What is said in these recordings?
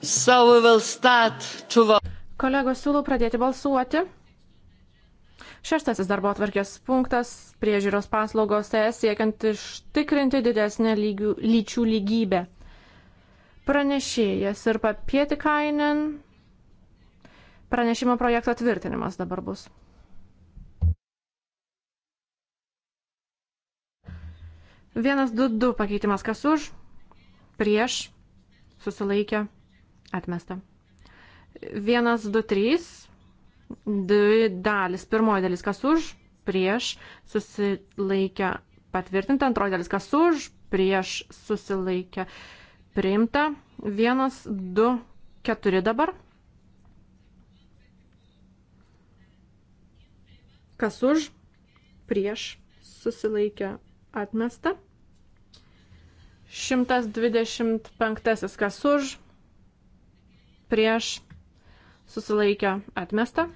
So Kolegos siūlau pradėti balsuoti. Šeštasis darbo atvarkės punktas - priežiūros paslaugos ES siekiant ištikrinti didesnę lygių, lyčių lygybę. Pranešėjas ir papieti kainin. Pranešimo projekto tvirtinimas dabar bus. Vienas, du, du pakeitimas kas už, prieš, susilaikė, Atmesta. 1, 2, 3. Dvi dalis. Pirmoji dalis kas už, prieš, susilaikę patvirtinta. Antroji dalis kas už, prieš, susilaikę priimta. 1, 2, 4 dabar. Kas už, prieš, susilaikę atmesta. 125 kas už, prieš susilaikę atmestą.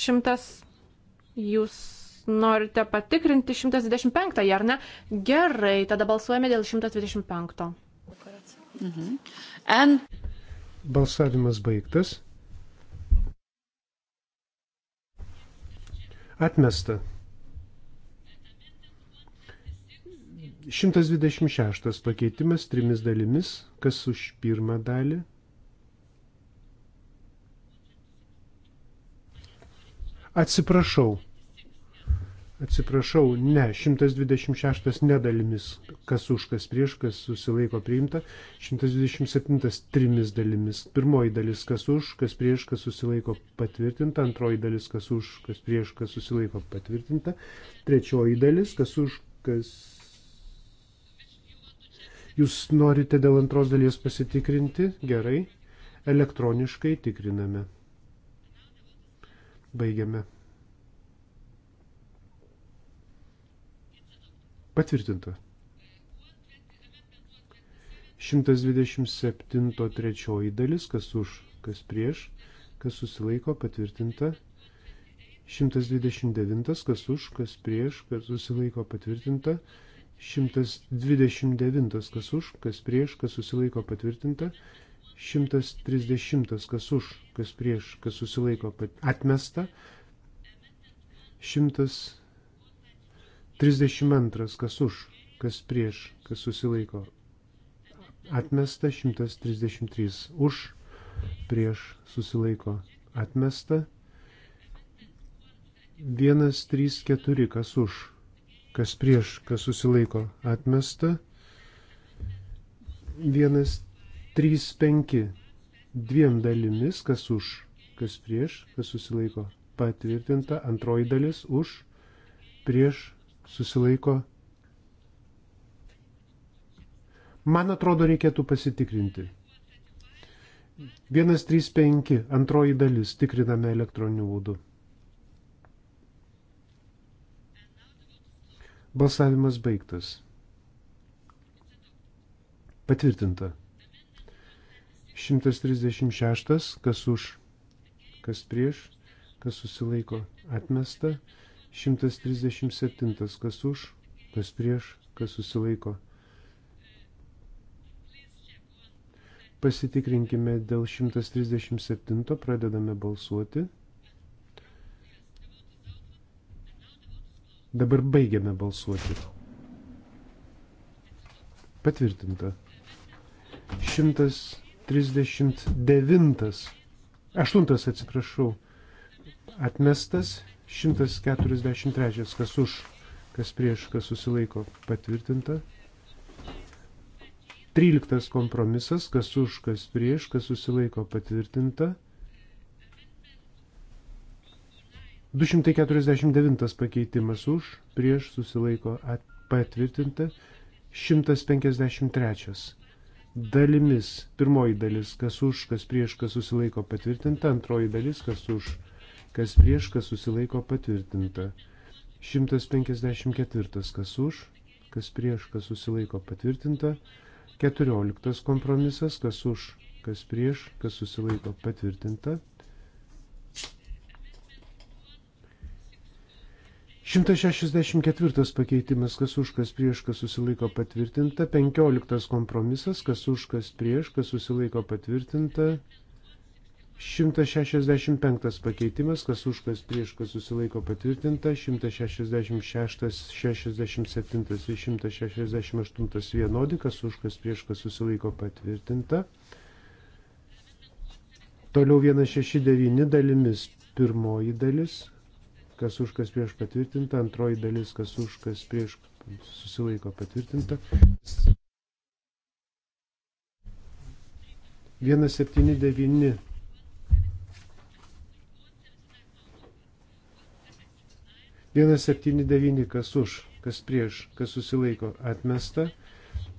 Šimtas jūs norite patikrinti 125, ar ne? Gerai, tada balsuojame dėl 125. Mhm. And... Balsavimas baigtas. Atmesta. 126 pakeitimas trimis dalimis, kas už pirmą dalį, Atsiprašau. Atsiprašau, ne, 126 nedalimis, kas už, kas prieš, kas susilaiko priimta, 127 trimis dalimis. Pirmoji dalis, kas už, kas prieš, kas susilaiko patvirtinta, antroji dalis, kas už, kas prieš, kas susilaiko patvirtinta, trečioji dalis, kas už, kas... Jūs norite dėl antros dalies pasitikrinti? Gerai. Elektroniškai tikriname. Baigiame. Patvirtinta. 127 trečioji dalis, kas už, kas prieš, kas susilaiko, patvirtinta. 129, kas už, kas prieš, kas susilaiko, patvirtinta. 129, kas už, kas prieš, kas susilaiko, patvirtinta. 130, kas už, kas prieš, kas susilaiko atmesta. 132, kas už, kas prieš, kas susilaiko atmesta. 133, už, prieš, susilaiko atmesta. 134, kas už, kas prieš, kas susilaiko atmesta. 1, 3-5 dviem dalimis, kas už, kas prieš, kas susilaiko patvirtinta, antroji dalis už, prieš susilaiko. Man atrodo, reikėtų pasitikrinti. 135 antroji dalis tikriname elektroniniu būdu. Balsavimas baigtas. Patvirtinta. 136, kas už, kas prieš, kas susilaiko atmesta. 137, kas už, kas prieš, kas susilaiko. Pasitikrinkime dėl 137, pradedame balsuoti. Dabar baigiame balsuoti. Patvirtinta. 100. 39. 8 atsiprašau. Atmestas 143. Kas už, kas prieš, kas susilaiko patvirtinta. 13 kompromisas, kas už, kas prieš, kas susilaiko patvirtinta. 249 pakeitimas už, prieš susilaiko patvirtinta. 153 dalimis. Pirmoji dalis, kas už, kas prieš, kas susilaiko patvirtinta. Antroji dalis, kas už, kas prieš, kas susilaiko patvirtinta. 154, kas už, kas prieš, kas susilaiko patvirtinta. 14 kompromisas, kas už, kas prieš, kas susilaiko patvirtinta. 164 pakeitimas, kas už, kas prieš, kas susilaiko patvirtinta. 15 kompromisas, kas už, kas prieš, kas susilaiko patvirtinta. 165 pakeitimas, kas už, kas prieš, kas susilaiko patvirtinta. 166, 67 ir 168 vienodi, kas už, kas prieš, kas susilaiko patvirtinta. Toliau 169 dalimis. Pirmoji dalis kas už, kas prieš patvirtinta, antroji dalis, kas už, kas prieš susilaiko patvirtinta. 179. Vienas septyni devyni, kas už, kas prieš, kas susilaiko atmesta.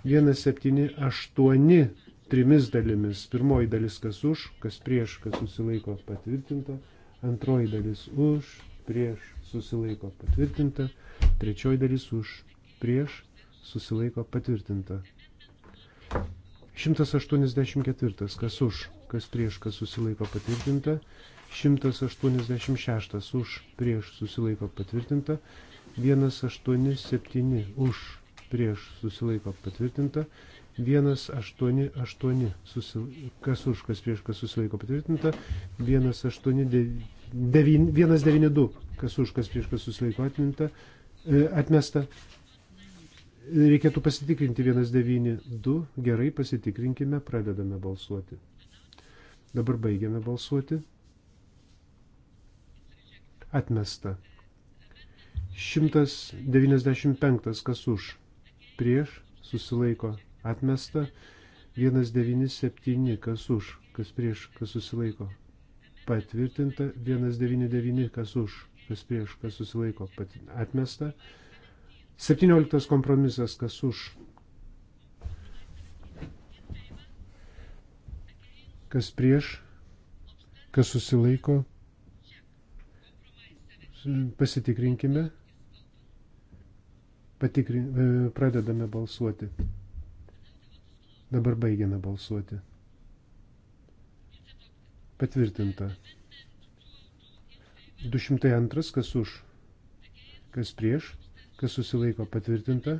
Vienas septyni aštuoni trimis dalimis. Pirmoji dalis, kas už, kas prieš, kas susilaiko patvirtinta. Antroji dalis už, prieš susilaiko patvirtinta, trečioji dalis už prieš susilaiko patvirtinta. 184. Kas už, kas prieš, kas susilaiko patvirtinta. 186. Už, prieš susilaiko patvirtinta. 187. Už, prieš susilaiko patvirtinta. 188. Susil... Kas už, kas prieš, kas susilaiko patvirtinta. 189 192, kas už, kas prieš, kas susilaiko atminta, e, atmesta. Reikėtų pasitikrinti 192, gerai pasitikrinkime, pradedame balsuoti. Dabar baigiame balsuoti. Atmesta. 195, kas už, prieš, susilaiko, atmesta. 197, kas už, kas prieš, kas susilaiko, patvirtinta, 199 kas už, kas prieš, kas susilaiko, pat, atmesta. 17 kompromisas kas už, kas prieš, kas susilaiko. Pasitikrinkime. Patikrin, e, pradedame balsuoti. Dabar baigiame balsuoti. Patvirtinta. 202, kas už, kas prieš, kas susilaiko patvirtinta.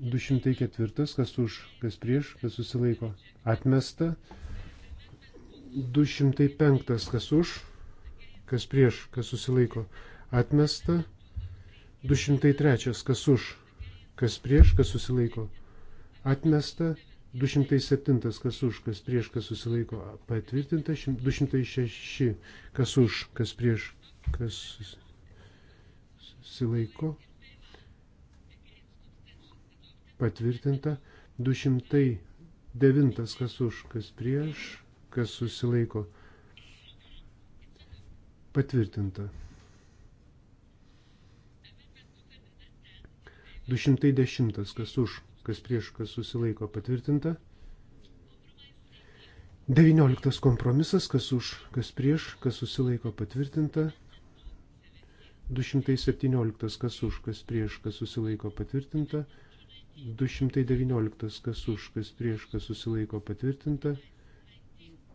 204, kas už, kas prieš, kas susilaiko atmesta. 205, kas už, kas prieš, kas susilaiko atmesta. 203, kas už, kas prieš, kas susilaiko atmesta. 207 kas už, kas prieš, kas susilaiko patvirtinta, 206 kas už, kas prieš, kas susilaiko patvirtinta, 209 kas už, kas prieš, kas susilaiko patvirtinta. 210 kas už, kas prieš, kas susilaiko patvirtinta. 19 kompromisas, kas už, kas prieš, kas susilaiko patvirtinta. 217, kas už, kas prieš, kas susilaiko patvirtinta. 219, kas už, kas prieš, kas susilaiko patvirtinta.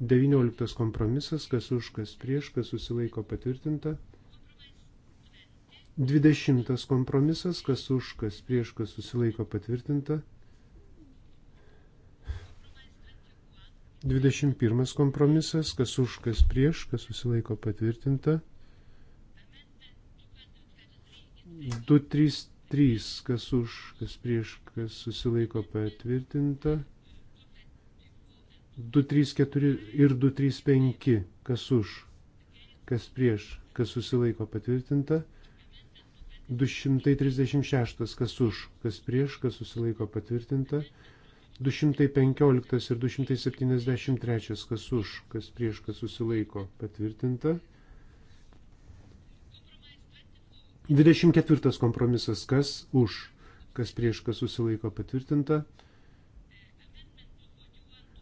19 kompromisas, kas už, kas prieš, kas susilaiko patvirtinta. 20 kompromisas, kas už, kas prieš, kas susilaiko patvirtinta. 21 kompromisas, kas už, kas prieš, kas susilaiko patvirtinta. 233, kas už, kas prieš, kas susilaiko patvirtinta. 234 ir 235, kas už, kas prieš, kas susilaiko patvirtinta. 236, kas už, kas prieš, kas susilaiko patvirtinta. 215 ir 273, kas už, kas prieš, kas susilaiko patvirtinta. 24 kompromisas, kas už, kas prieš, kas susilaiko patvirtinta.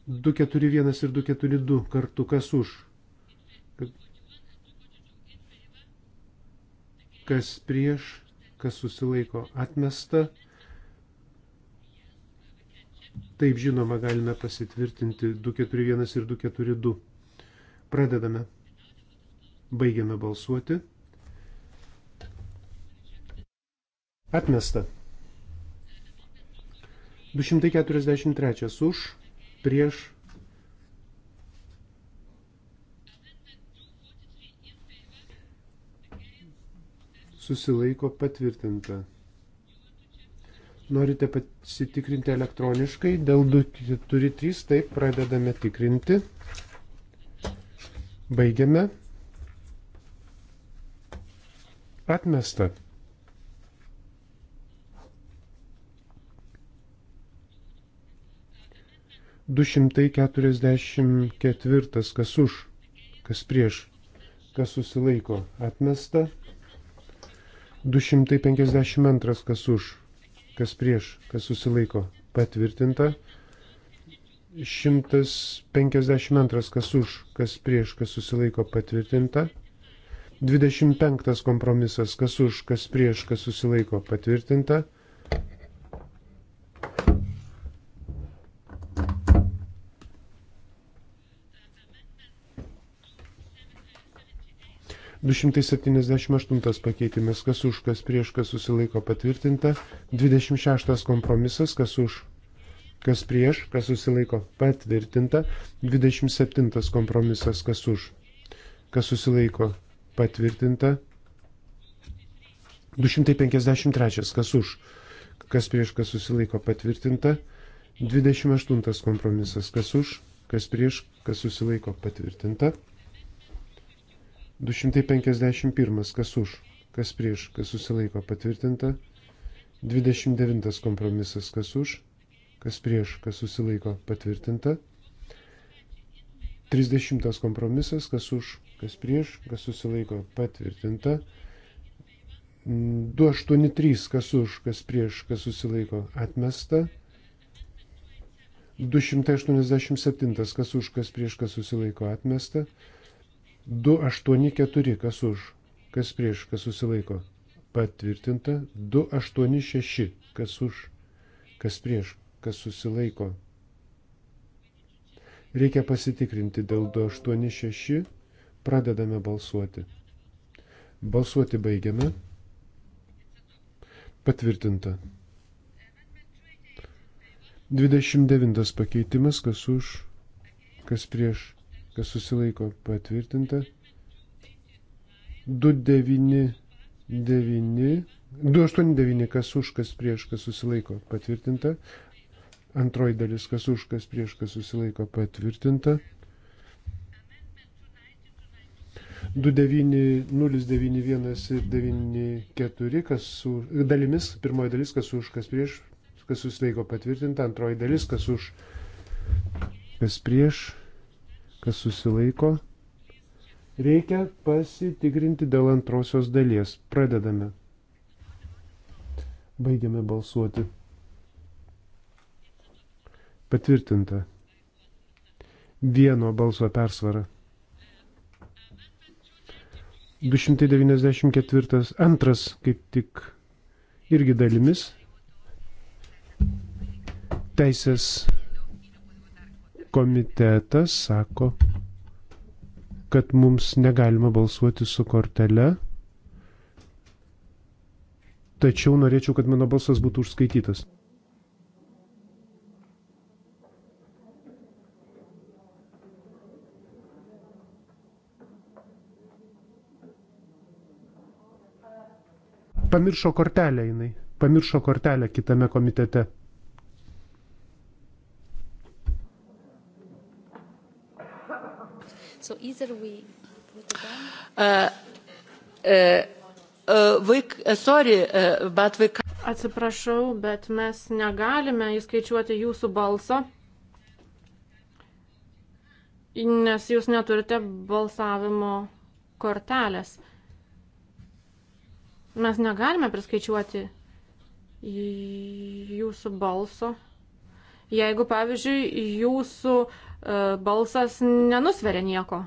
241 ir 242 kartu, kas už, kas prieš, kas susilaiko atmesta. Taip žinoma, galime pasitvirtinti 241 ir 242. Pradedame. Baigiame balsuoti. Atmesta. 243 už, prieš, susilaiko patvirtinta. Norite pasitikrinti elektroniškai, dėl 243 taip pradedame tikrinti. Baigiame. Atmesta. Du šimtai keturiasdešimt ketvirtas, kas už, kas prieš, kas susilaiko, atmesta. 244 252 kas už, kas prieš, kas susilaiko patvirtinta. 152 kas už, kas prieš, kas susilaiko patvirtinta. 25 kompromisas kas už, kas prieš, kas susilaiko patvirtinta. 278 pakeitimas, kas už, kas prieš, kas susilaiko patvirtinta. 26 kompromisas, kas už, kas prieš, kas susilaiko patvirtinta. 27 kompromisas, kas už, kas susilaiko patvirtinta. 253 kas už, kas prieš, kas susilaiko patvirtinta. 28 kompromisas, kas už, kas prieš, kas susilaiko patvirtinta. 251. Kas už, kas prieš, kas susilaiko patvirtinta. 29. Kompromisas. Kas už, kas prieš, kas susilaiko patvirtinta. 30. Kompromisas. Kas už, kas prieš, kas susilaiko patvirtinta. 283. Kas už, kas prieš, kas susilaiko atmesta. 287. Kas už, kas prieš, kas susilaiko atmesta. 284, kas už, kas prieš, kas susilaiko. Patvirtinta 286, kas už, kas prieš, kas susilaiko. Reikia pasitikrinti dėl 286, pradedame balsuoti. Balsuoti baigiame. Patvirtinta. 29 pakeitimas, kas už, kas prieš, kas susilaiko patvirtinta. 299, 289, kas už, kas prieš, kas susilaiko patvirtinta. Antroji dalis, kas už, kas prieš, kas susilaiko patvirtinta. 29091 ir 94, kas su dalimis, pirmoji dalis, kas už, kas prieš, kas susilaiko patvirtinta, antroji dalis, kas už, kas prieš, kas susilaiko. Reikia pasitikrinti dėl antrosios dalies. Pradedame. Baigiame balsuoti. Patvirtinta. Vieno balso persvara. 294 antras kaip tik irgi dalimis. Teisės komitetas sako, kad mums negalima balsuoti su kortele. Tačiau norėčiau, kad mano balsas būtų užskaitytas. Pamiršo kortelę jinai, pamiršo kortelę kitame komitete. So either we put again. Uh, uh, uh, vaik, uh, sorry, uh, but we can't. Atsiprašau, bet mes negalime įskaičiuoti jūsų balso, nes jūs neturite balsavimo kortelės. Mes negalime priskaičiuoti jūsų balso. Jeigu, pavyzdžiui, jūsų uh, E, balsas nenusveria nieko.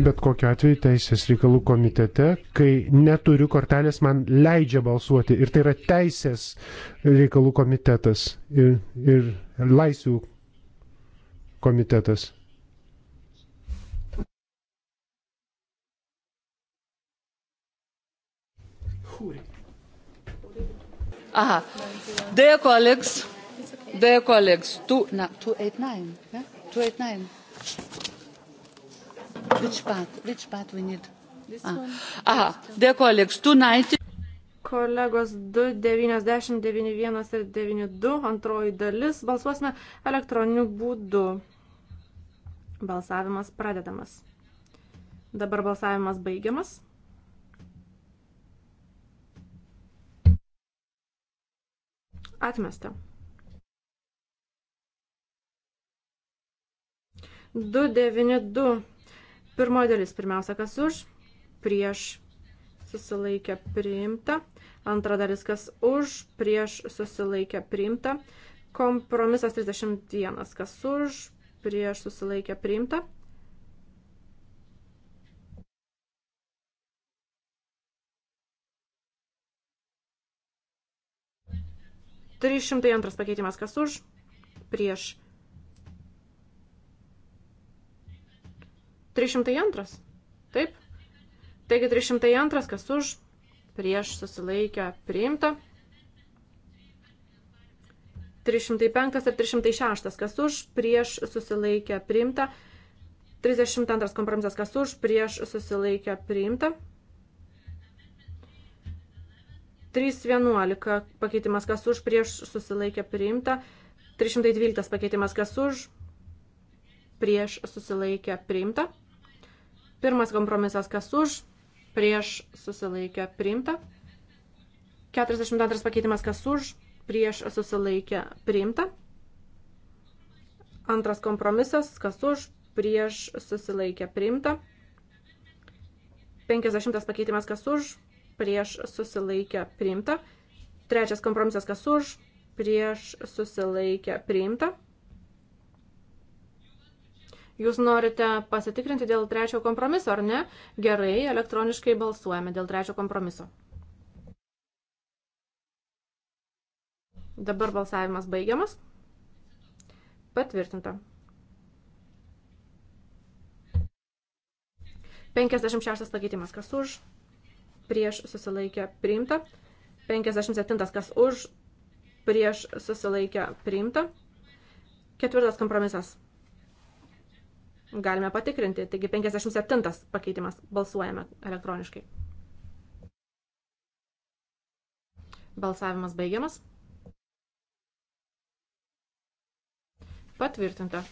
Bet kokiu atveju Teisės reikalų komitete, kai neturiu kortelės, man leidžia balsuoti. Ir tai yra Teisės reikalų komitetas ir, ir Laisvių komitetas. Aha. Dėkui, Aleks. Dear colleagues, two, no, 289, yeah? 289. Which part? Which part we need? This ah. one. Aha, dear colleagues, 290. Kolegos 290, 91 ir 92, antroji dalis, balsuosime elektroniniu būdu. Balsavimas pradedamas. Dabar balsavimas baigiamas. Atmesta. 292. Pirmoji dalis pirmiausia, kas už, prieš susilaikė priimta. Antra dalis, kas už, prieš susilaikė priimta. Kompromisas 31, kas už, prieš susilaikė priimta. Trys šimtai antras pakeitimas, kas už, prieš 302. Taip. Taigi 302, kas už, prieš susilaikę priimta. 305 ir 306, kas už, prieš susilaikę priimta. 32 kompromisas, kas už, prieš susilaikę priimta. 311 pakeitimas, kas už, prieš susilaikę priimta. 312 pakeitimas, kas už, prieš susilaikę priimta. Pirmas kompromisas kas už, prieš susilaikę priimta. 42 pakeitimas kas už, prieš susilaikę priimta. Antras kompromisas kas už, prieš susilaikę priimta. 50 pakeitimas kas už, prieš susilaikę priimta. Trečias kompromisas kas už, prieš susilaikę priimta. Jūs norite pasitikrinti dėl trečio kompromiso, ar ne? Gerai, elektroniškai balsuojame dėl trečio kompromiso. Dabar balsavimas baigiamas. Patvirtinta. 56 pakeitimas, kas už, prieš susilaikę priimta. 57 kas už, prieš susilaikę priimta. Ketvirtas kompromisas Galime patikrinti. Taigi 57 pakeitimas. Balsuojame elektroniškai. Balsavimas baigiamas. Patvirtinta.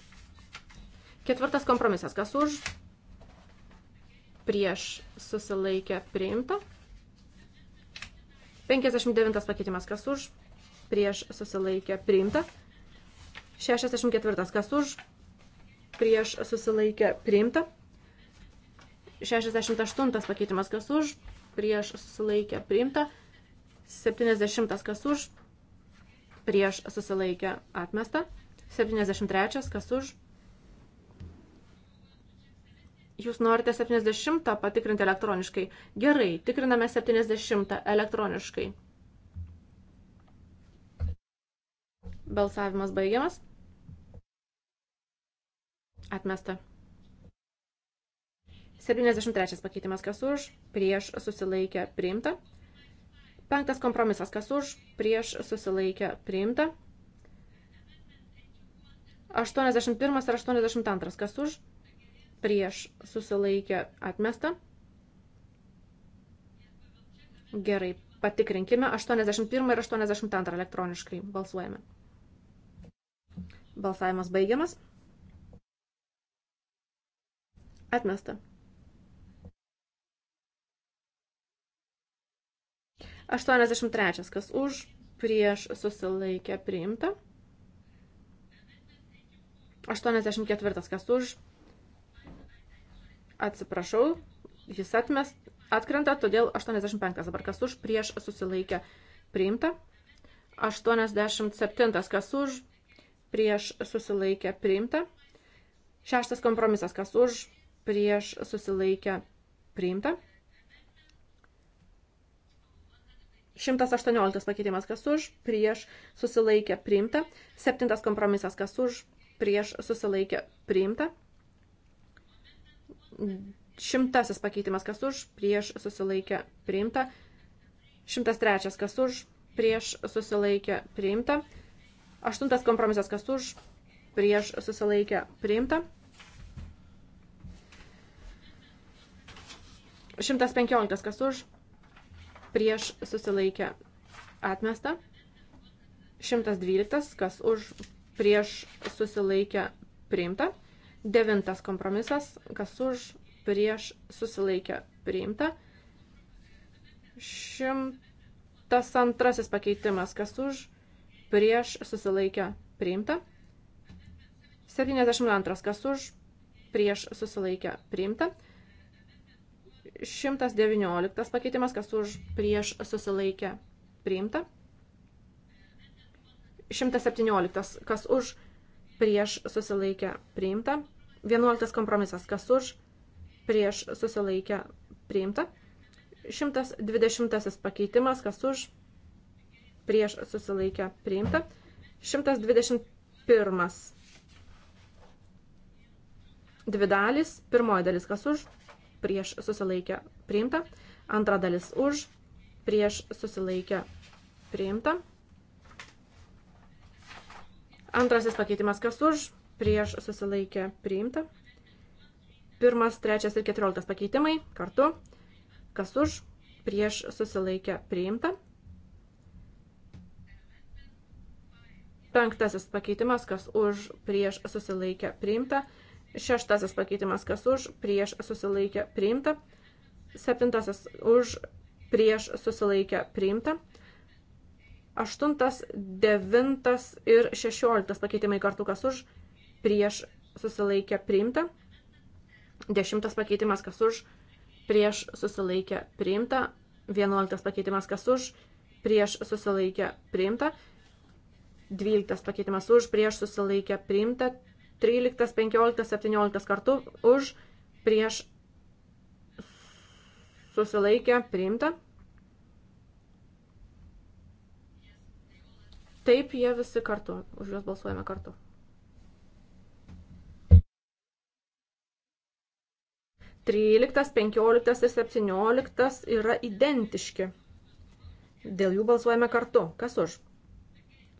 Ketvirtas kompromisas. Kas už? Prieš susilaikę priimta. 59 pakeitimas. Kas už? Prieš susilaikę priimta. 64. Kas už? prieš susilaikę priimta. 68 pakeitimas kas už, prieš susilaikę priimta. 70 kas už, prieš susilaikę atmesta. 73 kas už. Jūs norite 70 patikrinti elektroniškai. Gerai, tikriname 70 elektroniškai. Balsavimas baigiamas. Atmesta. 73 pakeitimas kas už, prieš susilaikę priimta. Penktas kompromisas kas už, prieš susilaikę priimta. 81 ir 82 kas už, prieš susilaikę atmesta. Gerai, patikrinkime 81 ir 82 elektroniškai balsuojame. Balsavimas baigiamas. Atmesta. Aštuoniasdešimt trečias, kas už, prieš susilaikę priimta. Aštuoniasdešimt ketvirtas, kas už, atsiprašau, jis atmest, atkrenta, todėl 85 dabar kas už, prieš susilaikę priimta. 87 kas už, prieš susilaikę priimta. Šeštas kompromisas kas už, prieš susilaikę priimta. 118 pakeitimas kas už, prieš susilaikę priimta. 7 kompromisas kas už, prieš susilaikę priimta. 100 pakeitimas kas už, prieš susilaikę priimta. 103 kas už, prieš susilaikę priimta. 8 kompromisas kas už, prieš susilaikę priimta. 115 kas už, prieš susilaikę atmesta. 112 kas už, prieš susilaikę priimta. 9 kompromisas kas už, prieš susilaikę priimta. 102 pakeitimas kas už, prieš susilaikę priimta. 72 kas už, prieš susilaikę priimta. 119 pakeitimas, kas už prieš susilaikė priimta. 117, kas už prieš susilaikė priimta. 11 kompromisas, kas už prieš susilaikė priimta. 120 pakeitimas, kas už prieš susilaikė priimta. 121 dvi dalys, pirmoji dalis, kas už prieš prieš susilaikę priimta, antra dalis už, prieš susilaikę priimta. Antrasis pakeitimas kas už, prieš susilaikę priimta. Pirmas, trečias ir keturioliktas pakeitimai kartu, kas už, prieš susilaikę priimta. Penktasis pakeitimas, kas už prieš susilaikę priimta. Šeštasis pakeitimas kas už, prieš susilaikę priimta. Septintasis už, prieš susilaikę priimta. Aštuntas, devintas ir šešioliktas pakeitimai kartu kas už, prieš susilaikę priimta. Dešimtas pakeitimas kas už, prieš susilaikę priimta. Vienuoliktas pakeitimas kas už, prieš susilaikę priimta. Dvyliktas pakeitimas už, prieš susilaikę priimta. 13, 15, 17 kartų už prieš susilaikę priimta. Taip, jie visi kartu, už juos balsuojame kartu. Tryliktas, penkioliktas ir septynioliktas yra identiški. Dėl jų balsuojame kartu. Kas už?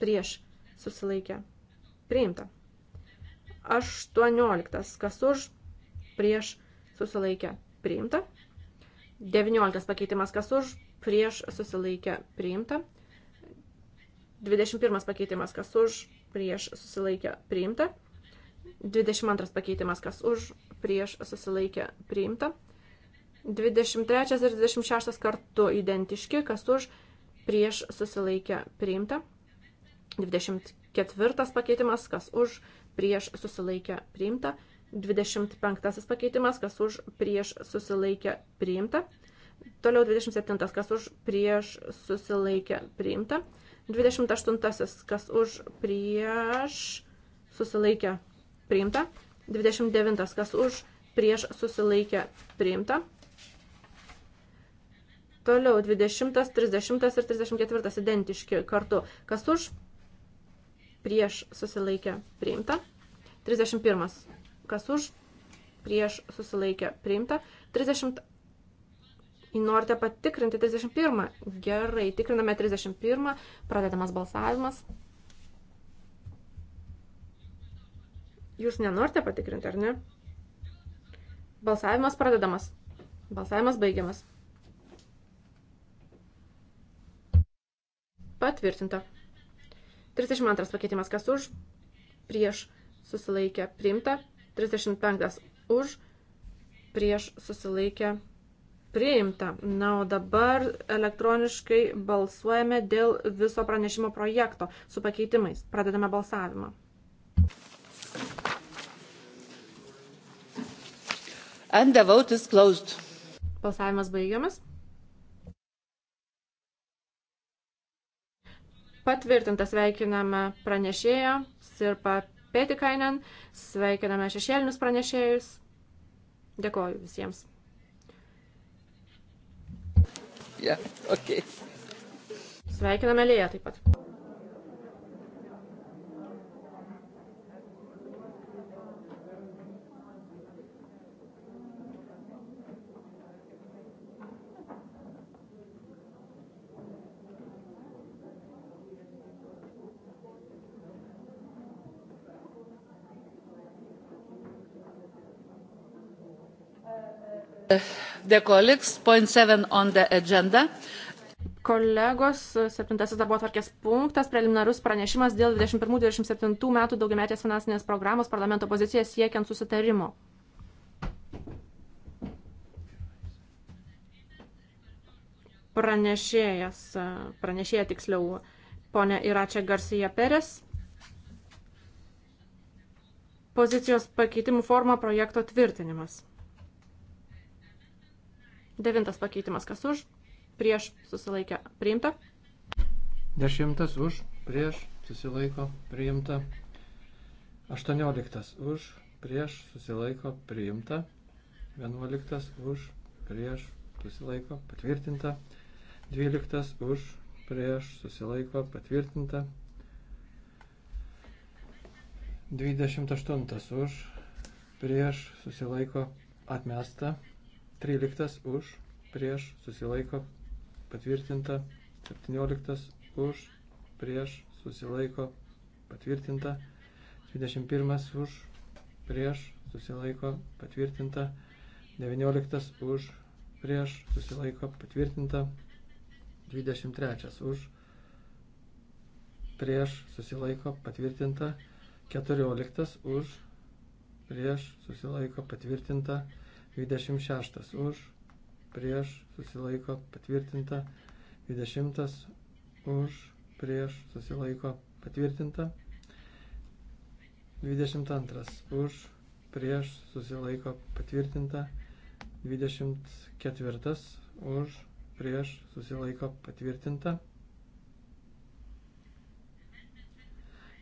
Prieš susilaikę. Priimta. 18. Kas už, prieš, susilaikę, priimta. 19. Pakeitimas. Kas už, prieš, susilaikę, priimta. 21. Pakeitimas. Kas už, prieš, susilaikę, priimta. 22. Pakeitimas. Kas už, prieš, susilaikę, priimta. 23 ir 26 kartu identiški, kas už, prieš, susilaikę, priimta. 24 pakeitimas, kas už, prieš susilaikę priimta. 25 pakeitimas, kas už prieš susilaikę priimta. Toliau 27, kas už prieš susilaikę priimta. 28, kas už prieš susilaikę priimta. 29, kas už prieš susilaikę priimta. Toliau 20, 30 ir 34 identiški kartu. Kas už prieš susilaikę priimta. 31. Kas už, prieš susilaikę priimta. 30. Į norite patikrinti 31. Gerai, tikriname 31. Pradedamas balsavimas. Jūs nenorite patikrinti, ar ne? Balsavimas pradedamas. Balsavimas baigiamas. Patvirtinta. 32 pakeitimas kas už, prieš susilaikę priimta. 35 už, prieš susilaikę priimta. Na, o dabar elektroniškai balsuojame dėl viso pranešimo projekto su pakeitimais. Pradedame balsavimą. And the vote is closed. Balsavimas baigiamas. patvirtintas sveikiname pranešėją Sirpa Petikainen, sveikiname šešėlinius pranešėjus. Dėkoju visiems. Yeah, okay. Sveikiname Lėją taip pat. Dear colleagues, point seven on the agenda. Kolegos, septintasis darbo atvarkės punktas, preliminarus pranešimas dėl 21-27 metų daugiametės finansinės programos parlamento poziciją siekiant susitarimo. Pranešėjas, pranešėja tiksliau, ponė Iračia Garcia Peres pozicijos pakeitimų forma projekto tvirtinimas. Devintas pakeitimas kas už, prieš susilaikę priimta. Dešimtas už, prieš susilaiko priimta. Aštuonioliktas už, prieš susilaiko priimta. Vienuoliktas už, prieš susilaiko patvirtinta. Dvyliktas už, prieš susilaiko patvirtinta. 28 už, prieš susilaiko atmesta, 13 už, prieš, susilaiko, patvirtinta. 17 už, prieš, susilaiko, patvirtinta. 21 už, prieš, susilaiko, patvirtinta. 19 už, prieš, susilaiko, patvirtinta. 23 už, prieš, susilaiko, patvirtinta. 14 už, prieš, susilaiko, patvirtinta. 26 už, prieš, susilaiko, patvirtinta. 20 už, prieš, susilaiko, patvirtinta. 22 už, prieš, susilaiko, patvirtinta. 24 už, prieš, susilaiko, patvirtinta.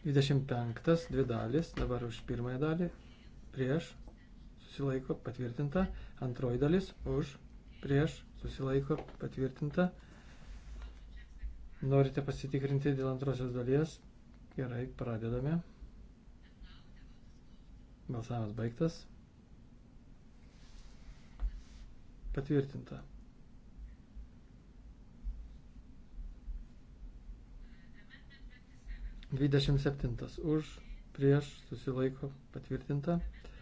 25, dvi dalis, dabar už pirmąją dalį, prieš, susilaiko patvirtinta. Antroji dalis už, prieš, susilaiko patvirtinta. Norite pasitikrinti dėl antrosios dalies? Gerai, pradedame. Balsavimas baigtas. Patvirtinta. Dvidešimt septintas už, prieš, susilaiko, patvirtinta. Patvirtinta.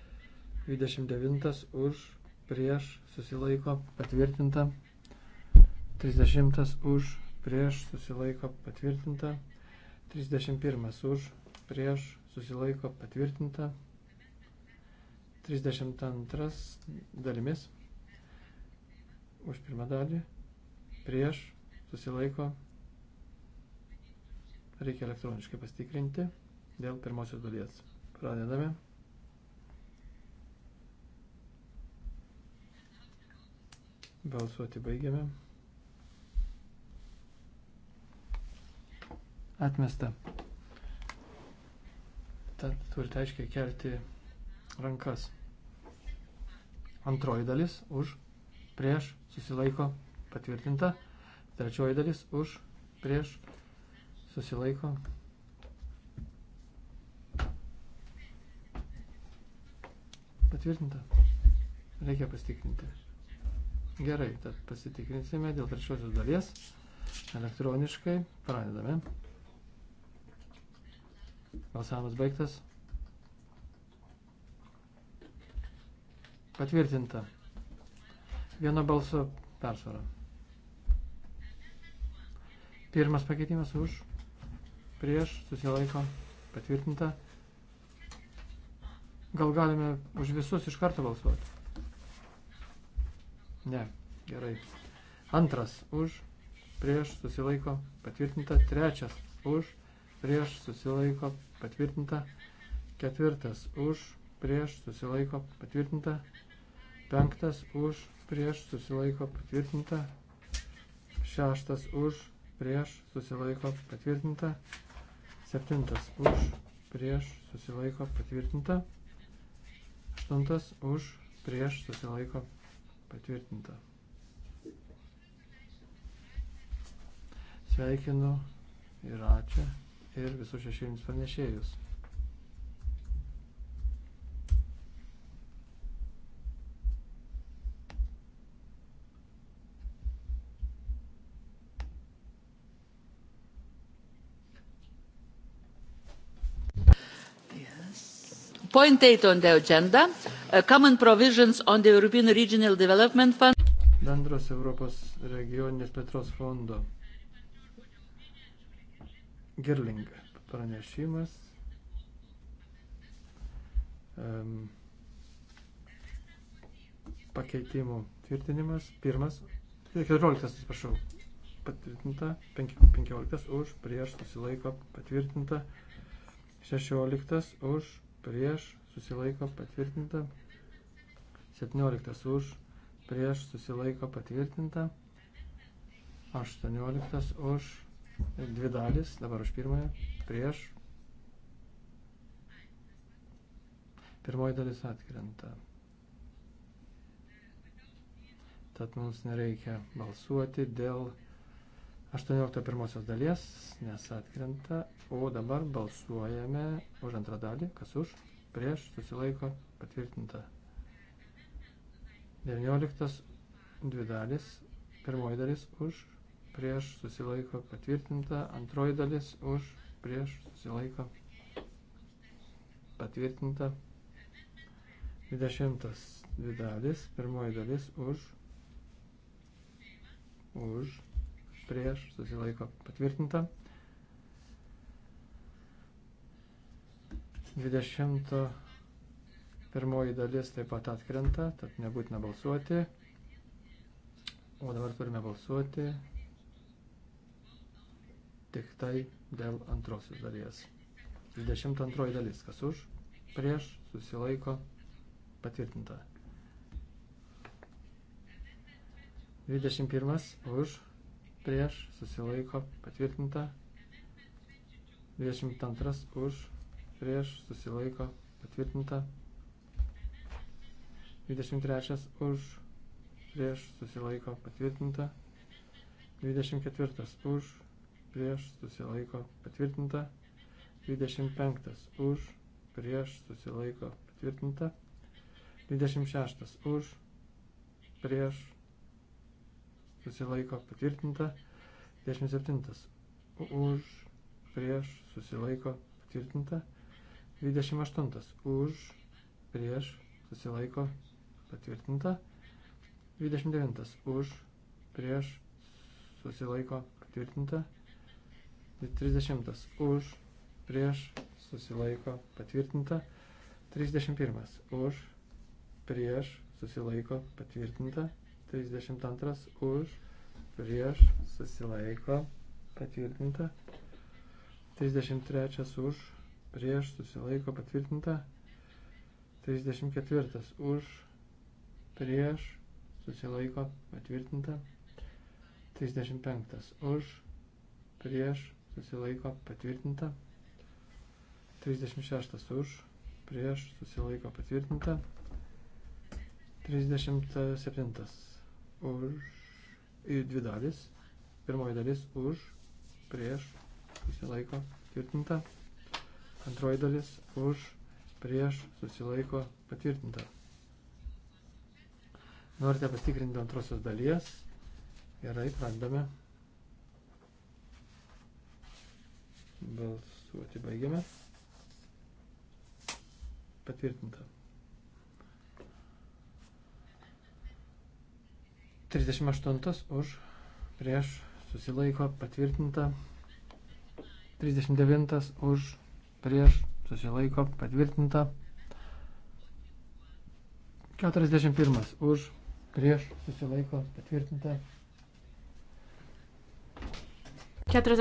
29 už, prieš, susilaiko, patvirtinta. 30 už, prieš, susilaiko, patvirtinta. 31 už, prieš, susilaiko, patvirtinta. 32 dalimis už pirmą dalį, prieš, susilaiko, reikia elektroniškai pastikrinti dėl pirmosios dalies. Pradedame. Balsuoti baigiame. Atmesta. Tad turite aiškiai kelti rankas. Antroji dalis už, prieš, susilaiko, patvirtinta. Trečioji dalis už, prieš, susilaiko. Patvirtinta. Reikia pastikrinti. Gerai, tad pasitikrinsime dėl trečiosios dalies. Elektroniškai pradedame. Balsavimas baigtas. Patvirtinta. Vieno balso persvara. Pirmas pakeitimas už, prieš, susilaiko, patvirtinta. Gal galime už visus iš karto balsuoti? Ne, gerai. Antras už, prieš susilaiko patvirtinta. Trečias už, prieš susilaiko patvirtinta. Ketvirtas už, prieš susilaiko patvirtinta. Penktas už, prieš susilaiko patvirtinta. Šeštas už, prieš susilaiko patvirtinta. Septintas už, prieš susilaiko patvirtinta. Aštuntas už, prieš susilaiko Patvirtinta. Sveikinu ir ačiū ir visus šešėlinius pranešėjus. Point 8 on the agenda, uh, common provisions on the European Regional Development Fund. Bendros Europos regioninės plėtros fondo. Girling pranešimas. Um, pakeitimų tvirtinimas. Pirmas. 14, atsiprašau. Patvirtinta. 15 už, prieš, susilaiko, patvirtinta. 16 už, prieš, susilaiko patvirtinta. 17 už, prieš, susilaiko patvirtinta. 18 už, dvi dalis, dabar už pirmąją, prieš. Pirmoji dalis atkrenta. Tad mums nereikia balsuoti dėl 18.1 dalies, nes atkrenta, o dabar balsuojame už antrą dalį, kas už, prieš, susilaiko, patvirtinta. 19. dvi dalis, pirmoji dalis už, prieš, susilaiko, patvirtinta, antroji dalis už, prieš, susilaiko, patvirtinta. 20. dvi dalis, pirmoji dalis už, už, prieš susilaiko patvirtinta. 21 dalis taip pat atkrenta, tad nebūtina balsuoti. O dabar turime balsuoti tik tai dėl antrosios dalies. 22 dalis, kas už, prieš, susilaiko, patvirtinta. 21 už, prieš, susilaiko, patvirtinta. 22 už, prieš, susilaiko, patvirtinta. 23 už, prieš, susilaiko, patvirtinta. 24 už, prieš, susilaiko, patvirtinta. 25 už, prieš, susilaiko, patvirtinta. 26 už, prieš, susilaiko patvirtinta, 27 už, prieš, susilaiko patvirtinta, 28 už, prieš, susilaiko patvirtinta, 29 už, prieš, susilaiko patvirtinta, 30 už, prieš, susilaiko patvirtinta, 31 už, prieš, susilaiko patvirtinta, 32 už, prieš, susilaiko, patvirtinta. 33 už, prieš, susilaiko, patvirtinta. 34 už, prieš, susilaiko, patvirtinta. 35 už, prieš, susilaiko, patvirtinta. 36 už, prieš, susilaiko, patvirtinta. 37 už, dvi dalis, pirmoji dalis už, prieš, susilaiko, tvirtinta, antroji dalis už, prieš, susilaiko, patvirtinta. Norite pastikrinti antrosios dalies, gerai, pradedame. Balsuoti baigiame. Patvirtinta. 38 už, prieš, susilaiko, patvirtinta. 39 už, prieš, susilaiko, patvirtinta. 41 už, prieš, susilaiko, patvirtinta. 42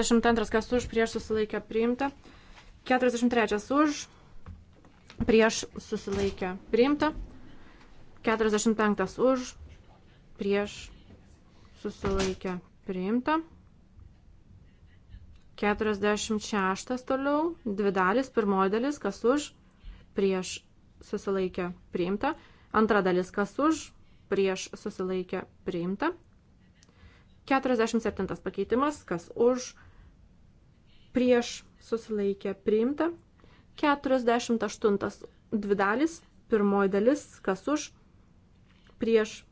kas už, prieš, susilaikė, priimta. 43 už, prieš, susilaikė, priimta. 45 už, prieš susilaikę priimta. 46 toliau, dvi dalis, pirmoji dalis, kas už, prieš susilaikę priimta. Antra dalis, kas už, prieš susilaikę priimta. 47 pakeitimas, kas už, prieš susilaikę priimta. 48 dvi dalis, pirmoji dalis, kas už, prieš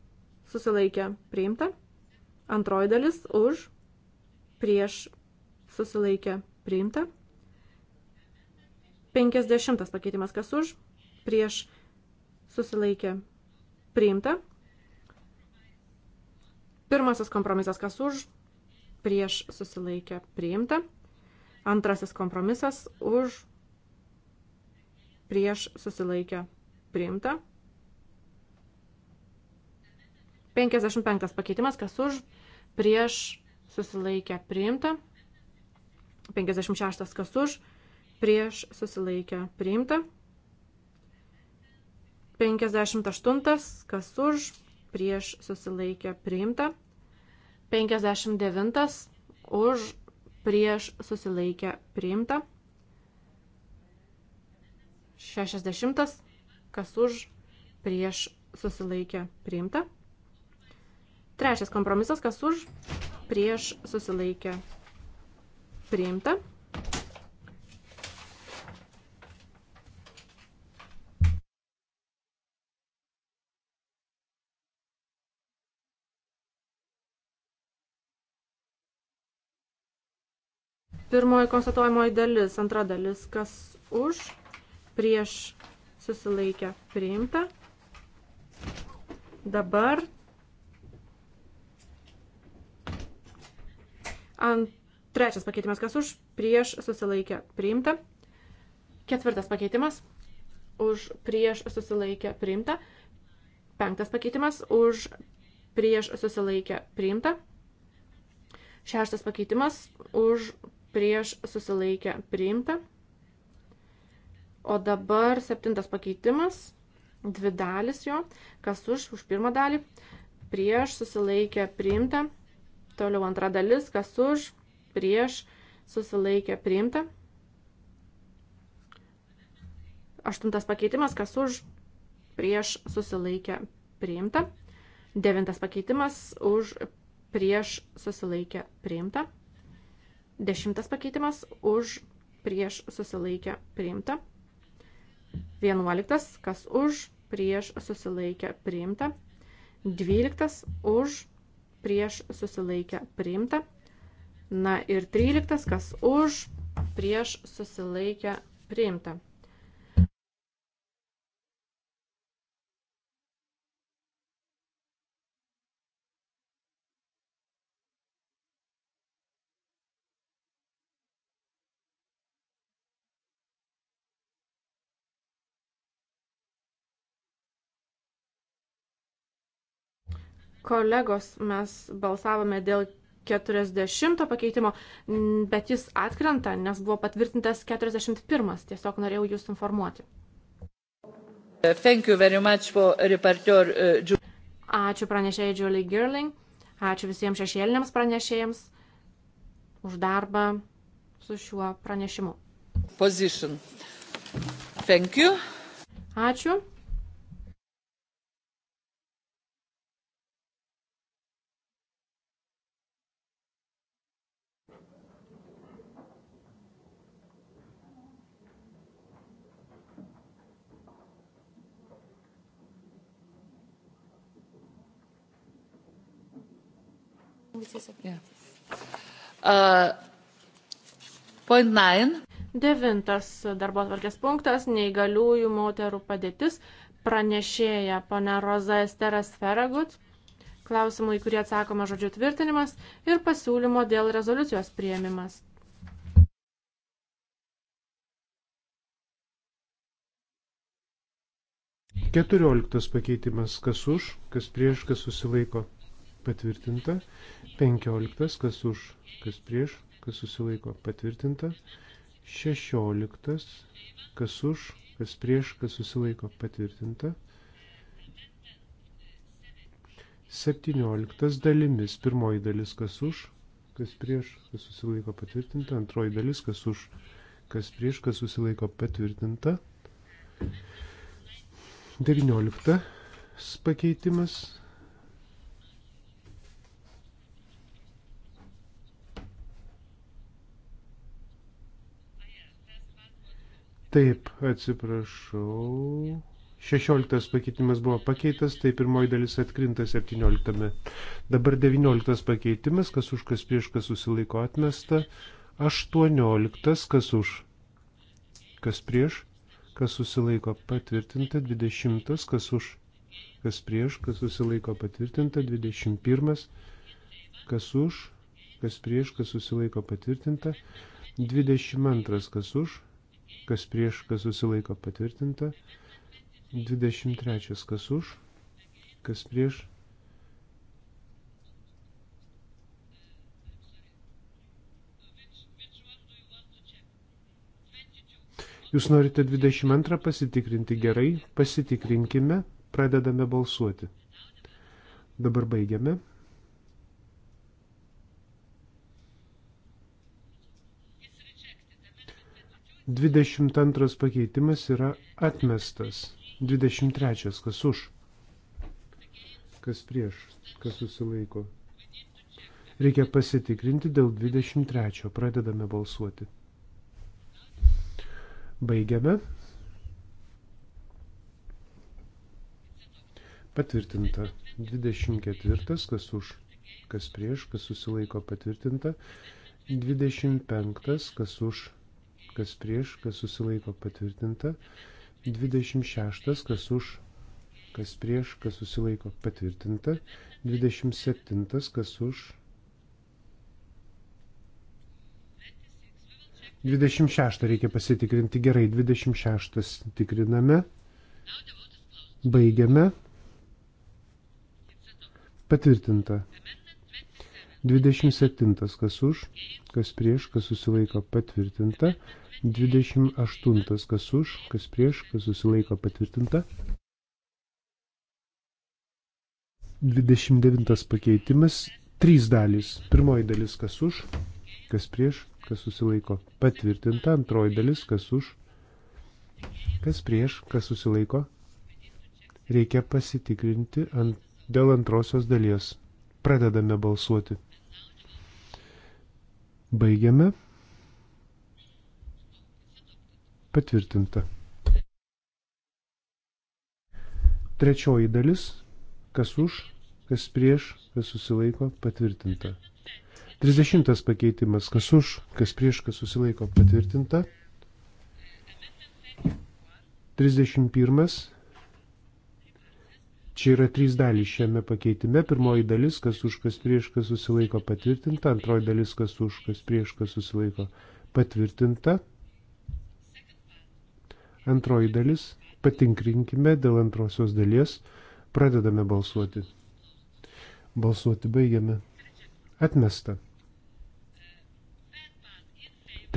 susilaikė priimta. Antroji dalis už, prieš susilaikė priimta. 50 pakeitimas kas už, prieš susilaikė priimta. Pirmasis kompromisas kas už, prieš susilaikė priimta. Antrasis kompromisas už, prieš susilaikė priimta. 55 pakeitimas, kas už, prieš susilaikę priimta. 56 kas už, prieš susilaikę priimta. 58 kas už, prieš susilaikę priimta. 59 už, prieš susilaikę priimta. 60 kas už, prieš susilaikę priimta. Trečias kompromisas, kas už, prieš susilaikę priimta. Pirmoji konstatuojamoji dalis, antra dalis, kas už, prieš susilaikę priimta. Dabar Ant trečias pakeitimas, kas už, prieš susilaikę priimta. Ketvirtas pakeitimas, už, prieš susilaikę priimta. Penktas pakeitimas, už, prieš susilaikę priimta. Šeštas pakeitimas, už, prieš susilaikę priimta. O dabar septintas pakeitimas, dvi dalis jo, kas už, už pirmą dalį, prieš susilaikę priimta Toliau antra dalis, kas už, prieš, susilaikė priimta. Aštuntas pakeitimas, kas už, prieš, susilaikė priimta. Devintas pakeitimas, už, prieš, susilaikė priimta. Dešimtas pakeitimas, už, prieš, susilaikė priimta. Vienuoliktas, kas už, prieš, susilaikė priimta. Dvyliktas, už, prieš, susilaikė priimta. 12 už, prieš susilaikę priimta. Na ir 13, kas už, prieš susilaikę priimta. Kolegos, mes balsavome dėl 40 pakeitimo, bet jis atkrenta, nes buvo patvirtintas 41. Tiesiog norėjau jūs informuoti. Reporter, uh, Ačiū pranešėjai Julie Girling. Ačiū visiems šešėliniams pranešėjams už darbą su šiuo pranešimu. Position. Thank you. Ačiū. Yeah. Uh, point nine. Devintas darbo atvarkės punktas - neįgaliųjų moterų padėtis. Pranešėja pana Roza Esteras Feragut. Klausimų, į kurį atsakoma žodžių tvirtinimas ir pasiūlymo dėl rezoliucijos prieimimas. Keturioliktas pakeitimas - kas už, kas prieš, kas susilaiko patvirtinta. 15, kas už, kas prieš, kas susilaiko, patvirtinta. 16, kas už, kas prieš, kas susilaiko, patvirtinta. 17 dalimis, pirmoji dalis, kas už, kas prieš, kas susilaiko, patvirtinta. Antroji dalis, kas už, kas prieš, kas susilaiko, patvirtinta. 19 pakeitimas Taip, atsiprašau. 16 pakeitimas buvo pakeitas, tai pirmoji dalis atkrinta 17. Dabar 19 pakeitimas, kas už, kas prieš, kas susilaiko atmesta. 18, kas už, kas prieš, kas susilaiko patvirtinta. 20, kas už, kas prieš, kas susilaiko patvirtinta. 21, kas už, kas prieš, kas susilaiko patvirtinta. 22, kas už, kas prieš, kas susilaiko patvirtinta. 23. Kas už, kas prieš. Jūs norite 22 pasitikrinti gerai, pasitikrinkime, pradedame balsuoti. Dabar baigiame. 22 pakeitimas yra atmestas. 23 kas už, kas prieš, kas susilaiko. Reikia pasitikrinti dėl 23. Pradedame balsuoti. Baigiame. Patvirtinta. 24. Kas už, kas prieš, kas susilaiko patvirtinta. 25. Kas už, kas prieš, kas susilaiko patvirtinta. 26, kas už, kas prieš, kas susilaiko patvirtinta. 27, kas už. 26 reikia pasitikrinti gerai. 26 tikriname. Baigiame. Patvirtinta. 27 kas už, kas prieš, kas susilaiko patvirtinta. 28. Kas už, kas prieš, kas susilaiko patvirtinta. 29 pakeitimas. 3 dalys. Pirmoji dalis kas už, kas prieš, kas susilaiko patvirtinta. Antroji dalis kas už, kas prieš, kas susilaiko. Reikia pasitikrinti ant, dėl antrosios dalies. Pradedame balsuoti. Baigiame patvirtinta. Trečioji dalis, kas už, kas prieš, kas susilaiko, patvirtinta. 30 pakeitimas, kas už, kas prieš, kas susilaiko, patvirtinta. 31. Čia yra trys dalys šiame pakeitime. Pirmoji dalis, kas už, kas prieš, kas susilaiko patvirtinta. Antroji dalis, kas už, kas prieš, kas susilaiko patvirtinta. Antroji dalis. Patinkrinkime dėl antrosios dalies. Pradedame balsuoti. Balsuoti baigiame. Atmesta.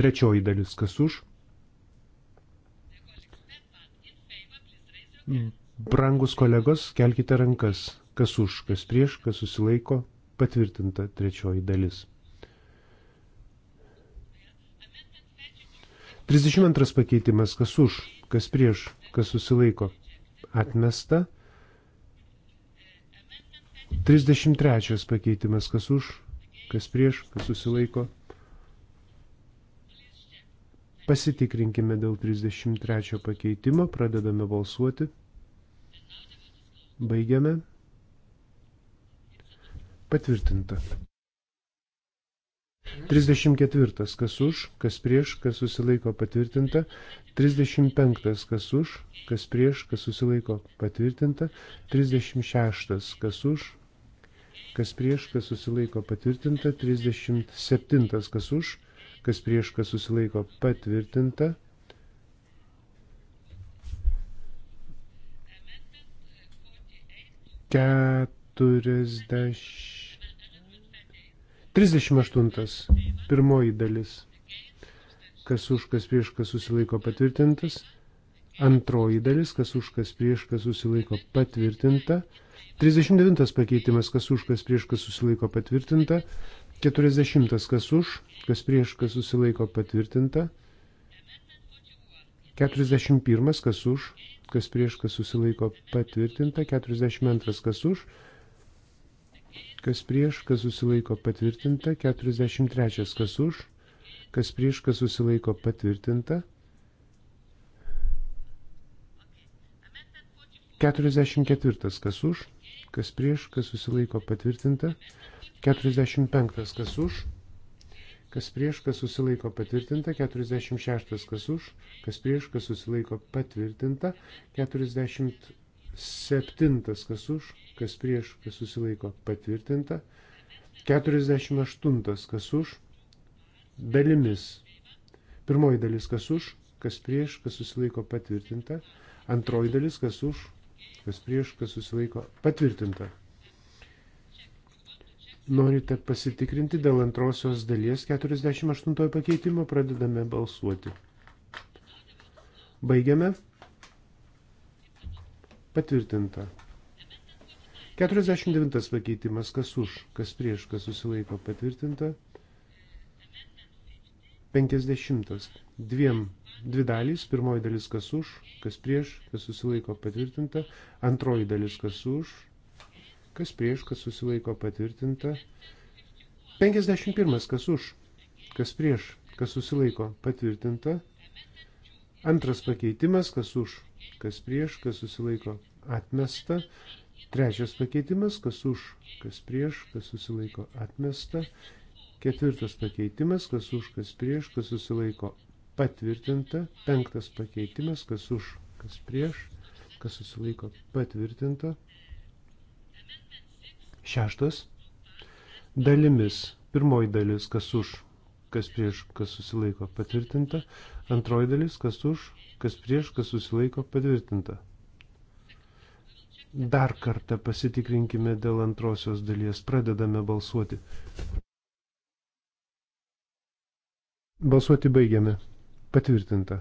Trečioji dalis. Kas už? Brangus kolegos, kelkite rankas. Kas už, kas prieš, kas susilaiko. Patvirtinta trečioji dalis. 32 pakeitimas. Kas už? kas prieš, kas susilaiko, atmesta. 33 pakeitimas, kas už, kas prieš, kas susilaiko. Pasitikrinkime dėl 33 pakeitimo, pradedame balsuoti. Baigiame. Patvirtinta. 34. Kas už, kas prieš, kas susilaiko patvirtinta. 35. Kas už, kas prieš, kas susilaiko patvirtinta. 36. Kas už, kas prieš, kas susilaiko patvirtinta. 37. Kas už, kas prieš, kas susilaiko patvirtinta. Keturiasdešimt. 38. Pirmoji dalis. Kas už, kas prieš, kas susilaiko patvirtintas. Antroji dalis, kas už, kas prieš, kas susilaiko patvirtinta. 39 pakeitimas, kas už, kas prieš, kas susilaiko patvirtinta. 40 kas už, kas prieš, kas susilaiko patvirtinta. 41 kas už, kas prieš, kas susilaiko patvirtinta. 42 kas už, kas prieš, kas susilaiko patvirtinta, 43 kas už, kas prieš, kas susilaiko patvirtinta. 44 kas už, kas prieš, kas susilaiko patvirtinta. 45 kas už, kas prieš, kas susilaiko patvirtinta. 46 kas už, kas prieš, kas susilaiko patvirtinta. 48 Septintas, kas už, kas prieš, kas susilaiko patvirtinta. 48, kas už, dalimis. Pirmoji dalis, kas už, kas prieš, kas susilaiko patvirtinta. Antroji dalis, kas už, kas prieš, kas susilaiko patvirtinta. Norite pasitikrinti dėl antrosios dalies 48 pakeitimo, pradedame balsuoti. Baigiame. Patvirtinta. 49 pakeitimas, kas už, kas prieš, kas susilaiko patvirtinta. 50. Dviem, dvi dalys. Pirmoji dalis, kas už, kas prieš, kas susilaiko patvirtinta. Antroji dalis, kas už, kas prieš, kas susilaiko patvirtinta. 51. Kas už, kas prieš, kas susilaiko patvirtinta. Antras pakeitimas, kas už, kas prieš, kas susilaiko atmesta. Trečias pakeitimas, kas už, kas prieš, kas susilaiko atmesta. Ketvirtas pakeitimas, kas už, kas prieš, kas susilaiko patvirtinta. Penktas pakeitimas, kas už, kas prieš, kas susilaiko patvirtinta. Šeštas. Dalimis. Pirmoji dalis, kas už, kas prieš, kas susilaiko patvirtinta. Antroji dalis, kas už, kas prieš, kas susilaiko patvirtinta. Dar kartą pasitikrinkime dėl antrosios dalies. Pradedame balsuoti. Balsuoti baigiame. Patvirtinta.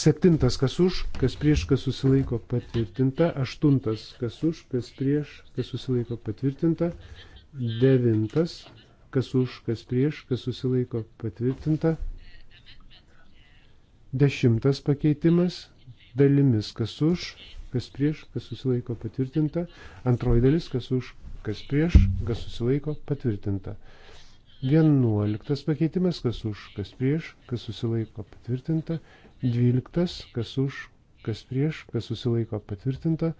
Septintas kas už, kas prieš, kas susilaiko patvirtinta. Aštuntas kas už, kas prieš, kas susilaiko patvirtinta. Devintas kas už, kas prieš, kas susilaiko patvirtinta. Dešimtas pakeitimas dalimis, kas už, kas prieš, kas susilaiko patvirtinta. Antroji dalis, kas už, kas prieš, kas susilaiko patvirtinta. Vienuoliktas pakeitimas, kas už, kas prieš, kas susilaiko patvirtinta. Dvyliktas, kas už, kas prieš, kas susilaiko patvirtinta.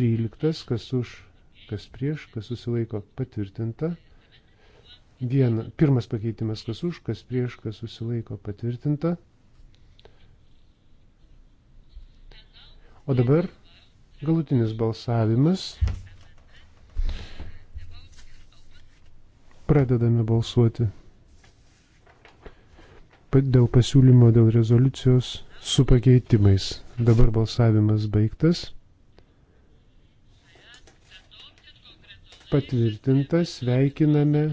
Tryliktas, kas už, kas prieš, kas susilaiko patvirtinta. 13, Vien, pirmas pakeitimas kas už, kas prieš, kas susilaiko patvirtinta. O dabar galutinis balsavimas. Pradedame balsuoti dėl pasiūlymo dėl rezoliucijos su pakeitimais. Dabar balsavimas baigtas. Patvirtintas, sveikiname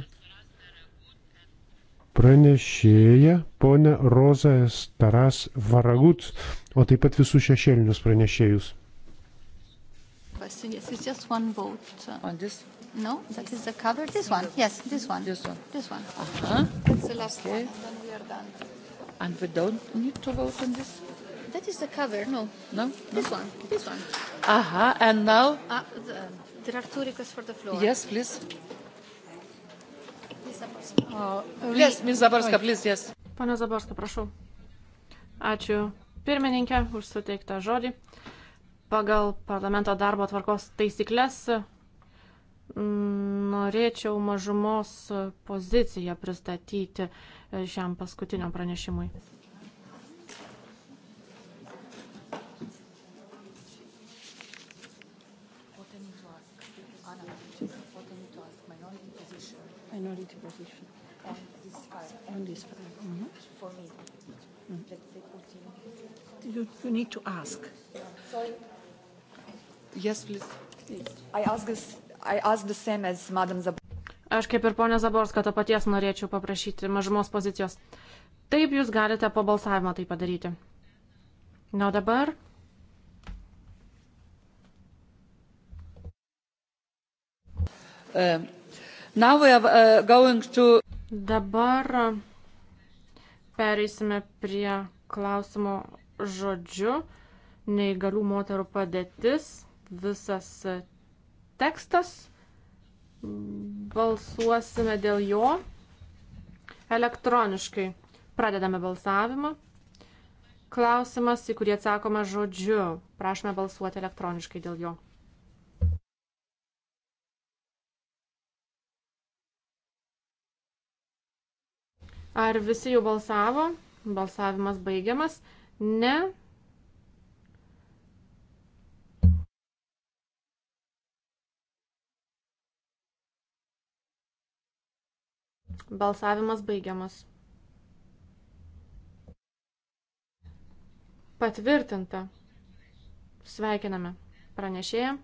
pranešėją ponę Rozą Staras Varagut, o taip pat visus šešėlinius pranešėjus. Question. Yes, it's just one vote. On this? No, that is the cover. This one. Yes, this one. This one. This one. Uh-huh. That's the last okay. one. And then we are done. And we don't need to vote on this? That is the cover. No. No. no. This one. This one. Aha. Uh-huh. And now? Uh, the, there are two requests for the floor. Yes, please. Zaborska, please, yes. Pane Zaborska, prašau. Ačiū pirmininkė už suteiktą žodį. Pagal parlamento darbo tvarkos taisyklės mm, norėčiau mažumos poziciją pristatyti e, šiam paskutiniam pranešimui. Minority position. On this file. On this file. Mm-hmm. For me. Mm. Let's say Putin. You, you need to ask. Sorry. Yes, please. please. I ask this. I ask the same as Madam Zab. Aš kaip ir ponė Zaborska, to paties norėčiau paprašyti mažumos pozicijos. Taip jūs galite po balsavimo tai padaryti. Na nu, dabar Uh, Now we are uh, going to. Dabar pereisime prie klausimo žodžiu. Neįgalių moterų padėtis. Visas tekstas. Balsuosime dėl jo elektroniškai. Pradedame balsavimą. Klausimas, į kurį atsakome žodžiu. Prašome balsuoti elektroniškai dėl jo. Ar visi jau balsavo? Balsavimas baigiamas. Ne. Balsavimas baigiamas. Patvirtinta. Sveikiname pranešėją.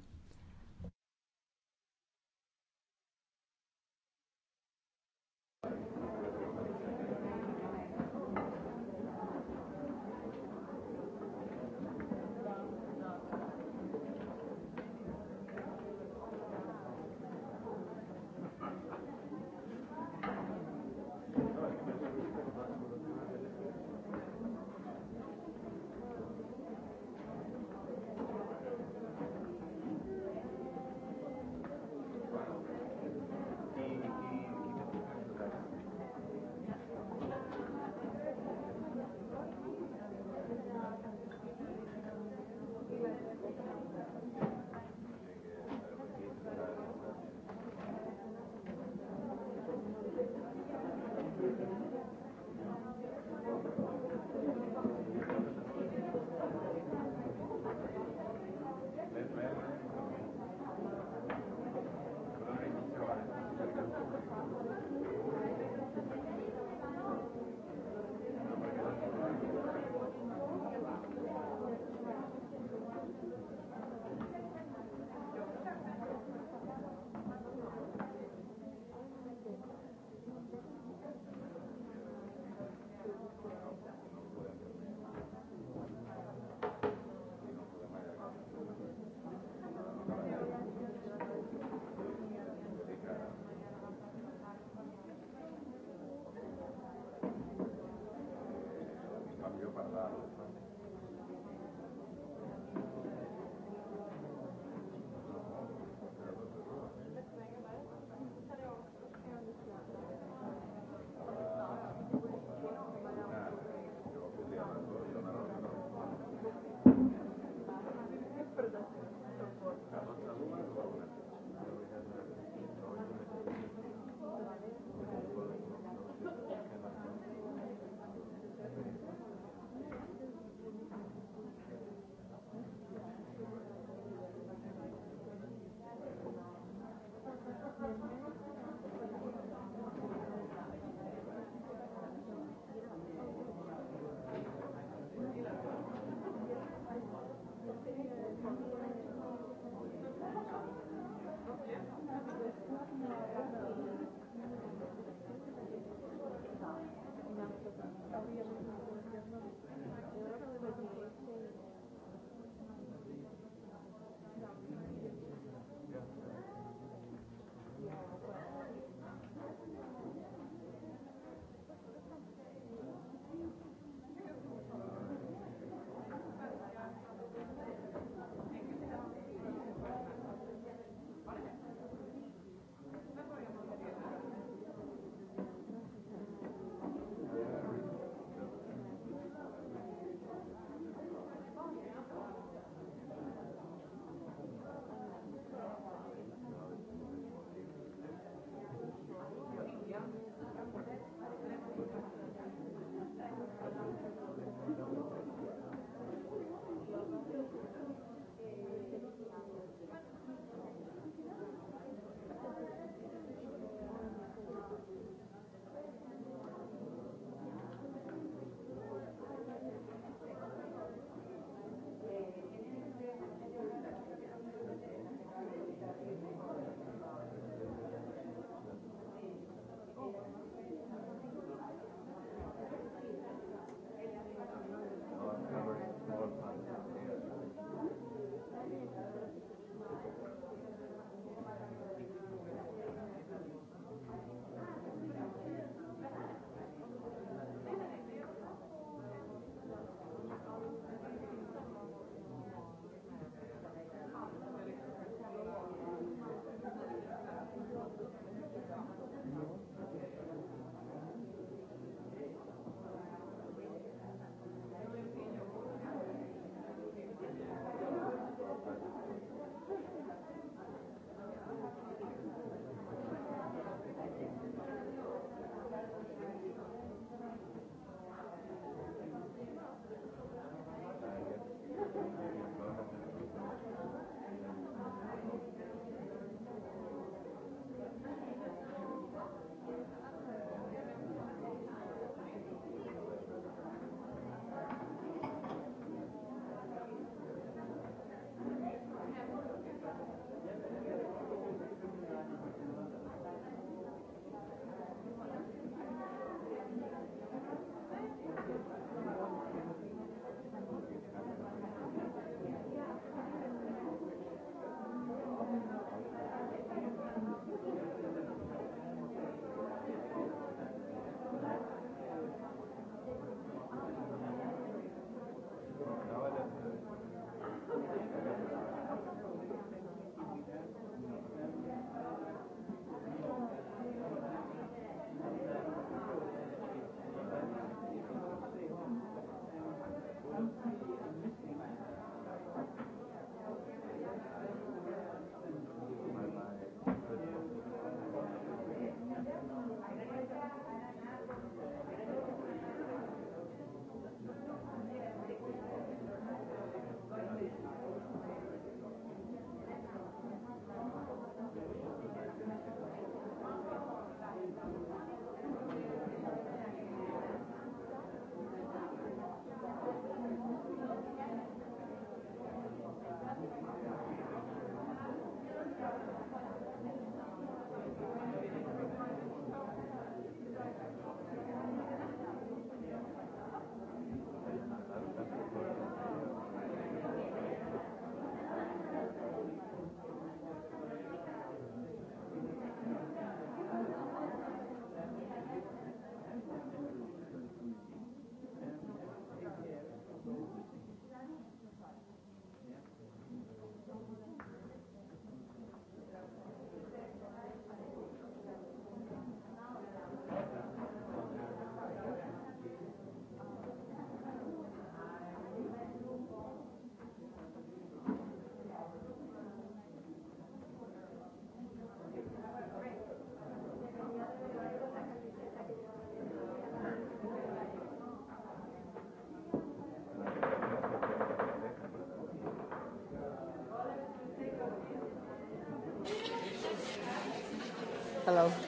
Hello. Hello.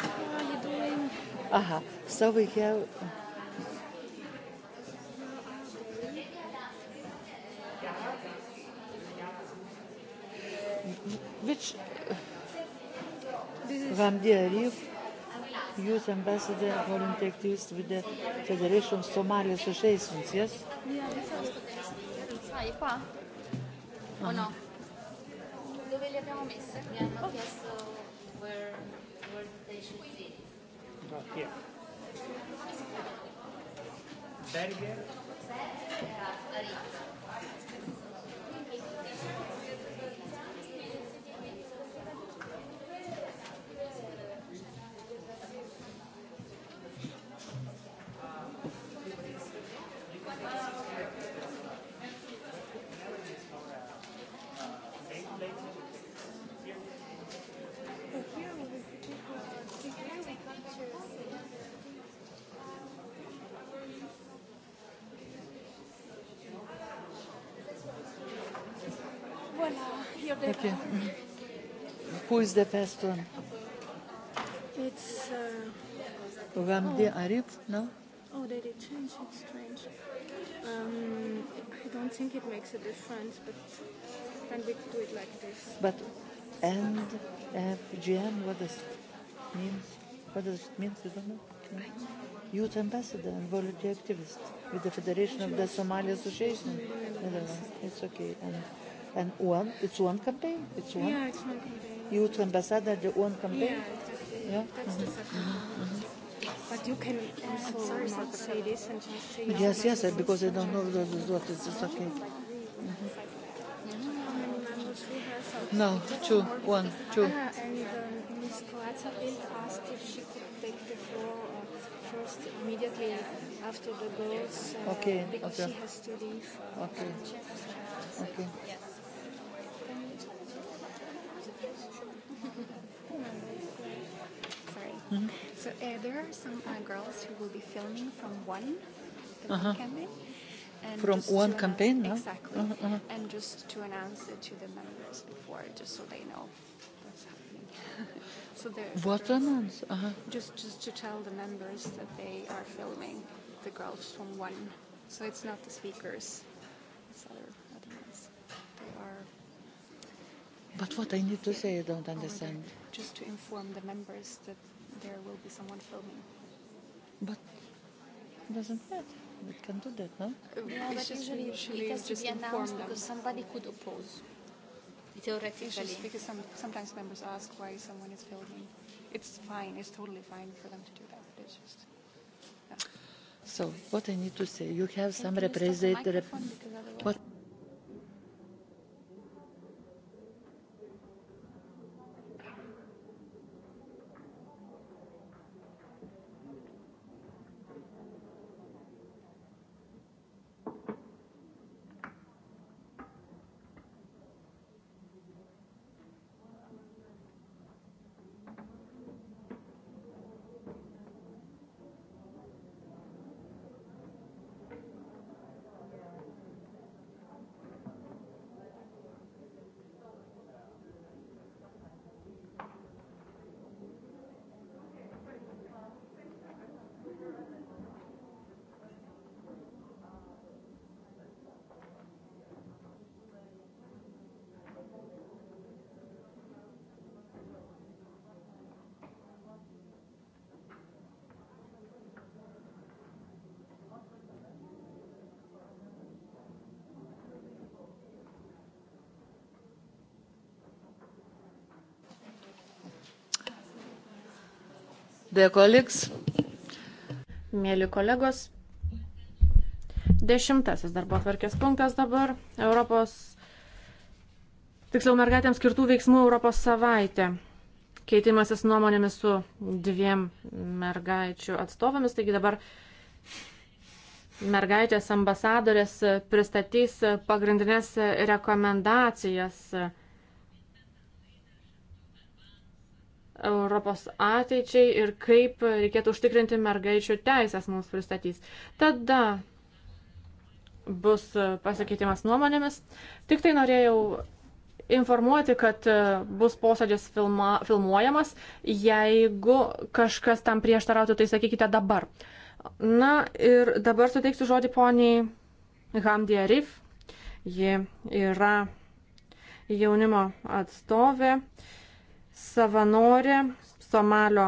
How are you doing? Aha, so we go. Which Van der Youth Ambassador volunteer activist with the Federation of Somali Associations, yes? Yeah, this is the Saipa. Oh no dove le abbiamo messe? Mi hanno oh. chiesto where, where they should be. No, here. Berger. Berger, Rizzo. Who is the first one? It's. Uh, Ramdi oh. Arif, no? Oh, they did change it. Strange. Um, I don't think it makes a difference, but then we do it like this. But and FGM, what does it mean? What does it mean? You don't know? No? Youth ambassador and volunteer activist with the Federation of the Somali Association. Netherlands. It's okay. And and one, it's one campaign. It's one. Yeah, it's one campaign youth ambassador, the one campaign? Yeah, exactly. Yeah? That's mm-hmm. the second mm-hmm. one. Mm-hmm. But you can also sorry, not say this and just say... Yes, yes, yes because I don't know what is this okay. Mm-hmm. mm-hmm. How many members we have? No, two, one, two. Ah, and um, Ms. Corazza Bild asked if she could take the floor uh, first immediately after the girls uh, okay, because okay. she has to leave. Uh, okay. Okay. Yes. -hmm. So eh, there are some uh, girls who will be filming from one, the uh -huh. campaign. And from one campaign, announce, no? Exactly. Uh -huh. Uh-huh. And just to announce it to the members before, just so they know what's happening. so there, what girls, announce? Uh -huh. Just, just to tell the members that they are filming the girls from one. So it's not the speakers. It's other, other ones. They are. But what I need to yeah, say, I don't oh understand. Just to inform the members that there will be someone filming. But doesn't matter. We can do that, no? Uh, yeah, it's but usually, usually it has to be announced them. because somebody could oppose. Theoretically. Because some, sometimes members ask why someone is filming. It's fine. It's totally fine for them to do that. But it's just. Yeah. So what I need to say, you have some representative. Rep- what? Mėly kolegos, dešimtasis darbo atvarkės punktas dabar - Europos, tiksliau mergaitėms skirtų veiksmų Europos savaitė. Keitimasis nuomonėmis su dviem mergaičių atstovėmis, taigi dabar mergaitės ambasadorės pristatys pagrindinės rekomendacijas Europos ateičiai ir kaip reikėtų užtikrinti mergaičių teisės mums pristatys. Tada bus pasikeitimas nuomonėmis. Tik tai norėjau informuoti, kad bus posėdis filma, filmuojamas. Jeigu kažkas tam prieštarautų, tai sakykite dabar. Na ir dabar suteiksiu žodį poniai Hamdi Arif. Ji yra jaunimo atstovė. Uh, savanorė Somalio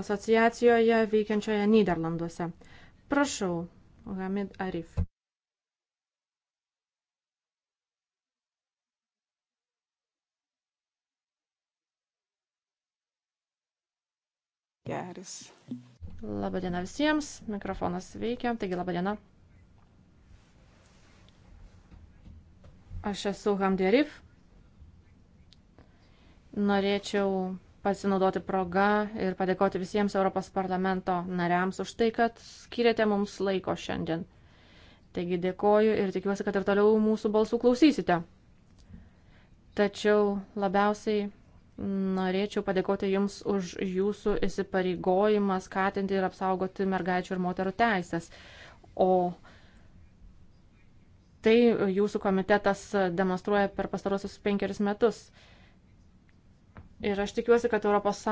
asociacijoje veikiančioje Niderlanduose. Prašau, Hamid Arif. Geris. Labadiena visiems, mikrofonas veikia, taigi labadiena. Aš esu Hamdi Arif Norėčiau pasinaudoti progą ir padėkoti visiems Europos parlamento nariams už tai, kad skiriate mums laiko šiandien. Taigi dėkoju ir tikiuosi, kad ir toliau mūsų balsų klausysite. Tačiau labiausiai norėčiau padėkoti Jums už Jūsų įsipareigojimą skatinti ir apsaugoti mergaičių ir moterų teisės. O tai Jūsų komitetas demonstruoja per pastarosius penkerius metus. Ir aš tikiuosi, kad ES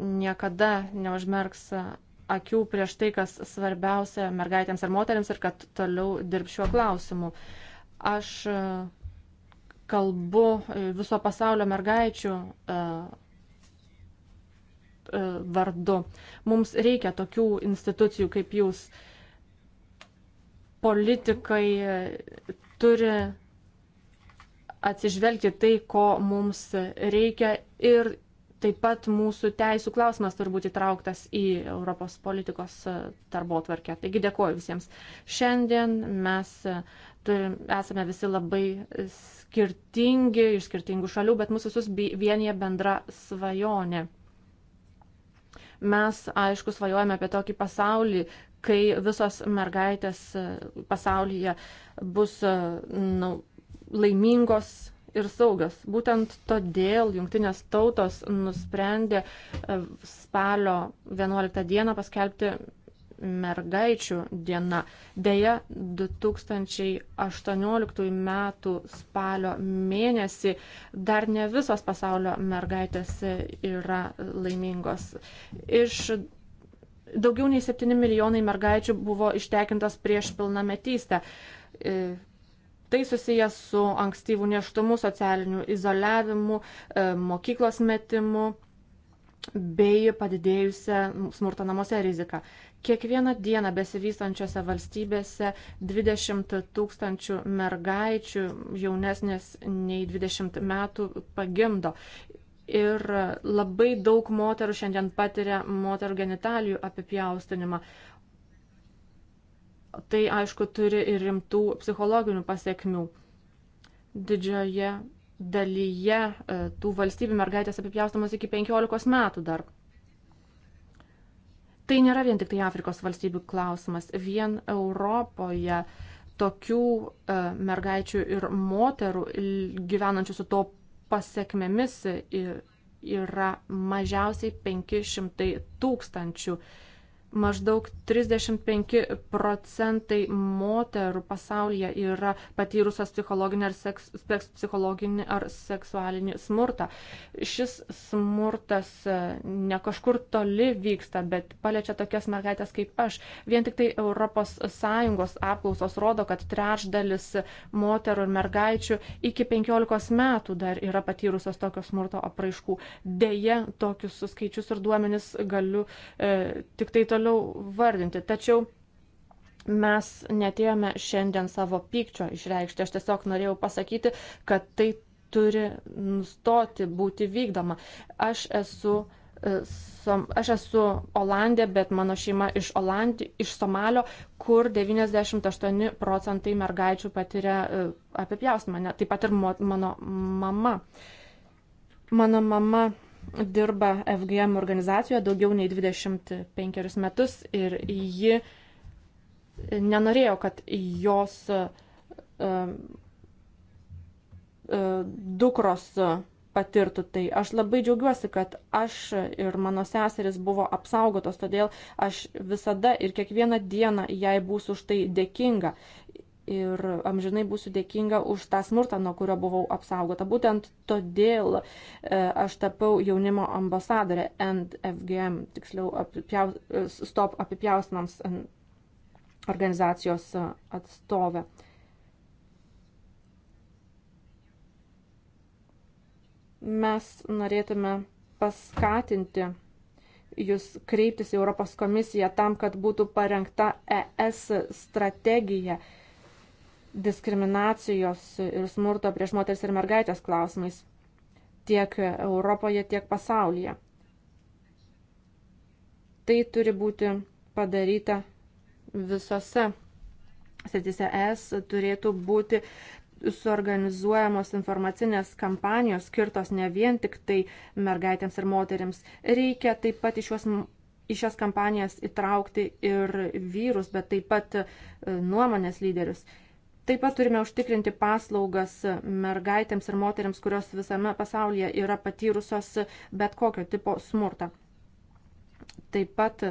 niekada neužmerks akių prieš tai, kas svarbiausia mergaitėms ir moteriams ir kad toliau dirb šiuo klausimu. Aš e, kalbu e, viso pasaulio mergaičių e, vardu. Mums reikia tokių institucijų kaip jūs. Politikai turi atsižvelgti tai, ko mums reikia ir taip pat mūsų teisų klausimas turbūt įtrauktas į Europos politikos e, darbo tvarkę. Taigi dėkuoju visiems. Šiandien mes e, turim, esame visi labai skirtingi iš skirtingų šalių, bet mūsų visus vienyje bendra svajonė. Mes, aišku, svajojame apie tokį pasaulį, kai visos mergaitės e, pasaulyje bus nu, laimingos ir saugios. Būtent todėl jungtinės tautos nusprendė e, spalio 11 dieną paskelbti mergaičių diena. Deja, 2018 metų spalio mėnesį dar ne visos pasaulio mergaitės yra laimingos. Iš daugiau nei 7 milijonai mergaičių buvo ištekintos prieš pilnametystę e, Tai susijęs su ankstyvų neštumu, socialiniu izoliavimu, e, mokyklos metimu bei padidėjusią smurto namuose riziką. Kiekvieną dieną besivystančiose valstybėse 20 tūkstančių mergaičių jaunesnės nei 20 metų pagimdo. Ir labai daug moterų šiandien patiria moterų genitalijų apipjaustinimą, tai aišku turi ir rimtų psichologinių pasiekmių. Didžioje dalyje e, tų valstybių mergaitės apipjaustamos iki 15 metų dar. Tai nėra vien tik tai Afrikos valstybių klausimas. Vien Europoje tokių e, mergaičių ir moterų gyvenančių su to pasiekmėmis yra mažiausiai 500 tūkstančių maždaug 35 procentai moterų pasaulyje yra patyrusios psichologinį ar, seks, psichologinį ar seksualinį smurtą. Šis smurtas e, ne kažkur toli vyksta, bet paliečia tokias mergaitės kaip aš. Vien tik tai ES apklausos rodo, kad trečdalis moterų ir mergaičių iki 15 metų dar yra patyrusios tokio smurto apraiškų. Deja, tokius skaičius ir duomenis galiu e, tik tai toliau toliau vardinti. Tačiau mes netėjome šiandien savo pykčio išreikšti. Aš tiesiog norėjau pasakyti, kad tai turi nustoti būti vykdoma. Aš esu, e, aš esu Olandė, bet mano šeima iš, Olandė, iš Somalio, kur 98 procentai mergaičių patiria e, apipjausmą, taip pat ir mano mama. Mano mama dirba FGM organizacijoje daugiau nei 25 metus ir ji nenorėjo, kad jos e, dukros patirtų tai. Aš labai džiaugiuosi, kad aš ir mano seseris buvo apsaugotos, todėl aš visada ir kiekvieną dieną jai būsiu už tai dėkinga ir amžinai būsiu dėkinga už tą smurtą, nuo kurio buvau apsaugota. Būtent todėl e, aš tapau jaunimo ambasadorė NFGM, tiksliau apipjaus, e, stop apipjausnams organizacijos e, atstovė. Mes norėtume paskatinti jūs kreiptis į Europos komisiją tam, kad būtų parengta ES strategija diskriminacijos ir smurto prieš moteris ir mergaitės klausimais tiek Europoje, tiek pasaulyje. Tai turi būti padaryta visose srityse. Es turėtų būti suorganizuojamos informacinės kampanijos skirtos ne vien tik tai mergaitėms ir moteriams. Reikia taip pat į, šios, į šias kampanijas įtraukti ir vyrus, bet taip pat e, nuomonės lyderius. Taip pat turime užtikrinti paslaugas mergaitėms ir moteriams, kurios visame pasaulyje yra patyrusios bet kokio tipo smurtą. Taip pat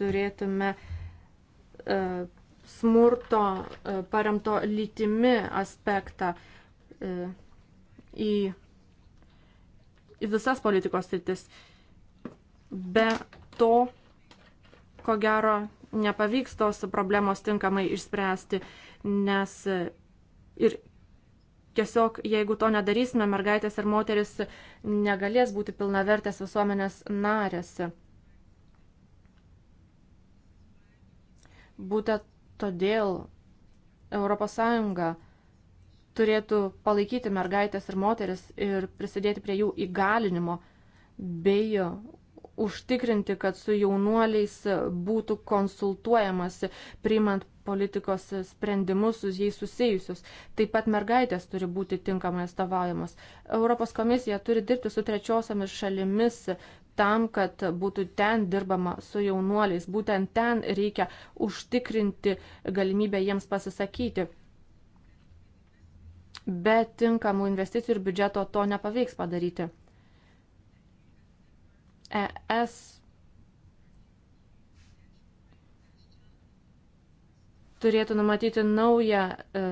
turėtume e, smurto e, paremto lytimi aspektą e, į visas politikos sritis. Be to, ko gero, nepavyks tos problemos tinkamai išspręsti nes e, ir tiesiog, jeigu to nedarysime, mergaitės ir moteris negalės būti pilnavertės visuomenės narės. Būtent todėl ES turėtų palaikyti mergaitės ir moteris ir prisidėti prie jų įgalinimo bei užtikrinti, kad su jaunuoliais būtų konsultuojamasi, priimant politikos sprendimus su jais susijusius. Taip pat mergaitės turi būti tinkamai atstovaujamos. Europos komisija turi dirbti su trečiosiamis šalimis tam, kad būtų ten dirbama su jaunuoliais. Būtent ten reikia užtikrinti galimybę jiems pasisakyti. Be tinkamų investicijų ir biudžeto to nepavyks padaryti. ES turėtų numatyti naują e,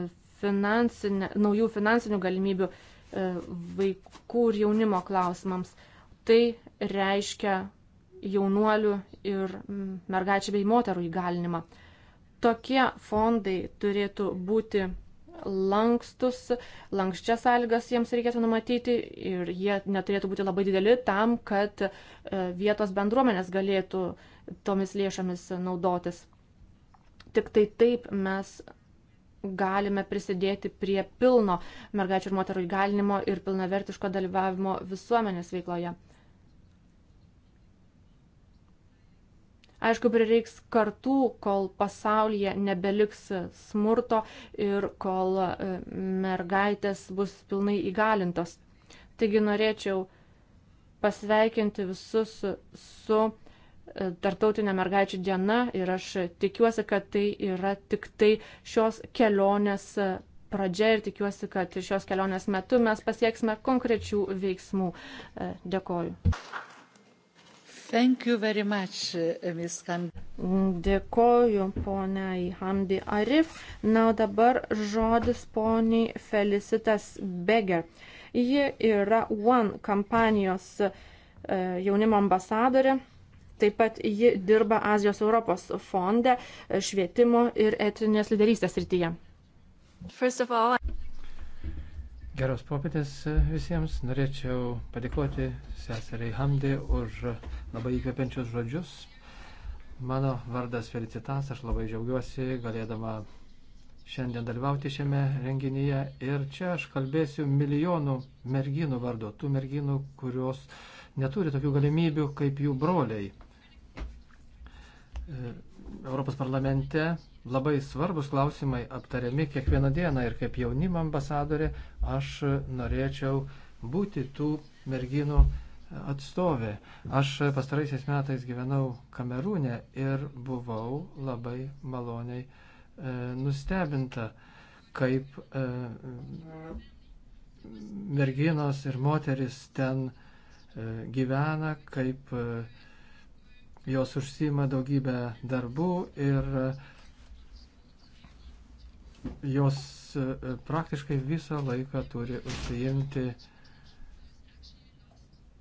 finansinę, naujų finansinių galimybių e, vaikų ir jaunimo klausimams. Tai reiškia jaunuolių ir mergaičių bei moterų įgalinimą. Tokie fondai turėtų būti lankstus, lankščias sąlygas jiems reikėtų numatyti ir jie neturėtų būti labai dideli tam, kad e, vietos bendruomenės galėtų tomis lėšomis naudotis. Tik tai taip mes galime prisidėti prie pilno mergaičių ir moterų įgalinimo ir pilnavertiško dalyvavimo visuomenės veikloje. Aišku, prireiks kartų, kol pasaulyje nebeliks smurto ir kol e, mergaitės bus pilnai įgalintos. Taigi norėčiau pasveikinti visus su e, Tartautinė mergaičių diena ir aš tikiuosi, kad tai yra tik tai šios kelionės e, pradžia ir tikiuosi, kad šios kelionės metu mes pasieksime konkrečių veiksmų. Dėkoju. Much, uh, Dėkoju poniai Hamdi Arif. Na, o dabar žodis poniai Felicitas Beger. Ji yra One kampanijos e, jaunimo ambasadorė. Taip pat ji dirba Azijos Europos fonde e, švietimo ir etinės lyderystės rytyje. All... Geros popietės e, visiems. Norėčiau padėkoti seseriai Hamdė už labai įkvepiančius žodžius. Mano vardas Felicitas, aš labai džiaugiuosi galėdama šiandien dalyvauti šiame renginyje. Ir čia aš kalbėsiu milijonų merginų vardu, tų merginų, kurios neturi tokių galimybių kaip jų broliai. E, Europos parlamente labai svarbus klausimai aptariami kiekvieną dieną ir kaip jaunimo ambasadorė aš norėčiau būti tų merginų atstovė. Aš pastaraisiais metais gyvenau Kamerūne ir buvau labai maloniai e, nustebinta, kaip e, merginos ir moteris ten e, gyvena, kaip e, jos užsima daugybę darbų ir e, jos e, e, praktiškai visą laiką turi užsiimti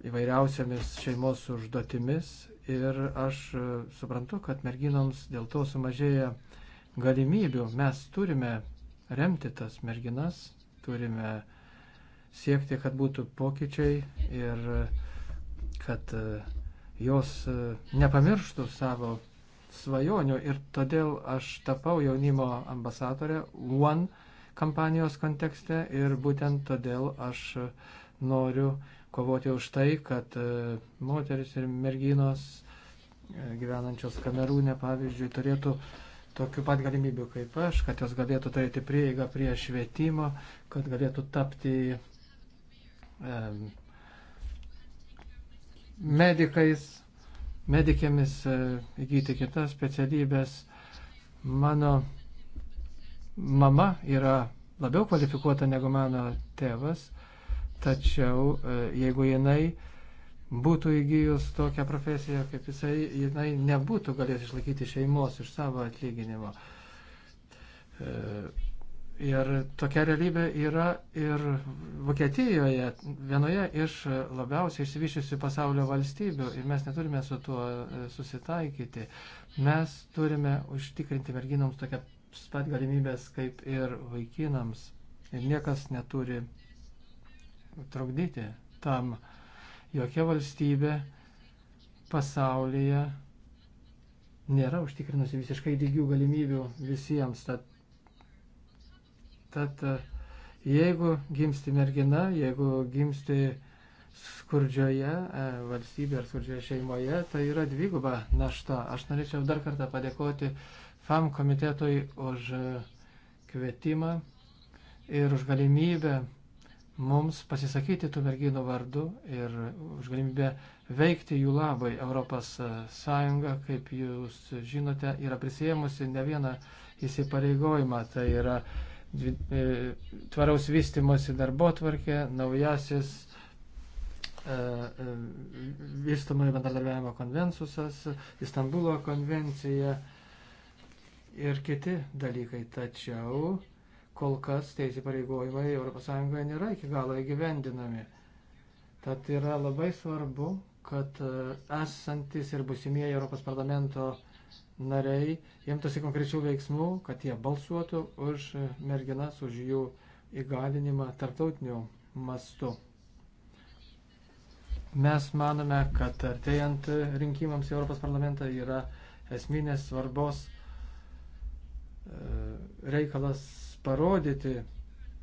įvairiausiamis šeimos užduotimis ir aš e, suprantu, kad merginoms dėl to sumažėja galimybių. Mes turime remti tas merginas, turime siekti, kad būtų pokyčiai ir kad jos nepamirštų savo svajonių ir todėl aš tapau jaunimo ambasadorė One kampanijos kontekste ir būtent todėl aš noriu kovoti už tai, kad e, moteris ir merginos e, gyvenančios Kamerūne, pavyzdžiui, turėtų tokių pat galimybių kaip aš, kad jos galėtų turėti prieigą prie švietimo, kad galėtų tapti um, medikais, medikėmis, e, įgyti kitas specialybės. Mano mama yra labiau kvalifikuota negu mano tėvas, tačiau e, jeigu jinai būtų įgyjus tokią profesiją, kaip jisai, jinai nebūtų galės išlaikyti šeimos iš savo atlyginimo. E, Ir tokia realybė yra ir Vokietijoje, vienoje iš labiausiai išsivyščiusių pasaulio valstybių. Ir mes neturime su tuo e, susitaikyti. Mes turime užtikrinti merginoms tokią pat galimybės kaip ir vaikinams. Ir niekas neturi trukdyti tam. Jokia valstybė pasaulyje nėra užtikrinusi visiškai lygių galimybių visiems. Tad Tad e, jeigu gimsti mergina, jeigu gimsti skurdžioje e, valstybėje ar skurdžioje šeimoje, tai yra dviguba našta. Aš norėčiau dar kartą padėkoti FAM komitetui už e, kvietimą ir už galimybę mums pasisakyti tų merginų vardu ir už galimybę veikti jų labai. Europos Sąjunga, kaip jūs žinote, yra prisėmusi ne vieną įsipareigojimą. Tai yra E, tvaraus vystimosi darbo tvarkė, naujasis e, e, vystamojo bendradarbiavimo konvensusas, Istanbulo konvencija ir kiti dalykai. Tačiau kol kas tie įsipareigojimai ES nėra iki galo įgyvendinami. Tad yra labai svarbu, kad esantis ir busimieji Europos parlamento nariai imtųsi konkrečių veiksmų, kad jie balsuotų už merginas, už jų įgalinimą tarptautiniu mastu. Mes manome, kad artėjant rinkimams į Europos parlamentą yra esminės svarbos e, reikalas parodyti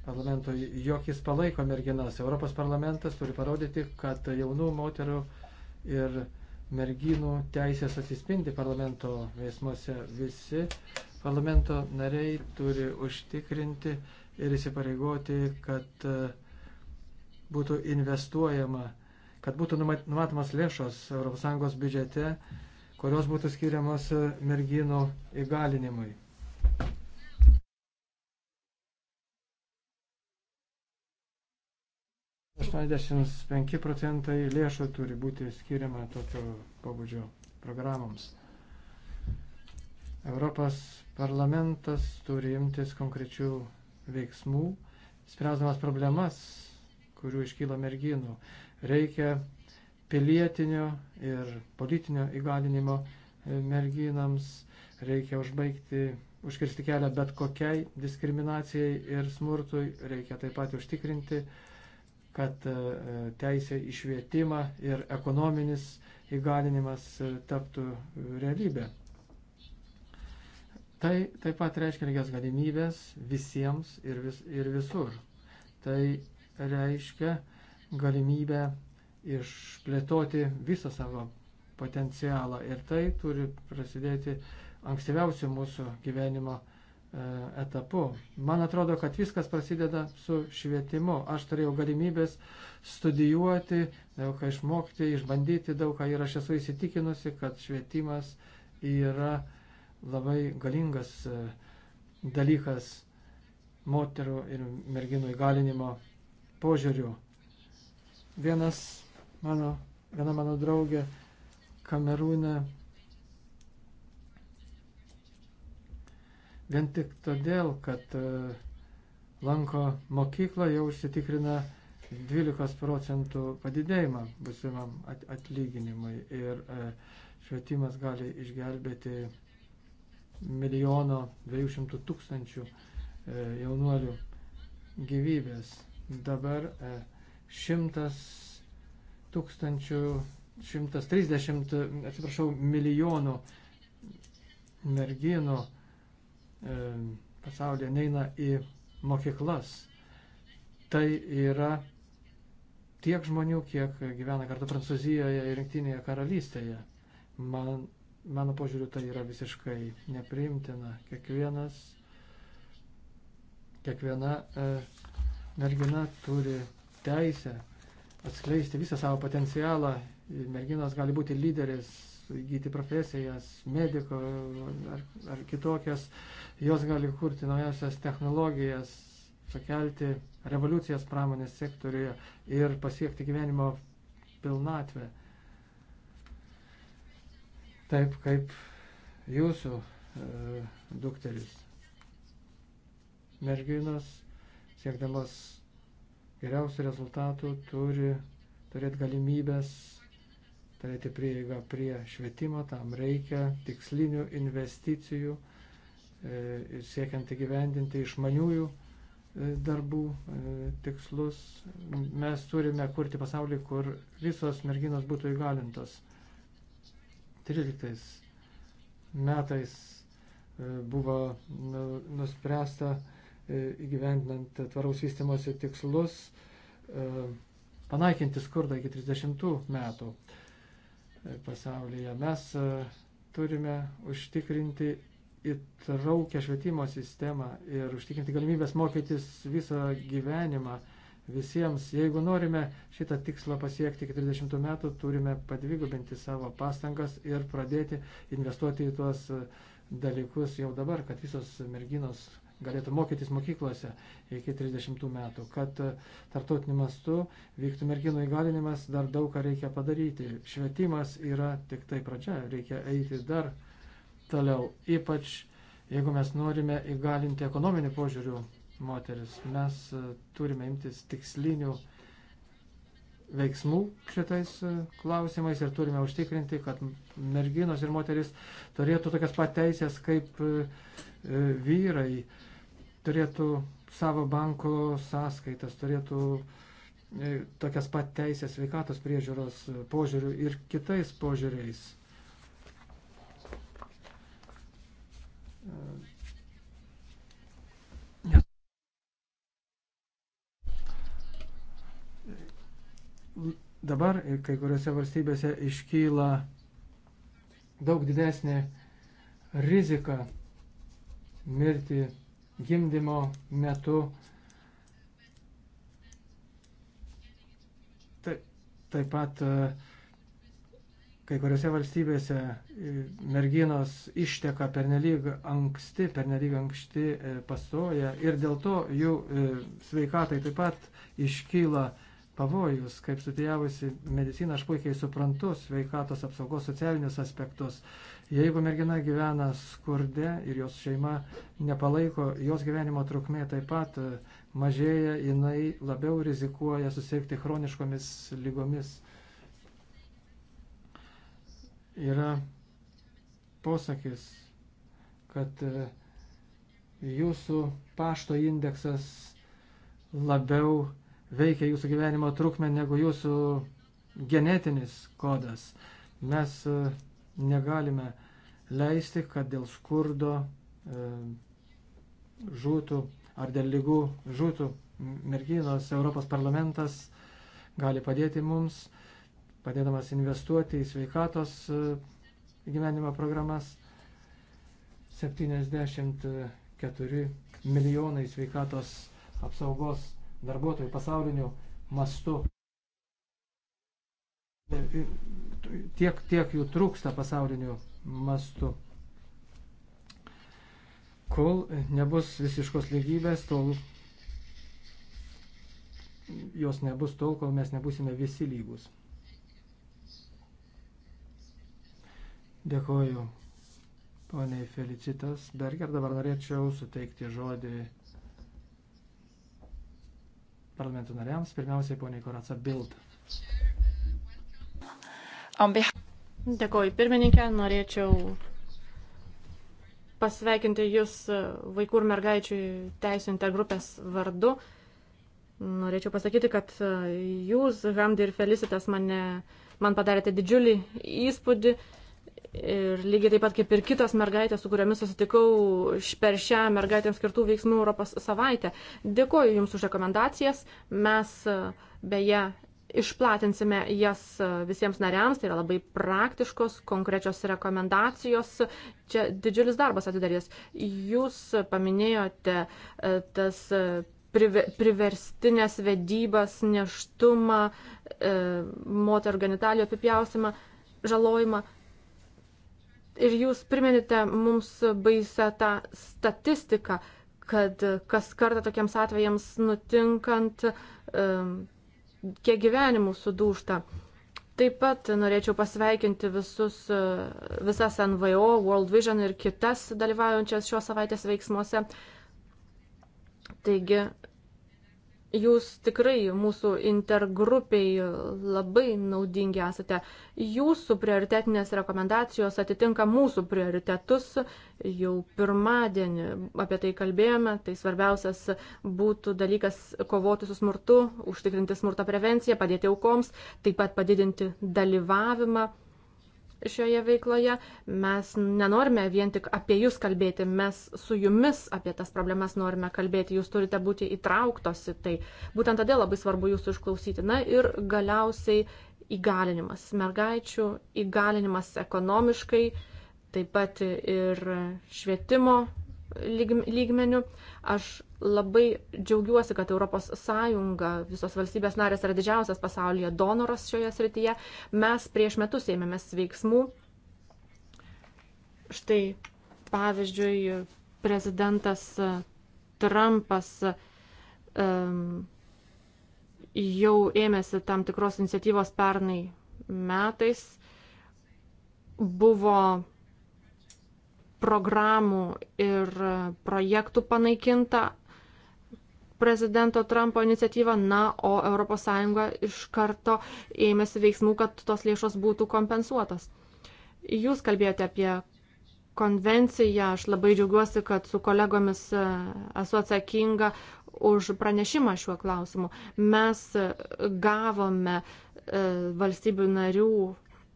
parlamentui, jog jis palaiko merginas. Europos parlamentas turi parodyti, kad jaunų moterų ir merginų teisės atsispindi parlamento veiksmuose. Visi parlamento nariai turi užtikrinti ir įsipareigoti, kad e, būtų investuojama, kad būtų numatomas lėšos ES biudžete, kurios būtų skiriamos e, merginų įgalinimui. 85 procentai lėšų turi būti skiriama tokio pobūdžio programoms. Europos parlamentas turi imtis konkrečių veiksmų, spręsdamas problemas, kurių iškyla merginų. Reikia pilietinio ir politinio įgalinimo e, merginams, reikia užbaigti užkirsti kelią bet kokiai diskriminacijai ir smurtui, reikia taip pat užtikrinti kad e, teisė išvietimą ir ekonominis įgalinimas e, taptų e, realybė. Tai taip pat reiškia lygias galimybės visiems ir, vis, ir visur. Tai reiškia galimybę išplėtoti visą savo potencialą ir tai turi prasidėti ankstyviausių mūsų gyvenimo E, etapu. Man atrodo, kad viskas prasideda su švietimu. Aš turėjau galimybės studijuoti, daug ką išmokti, išbandyti daug ką ir aš esu įsitikinusi, kad švietimas yra labai galingas e, dalykas moterų ir merginų įgalinimo požiūrių. Vienas mano, viena mano draugė Kamerūne vien tik todėl, kad e, lanko mokyklą jau užsitikrina 12 procentų padidėjimą busimam atlyginimui ir e, švietimas gali išgelbėti milijono 200 tūkstančių e, jaunuolių gyvybės. Dabar 100 tūkstančių, 130, atsiprašau, milijonų merginų E, pasaulyje neina į mokyklas. Tai yra tiek žmonių, kiek gyvena kartu Prancūzijoje ir Rinktinėje karalystėje. Man, mano požiūriu, tai yra visiškai nepriimtina. Kiekvienas, kiekviena e, mergina turi teisę atskleisti visą savo potencialą. Merginos gali būti lyderis įgyti profesijas, mediko ar, ar kitokias, jos gali kurti naujasias technologijas, sukelti revoliucijas pramonės sektoriuje ir pasiekti gyvenimo pilnatvę. Taip kaip jūsų e, dukteris. Merginos, siekdamas geriausių rezultatų, turi turėti galimybės turėti prieigą prie švietimo, tam reikia tikslinių investicijų e, ir siekiant įgyvendinti išmaniųjų e, darbų e, tikslus. Mes turime kurti pasaulį, kur visos merginos būtų įgalintos. 13 metais buvo nu, nuspręsta įgyvendinant tvaraus vystimosi tikslus panaikinti skurdą iki 30 metų pasaulyje. Mes e, turime užtikrinti įtraukę švietimo sistemą ir užtikrinti galimybės mokytis visą gyvenimą visiems. Jeigu norime šitą tikslą pasiekti iki 30 metų, turime padvigubinti savo pastangas ir pradėti investuoti į tuos e, dalykus jau dabar, kad visos merginos galėtų mokytis mokyklose iki 30 metų. Kad e, tartotiniu mastu vyktų merginų įgalinimas, dar daug ką reikia padaryti. Švietimas yra tik tai pradžia, reikia eiti dar toliau. Ypač jeigu mes norime įgalinti ekonominių požiūrių moteris, mes e, turime imtis tikslinių veiksmų šitais e, klausimais ir turime užtikrinti, kad merginos ir moteris turėtų tokias pateisės kaip vyrai turėtų savo banko sąskaitas, turėtų e, tokias pat teisės sveikatos priežiūros požiūrių ir kitais požiūriais. Dabar kai kuriuose valstybėse iškyla daug didesnė rizika mirti gimdymo metu. Taip pat e, kai kuriuose valstybėse e, merginos išteka pernelyg anksti, pernelyg anksti e, pastoja ir dėl to jų sveikatai taip pat iškyla pavojus. Kaip studijavusi mediciną, aš puikiai suprantu sveikatos apsaugos socialinius aspektus. Jeigu mergina gyvena skurde ir jos šeima nepalaiko, jos gyvenimo trukmė taip pat e, mažėja, jinai labiau rizikuoja susirgti chroniškomis lygomis. Yra posakis, kad e, jūsų pašto indeksas labiau veikia jūsų gyvenimo trukmę negu jūsų genetinis kodas. Mes e, negalime leisti, kad dėl skurdo e, žūtų ar dėl lygų žūtų merginos. Europos parlamentas gali padėti mums, padėdamas investuoti į sveikatos e, gyvenimo programas. 74 milijonai sveikatos apsaugos darbuotojų pasauliniu mastu. Tiek, tiek jų trūksta pasauliniu mastu. Kol nebus visiškos lygybės, tol jos nebus tol, kol mes nebusime visi lygus. Dėkoju, poniai Felicitas. Dar ir dabar norėčiau suteikti žodį parlamento nariams, pirmiausiai poniai Koraca Bild. Dėkoju pirmininkė, norėčiau pasveikinti Jūs e, vaikų ir mergaičių teisų intergrupės vardu. Norėčiau pasakyti, kad e, Jūs, Hamdi ir Felicitas, mane, man padarėte didžiulį įspūdį. Uh, Ir lygiai taip pat kaip ir kitos mergaitės, su kuriomis susitikau per šią mergaitėms skirtų veiksmų Europos savaitę. Dėkuoju Jums už rekomendacijas. Mes e, beje išplatinsime jas e, visiems nariams. Tai yra labai praktiškos, konkrečios rekomendacijos. Čia didžiulis darbas atidarės. Jūs paminėjote e, tas priverstinės vedybas, neštumą, moterų genitalijų apipjausimą, žalojimą Ir jūs priminite mums baisę tą statistiką, kad kas kartą tokiems atvejams nutinkant, kiek gyvenimų sudūšta. Taip pat norėčiau pasveikinti visus, e, visas NVO, World Vision ir kitas dalyvaujančias šios savaitės veiksmuose. Taigi Jūs tikrai mūsų intergrupiai labai naudingi esate. Jūsų prioritetinės rekomendacijos atitinka mūsų prioritetus. Jau pirmadienį apie tai kalbėjome. Tai svarbiausias būtų dalykas kovoti su smurtu, užtikrinti smurto prevenciją, padėti aukoms, taip pat padidinti dalyvavimą šioje veikloje. Mes nenorime vien tik apie jūs kalbėti, mes su jumis apie tas problemas norime kalbėti, jūs turite būti įtrauktos į tai. Būtent todėl labai svarbu jūsų išklausyti. Na ir galiausiai įgalinimas, mergaičių įgalinimas ekonomiškai, taip pat ir švietimo lygmenių. Aš Labai džiaugiuosi, kad ES, visos valstybės narės yra didžiausias pasaulyje donoras šioje srityje. Mes prieš metus ėmėmės veiksmų. Štai, pavyzdžiui, prezidentas e, Trumpas um, jau ėmėsi tam tikros iniciatyvos pernai metais. Buvo programų ir projektų panaikinta prezidento Trumpo iniciatyvą, na, o ES iš karto ėmėsi veiksmų, kad tos lėšos būtų kompensuotos. Jūs kalbėjote apie konvenciją, aš labai džiaugiuosi, kad su kolegomis e, esu atsakinga už pranešimą šiuo klausimu. Mes gavome e, valstybių narių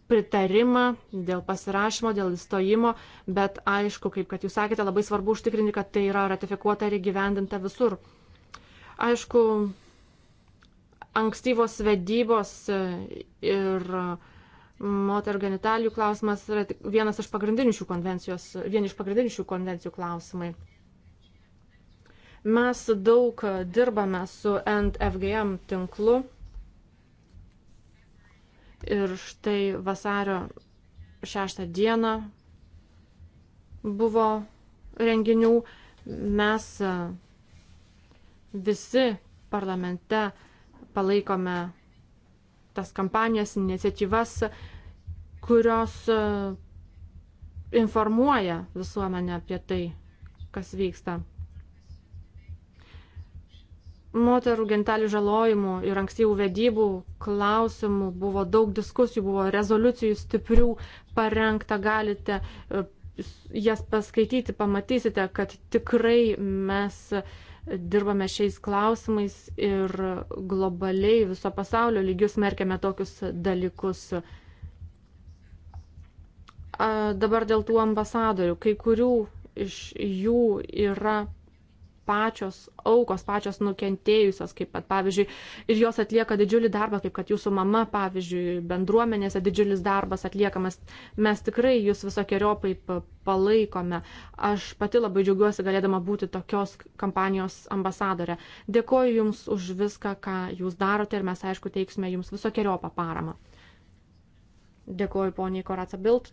pritarimą dėl pasirašymo, dėl įstojimo, bet aišku, kaip kad jūs sakėte, labai svarbu užtikrinti, kad tai yra ratifikuota ir įgyvendinta visur. Aišku, ankstyvos vedybos ir moterų genitalijų klausimas yra vienas iš pagrindinių šių konvencijos, vien iš pagrindinių šių konvencijų klausimai. Mes daug dirbame su NFGM tinklu ir štai vasario 6 dieną buvo renginių. Mes visi parlamente palaikome tas kampanijas, iniciatyvas, kurios e, informuoja visuomenę apie tai, kas vyksta. Moterų gentelių žalojimų ir ankstyvų vedybų klausimų buvo daug diskusijų, buvo rezoliucijų stiprių parengta, galite e, jas paskaityti, pamatysite, kad tikrai mes uh, dirbame šiais klausimais ir globaliai viso pasaulio lygius merkiame tokius dalykus. Dabar dėl tų ambasadorių. Kai kurių iš jų yra pačios aukos, pačios nukentėjusios, kaip pat pavyzdžiui, ir jos atlieka didžiulį darbą, kaip kad jūsų mama, pavyzdžiui, bendruomenėse didžiulis darbas atliekamas. Mes tikrai jūs visokiojopai palaikome. Aš pati labai džiaugiuosi galėdama būti tokios kampanijos ambasadorė. Dėkoju Jums už viską, ką Jūs darote ir mes, aišku, teiksime Jums visokiojopą paramą. Dėkoju poniai Koraca Bilt.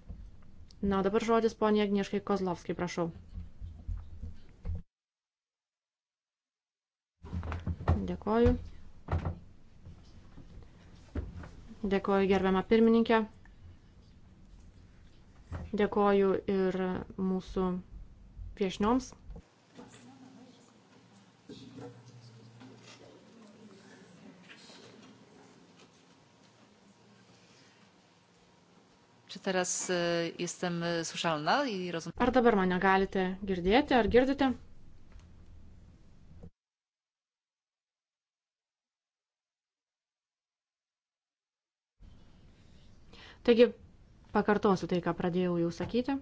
Na, dabar žodis poniai Agnieškai Kozlovskai, prašau. Dėkoju. Dėkoju gerbiamą pirmininkę. Dėkoju ir mūsų viešnioms. Czy teraz e, jestem e, słyszalna i rozumiem? Ar dabar mane galite girdėti, ar girdite? Taigi, pakartosiu tai, ką pradėjau jau sakyti.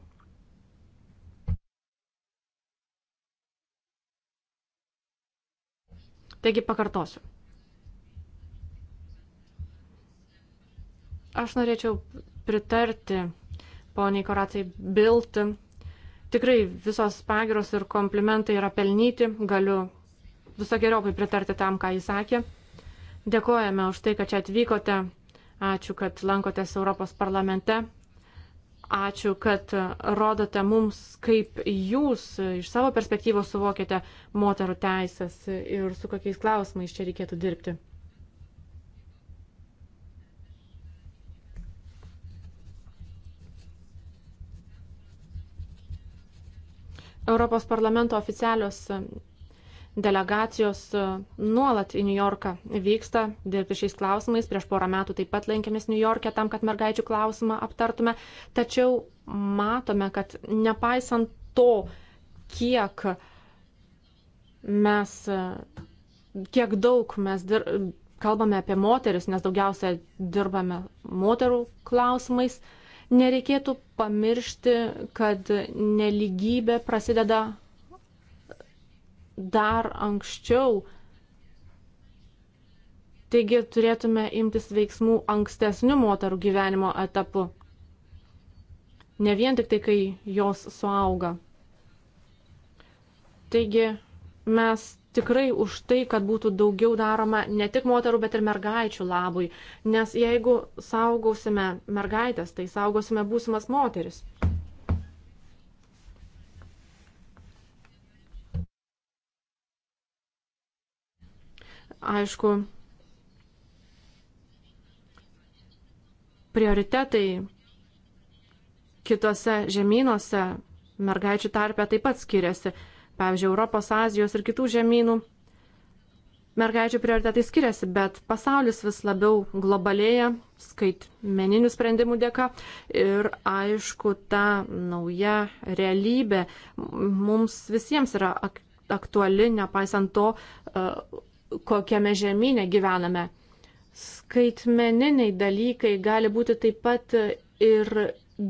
Taigi, pakartosiu. Aš norėčiau pritarti poniai Koracijai Bilt. Tikrai visos pagiros ir komplimentai yra pelnyti. Galiu visokiojopai pritarti tam, ką jis sakė. Dėkojame už tai, kad čia atvykote Ačiū, kad lankotės Europos parlamente. Ačiū, kad rodote mums, kaip jūs iš savo perspektyvos suvokiate moterų teisės ir su kokiais klausimais čia reikėtų dirbti. Europos parlamento oficialios delegacijos e, nuolat į New Yorką vyksta dirbti šiais klausimais. Prieš porą metų taip pat lankėmės New York'e tam, kad mergaičių klausimą aptartume. Tačiau matome, kad nepaisant to, kiek mes, e, kiek daug mes dir, kalbame apie moteris, nes daugiausia dirbame moterų klausimais, nereikėtų pamiršti, kad neligybė prasideda dar anksčiau. Taigi turėtume imtis veiksmų ankstesnių moterų gyvenimo etapu. Ne vien tik tai, kai jos suauga. Taigi mes tikrai už tai, kad būtų daugiau daroma ne tik moterų, bet ir mergaičių labui. Nes jeigu saugausime mergaitės, tai saugosime būsimas moteris. Aišku, prioritetai kitose žemynuose mergaičių tarpe taip pat skiriasi. Pavyzdžiui, Europos, Azijos ir kitų žemynų mergaičių prioritetai skiriasi, bet pasaulis vis labiau globalėja skaitmeninių sprendimų dėka ir aišku, ta nauja realybė mums visiems yra aktuali, nepaisant to, e, kokiame žemynė gyvename. Skaitmeniniai dalykai gali būti taip pat ir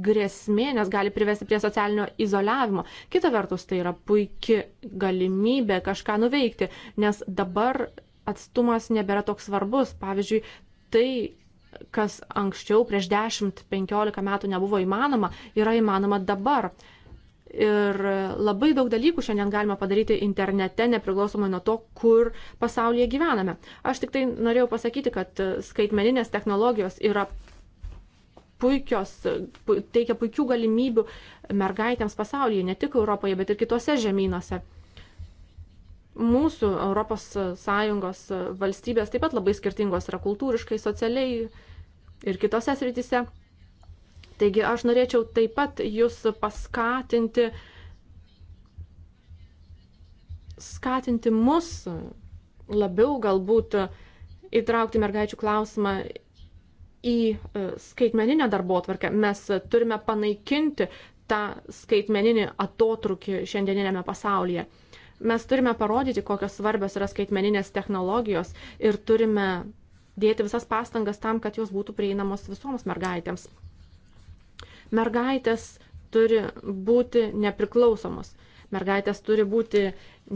grėsmė, nes gali privesti prie socialinio izoliavimo. Kita vertus, tai yra puikia galimybė kažką nuveikti, nes dabar atstumas nebėra toks svarbus. Pavyzdžiui, tai, kas anksčiau prieš 10-15 metų nebuvo įmanoma, yra įmanoma dabar. Ir labai daug dalykų šiandien galima padaryti internete, nepriklausomai nuo to, kur pasaulyje gyvename. Aš tik tai norėjau pasakyti, kad skaitmeninės technologijos yra puikios, teikia puikių galimybių mergaitėms pasaulyje, ne tik Europoje, bet ir kitose žemynuose. Mūsų ES valstybės taip pat labai skirtingos yra kultūriškai, socialiai ir kitose srityse. Taigi aš norėčiau taip pat jūs paskatinti, skatinti mus labiau galbūt įtraukti mergaičių klausimą į e, skaitmeninę darbo atvarkę. Mes turime panaikinti tą skaitmeninį atotrukį šiandieninėme pasaulyje. Mes turime parodyti, kokios svarbios yra skaitmeninės technologijos ir turime dėti visas pastangas tam, kad jos būtų prieinamos visoms mergaitėms. Mergaitės turi būti nepriklausomos. Mergaitės turi būti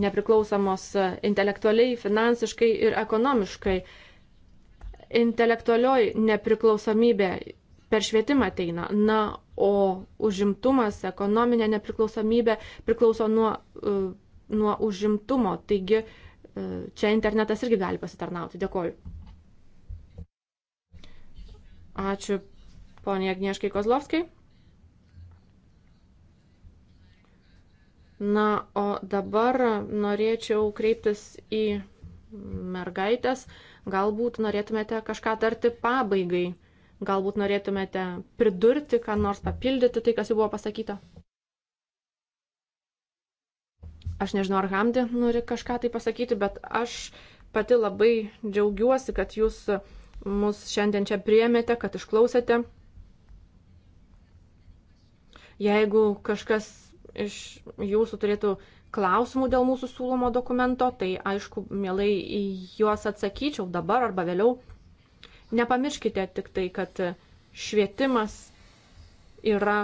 nepriklausomos e, intelektualiai, finansiškai ir ekonomiškai. Intelektualioji nepriklausomybė per švietimą ateina. Na, o užimtumas, ekonominė nepriklausomybė priklauso nuo, e, nuo užimtumo. Taigi e, čia internetas irgi gali pasitarnauti. Dėkoju. Ačiū poniai Agnieškai Kozlovskai. Na, o dabar norėčiau kreiptis į mergaitės. Galbūt norėtumėte kažką tarti pabaigai. Galbūt norėtumėte pridurti, ką nors papildyti tai, kas jau buvo pasakyta. Aš nežinau, ar Hamdi nori kažką tai pasakyti, bet aš pati labai džiaugiuosi, kad jūs mus šiandien čia priemėte, kad išklausėte. Jeigu kažkas iš jūsų turėtų klausimų dėl mūsų siūlomo dokumento, tai aišku, mielai į juos atsakyčiau dabar arba vėliau. Nepamirškite tik tai, kad švietimas yra,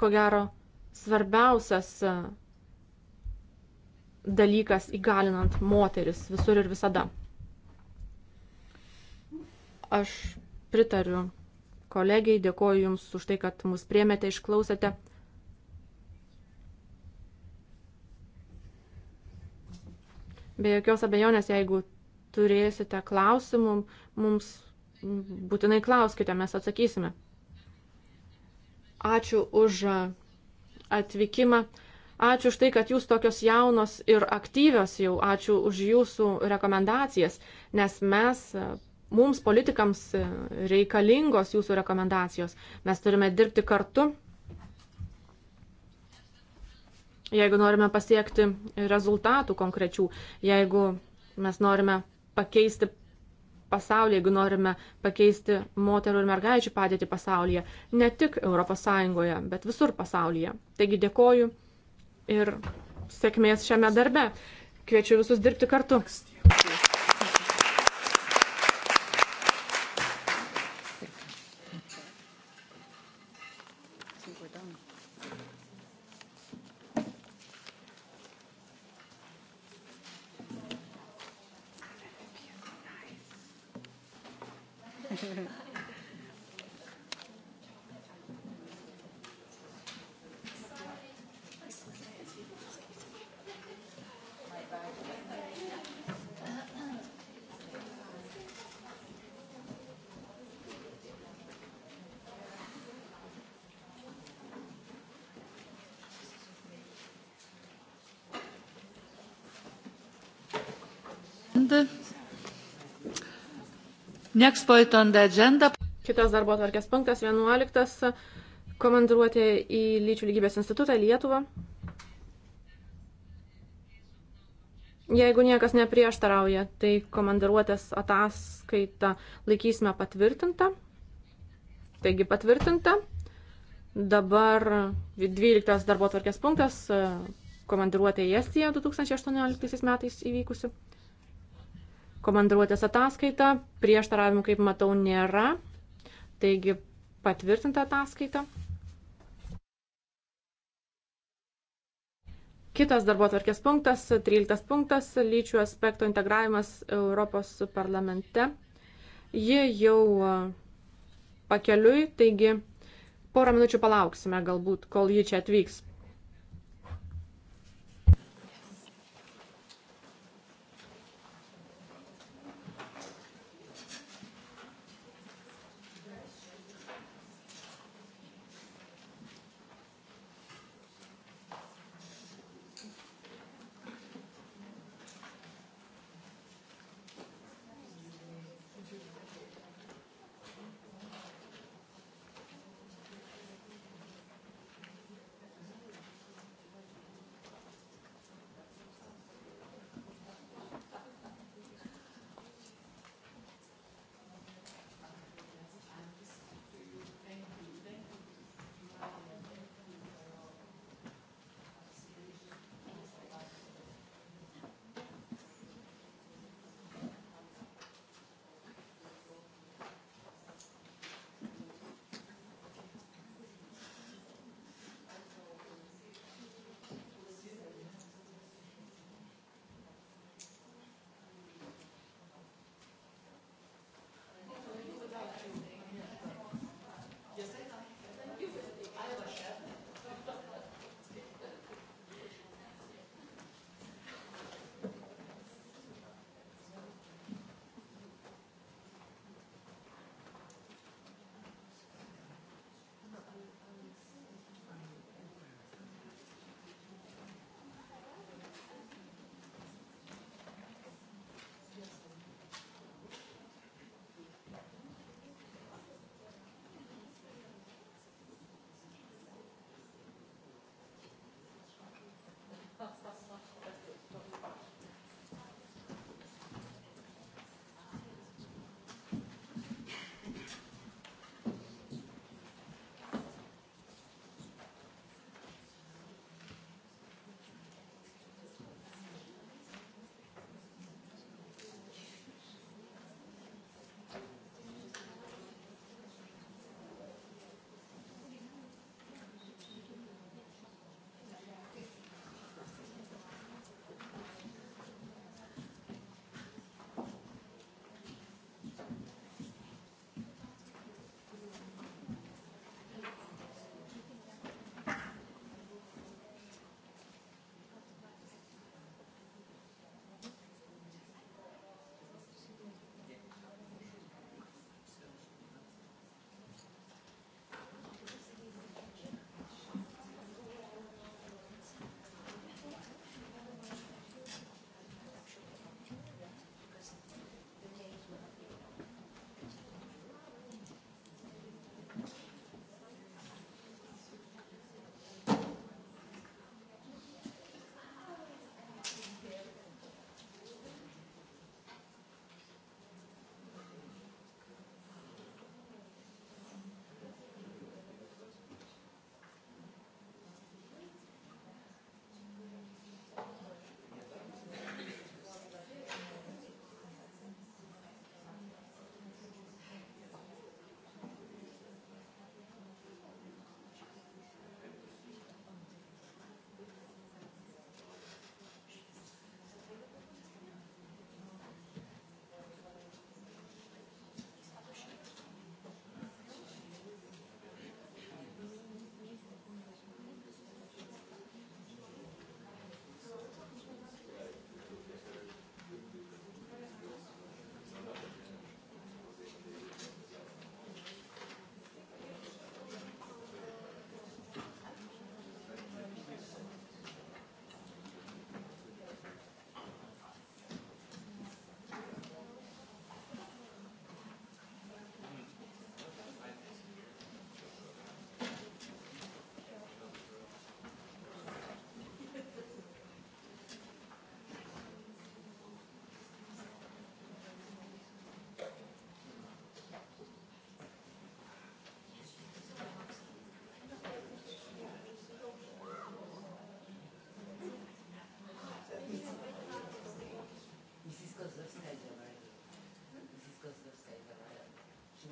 ko gero, svarbiausias e, dalykas įgalinant moteris visur ir visada. Aš pritariu kolegiai, dėkoju Jums už tai, kad mus priemėte, išklausėte. Be jokios abejonės, jeigu turėsite klausimų, mums būtinai klauskite, mes atsakysime. Ačiū už atvykimą. Ačiū už tai, kad jūs tokios jaunos ir aktyvios jau. Ačiū už jūsų rekomendacijas, nes mes, mums politikams reikalingos jūsų rekomendacijos. Mes turime dirbti kartu jeigu norime pasiekti rezultatų konkrečių, jeigu mes norime pakeisti pasaulį, jeigu norime pakeisti moterų ir mergaičių padėtį pasaulyje, ne tik ES, bet visur pasaulyje. Taigi dėkoju ir sėkmės šiame darbe. Kviečiu visus dirbti kartu. runde. Next point on the agenda. Kitas darbo atvarkės punktas 11. Komandiruotė į lyčių lygybės institutą Lietuvą. Jeigu niekas neprieštarauja, tai komandiruotės ataskaita laikysime patvirtinta. Taigi patvirtinta. Dabar 12 darbo atvarkės punktas komandiruotė į Estiją 2018 metais įvykusi komandiruotės ataskaita. Prieštaravimų, kaip matau, nėra. Taigi patvirtinta ataskaita. Kitas darbo atvarkės punktas, 13 punktas, lyčių aspekto integravimas Europos parlamente. Ji jau e, pakeliui, taigi porą minučių palauksime galbūt, kol ji čia atvyks.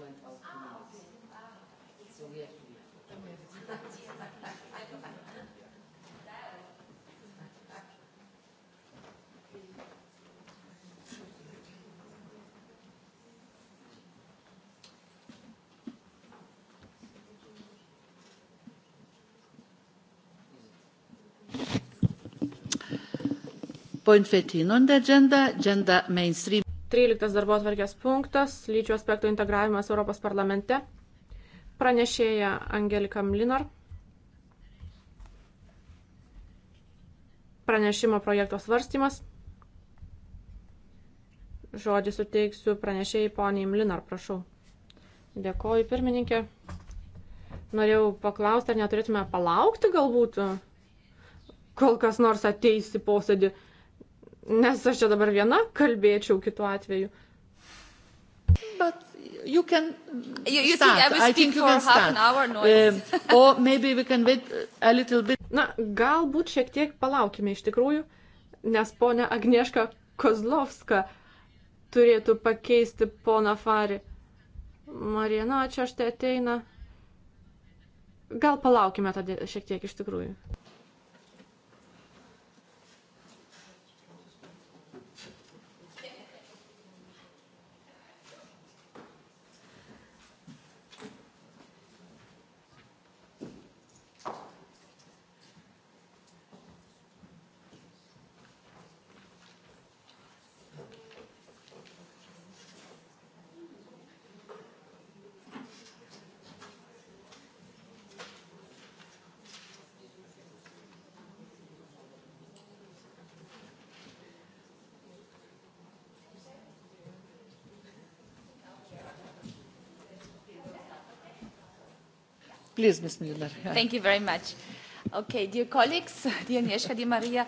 went out to Mars. So we have to leave. point thirteen on the agenda gender mainstreaming 13 darbo atvarkės punktas - lyčių aspektų integravimas Europos parlamente. Pranešėja Angelika Mlinar. Pranešimo projekto svarstymas. Žodį suteiksiu pranešėjai poniai Mlinar, prašau. Dėkoju, pirmininkė. Norėjau paklausti, ar neturėtume palaukti galbūt, kol kas nors ateis į posėdį. Nes aš čia dabar viena kalbėčiau kitu atveju. But you can you, you start. Think I, will I think you can start. Hour, no, uh, or maybe we can wait a little bit. Na, galbūt šiek tiek palaukime iš tikrųjų, nes ponia Agnieška Kozlovska turėtų pakeisti poną Farį. Marina, čia štai ateina. Gal palaukime tada šiek tiek iš tikrųjų. Please, Ms. Miller. Thank you very much. Okay, dear colleagues, dear Agnieszka, dear Marija.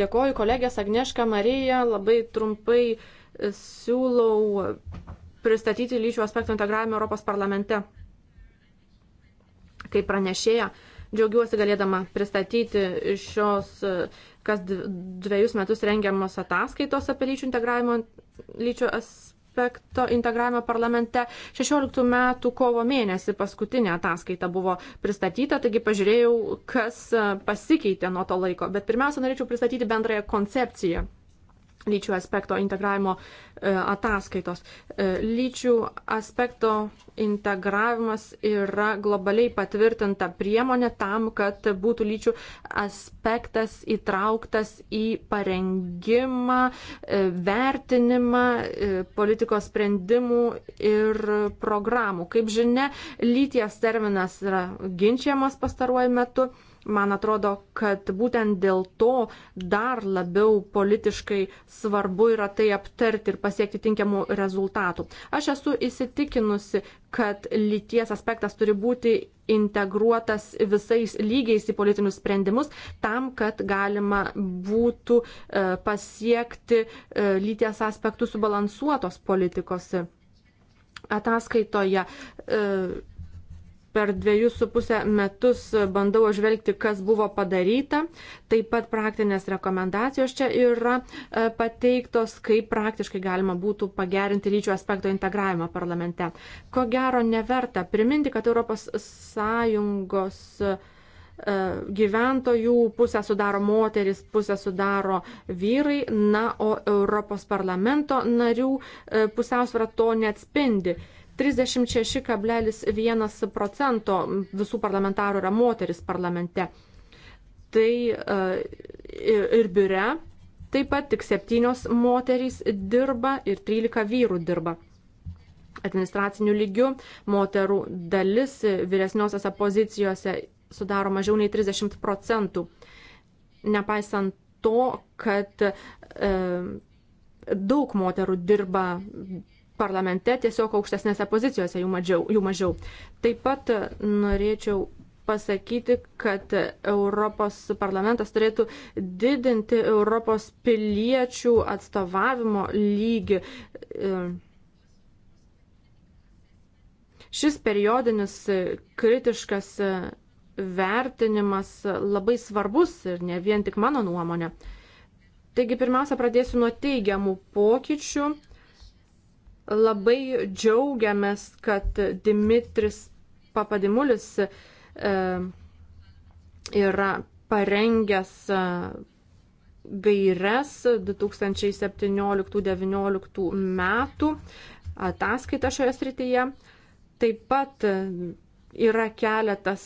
Dėkoju kolegės Agnieszka Marija. Labai trumpai e, siūlau pristatyti lyčių aspektų integravimą Europos parlamente. Kaip pranešėja, džiaugiuosi galėdama pristatyti šios e, kas dviejus metus rengiamos ataskaitos apie lyčių integravimo lyčių aspektų aspekto integravimą parlamente 16 metų kovo mėnesį paskutinė ataskaita buvo pristatyta, taigi pažiūrėjau, kas e, pasikeitė nuo to laiko. Bet pirmiausia, norėčiau pristatyti bendrąją koncepciją lyčių aspekto integravimo e, ataskaitos. E, lyčių aspekto integravimas yra globaliai patvirtinta priemonė tam, kad būtų lyčių aspektas įtrauktas į parengimą, e, vertinimą politikos sprendimų ir programų. Kaip žinia, lyties terminas yra ginčiamas pastaruoju metu. Man atrodo, kad būtent dėl to dar labiau politiškai svarbu yra tai aptarti ir pasiekti tinkiamų rezultatų. Aš esu įsitikinusi, kad lyties aspektas turi būti integruotas visais lygiais į politinius sprendimus tam, kad galima būtų e, pasiekti e, lyties aspektų subalansuotos politikos ataskaitoje. E, per dviejus su pusę metus bandau žvelgti, kas buvo padaryta. Taip pat praktinės rekomendacijos čia yra e, pateiktos, kaip praktiškai galima būtų pagerinti lyčių aspekto integravimą parlamente. Ko gero neverta priminti, kad ES e, gyventojų pusę sudaro moteris, pusę sudaro vyrai, na, o Europos parlamento narių e, pusiausvara to neatspindi. 36,1 procento visų parlamentarų yra moteris parlamente. Tai e, ir biure taip pat tik septynios moterys dirba ir 13 vyrų dirba. Administracinių lygių moterų dalis vyresniosiose pozicijose sudaro mažiau nei 30 procentų. Nepaisant to, kad e, daug moterų dirba parlamente tiesiog aukštesnėse pozicijose jų mažiau. Jų mažiau. Taip pat norėčiau pasakyti, kad Europos parlamentas turėtų didinti Europos piliečių atstovavimo lygį. Šis periodinis kritiškas vertinimas labai svarbus ir ne vien tik mano nuomonė. Taigi pirmiausia, pradėsiu nuo teigiamų pokyčių Labai džiaugiamės, kad Dimitris Papadimulis e, yra parengęs e, gairias 2017-2019 metų ataskaitą šioje srityje. Taip pat Yra keletas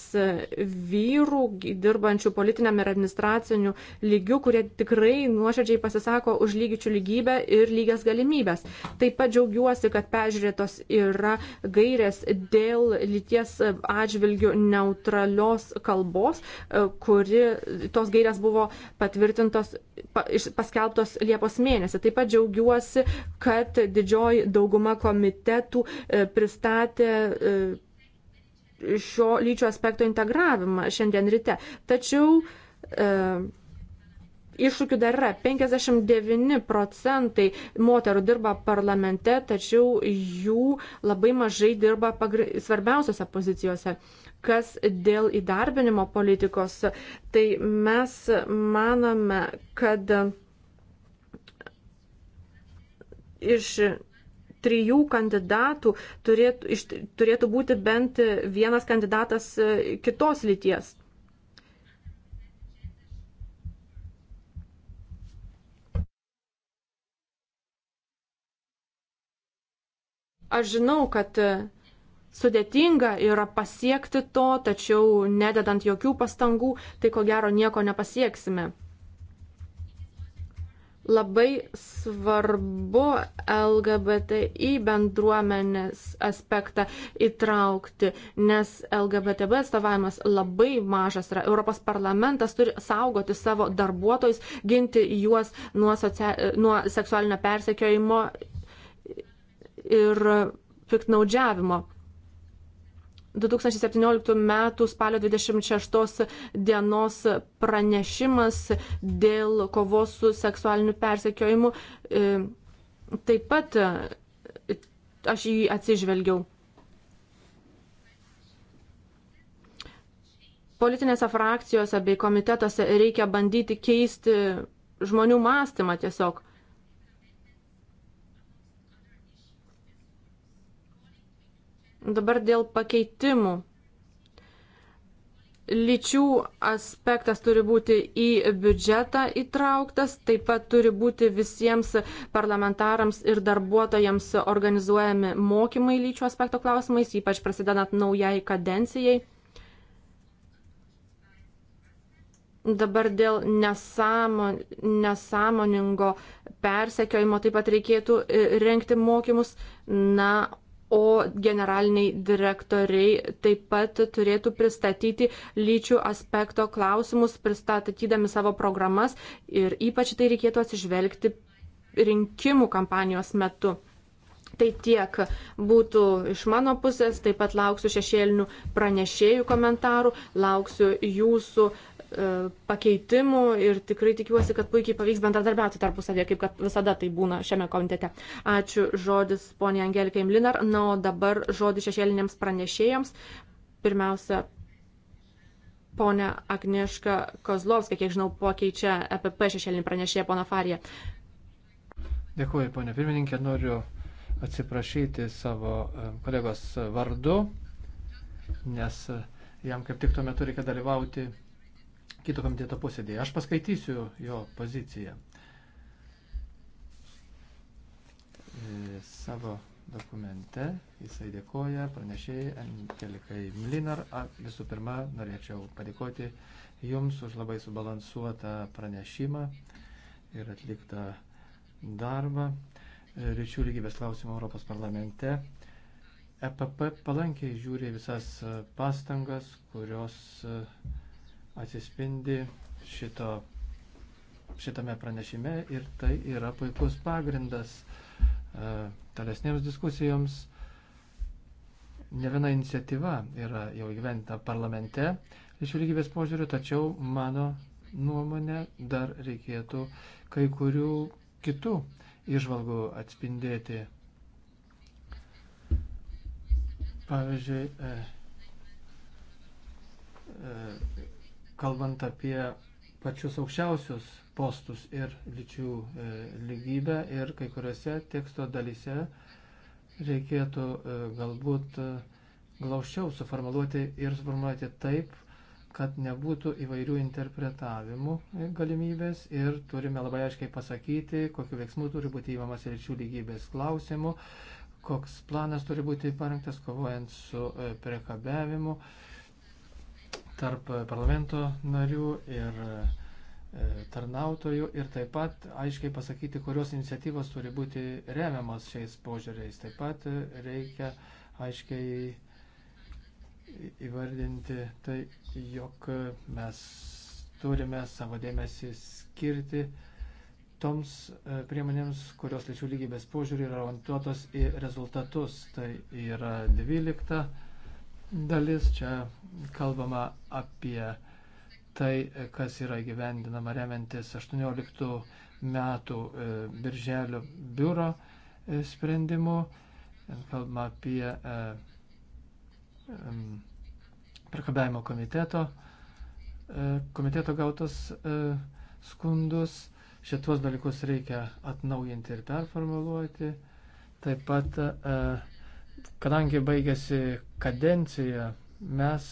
vyrų dirbančių politiniam ir administraciniu lygiu, kurie tikrai nuoširdžiai pasisako už lygičių lygybę ir lygias galimybės. Taip pat džiaugiuosi, kad peržiūrėtos yra gairės dėl lyties atžvilgių neutralios kalbos, kuri tos gairės buvo patvirtintos, paskelbtos Liepos mėnesį. Taip pat džiaugiuosi, kad didžioji dauguma komitetų e, pristatė e, šio lyčio aspekto integravimą šiandien ryte. Tačiau e, iššūkių dar yra. 59 procentai moterų dirba parlamente, tačiau jų labai mažai dirba pagr... svarbiausiose pozicijose. Kas dėl įdarbinimo politikos, tai mes manome, kad iš trijų kandidatų turėtų, iš, turėtų būti bent vienas kandidatas e, kitos lyties. Aš žinau, kad e, sudėtinga yra pasiekti to, tačiau nededant jokių pastangų, tai ko gero nieko nepasieksime labai svarbu LGBTI bendruomenės aspektą įtraukti, nes LGBTB atstovavimas labai mažas yra. Europos parlamentas turi saugoti savo darbuotojus, ginti juos nuo, socia... nuo seksualinio persekiojimo ir piktnaudžiavimo. 2017 m. spalio 26 dienos pranešimas dėl kovos su seksualiniu persekiojimu. E, taip pat e, aš jį atsižvelgiau. Politinėse frakcijose bei komitetuose reikia bandyti keisti žmonių mąstymą tiesiog. Dabar dėl pakeitimų. Lyčių aspektas turi būti į biudžetą įtrauktas, taip pat turi būti visiems parlamentarams ir darbuotojams organizuojami mokymai lyčių aspekto klausimais, ypač prasidedant naujai kadencijai. Dabar dėl nesąmon, nesąmoningo persekiojimo taip pat reikėtų e, renkti mokymus. Na, o generaliniai direktoriai taip pat turėtų pristatyti lyčių aspekto klausimus, pristatydami savo programas ir ypač tai reikėtų atsižvelgti rinkimų kampanijos metu. Tai tiek būtų iš mano pusės, taip pat lauksiu šešėlinių pranešėjų komentarų, lauksiu jūsų E, pakeitimų ir tikrai tikiuosi, kad puikiai pavyks bendradarbiauti tarpusavėje, kaip kad visada tai būna šiame komitete. Ačiū žodis ponė Angelikai Imlinar. Na, o dabar žodis šešėlinėms pranešėjams. Pirmiausia, ponė Agnieška Kozlovska, kiek žinau, pakeičia EPP šešėlinį pranešėją poną Fariją. Dėkuoju, ponė pirmininkė, noriu atsiprašyti savo e, kolegos vardu, nes e, jam kaip tik tuo metu reikia dalyvauti kito komiteto posėdėje. Aš paskaitysiu jo poziciją e, savo dokumente. Jisai dėkoja pranešėjai Angelikai Mlinar. Visų pirma, norėčiau padėkoti Jums už labai subalansuotą pranešimą ir atliktą darbą. E, ryčių lygybės klausimų Europos parlamente. EPP palankiai žiūri visas e, pastangas, kurios e, atsispindi šito, šitame pranešime ir tai yra puikus pagrindas e, tolesnėms diskusijoms. Ne viena iniciatyva yra jau įgyventa parlamente lyčių lygybės požiūriu, tačiau mano nuomonė dar reikėtų kai kurių kitų išvalgų atspindėti. Pavyzdžiui, e, e, kalbant apie pačius aukščiausius postus ir lyčių e, lygybę ir kai kuriuose teksto dalyse reikėtų e, galbūt e, glaušiau suformuluoti ir suformuluoti taip, kad nebūtų įvairių interpretavimų galimybės ir turime labai aiškiai pasakyti, kokiu veiksmu turi būti įmamas lyčių lygybės klausimu, koks planas turi būti parengtas kovojant su priekabiavimu. E, tarp parlamento narių ir e, tarnautojų ir taip pat aiškiai pasakyti, kurios iniciatyvos turi būti remiamas šiais požiūriais. Taip pat reikia aiškiai įvardinti tai, jog mes turime savo dėmesį skirti toms e, priemonėms, kurios lyčių lygybės požiūrį yra orientuotos į rezultatus. Tai yra 12 dalis. Čia kalbama apie tai, kas yra gyvendinama remiantis 18 metų e, birželio biuro e, sprendimu. Kalbama apie e, priekabėjimo komiteto, komiteto gautus skundus. Šitos dalykus reikia atnaujinti ir performuluoti. Taip pat uh, Kadangi baigėsi kadencija, mes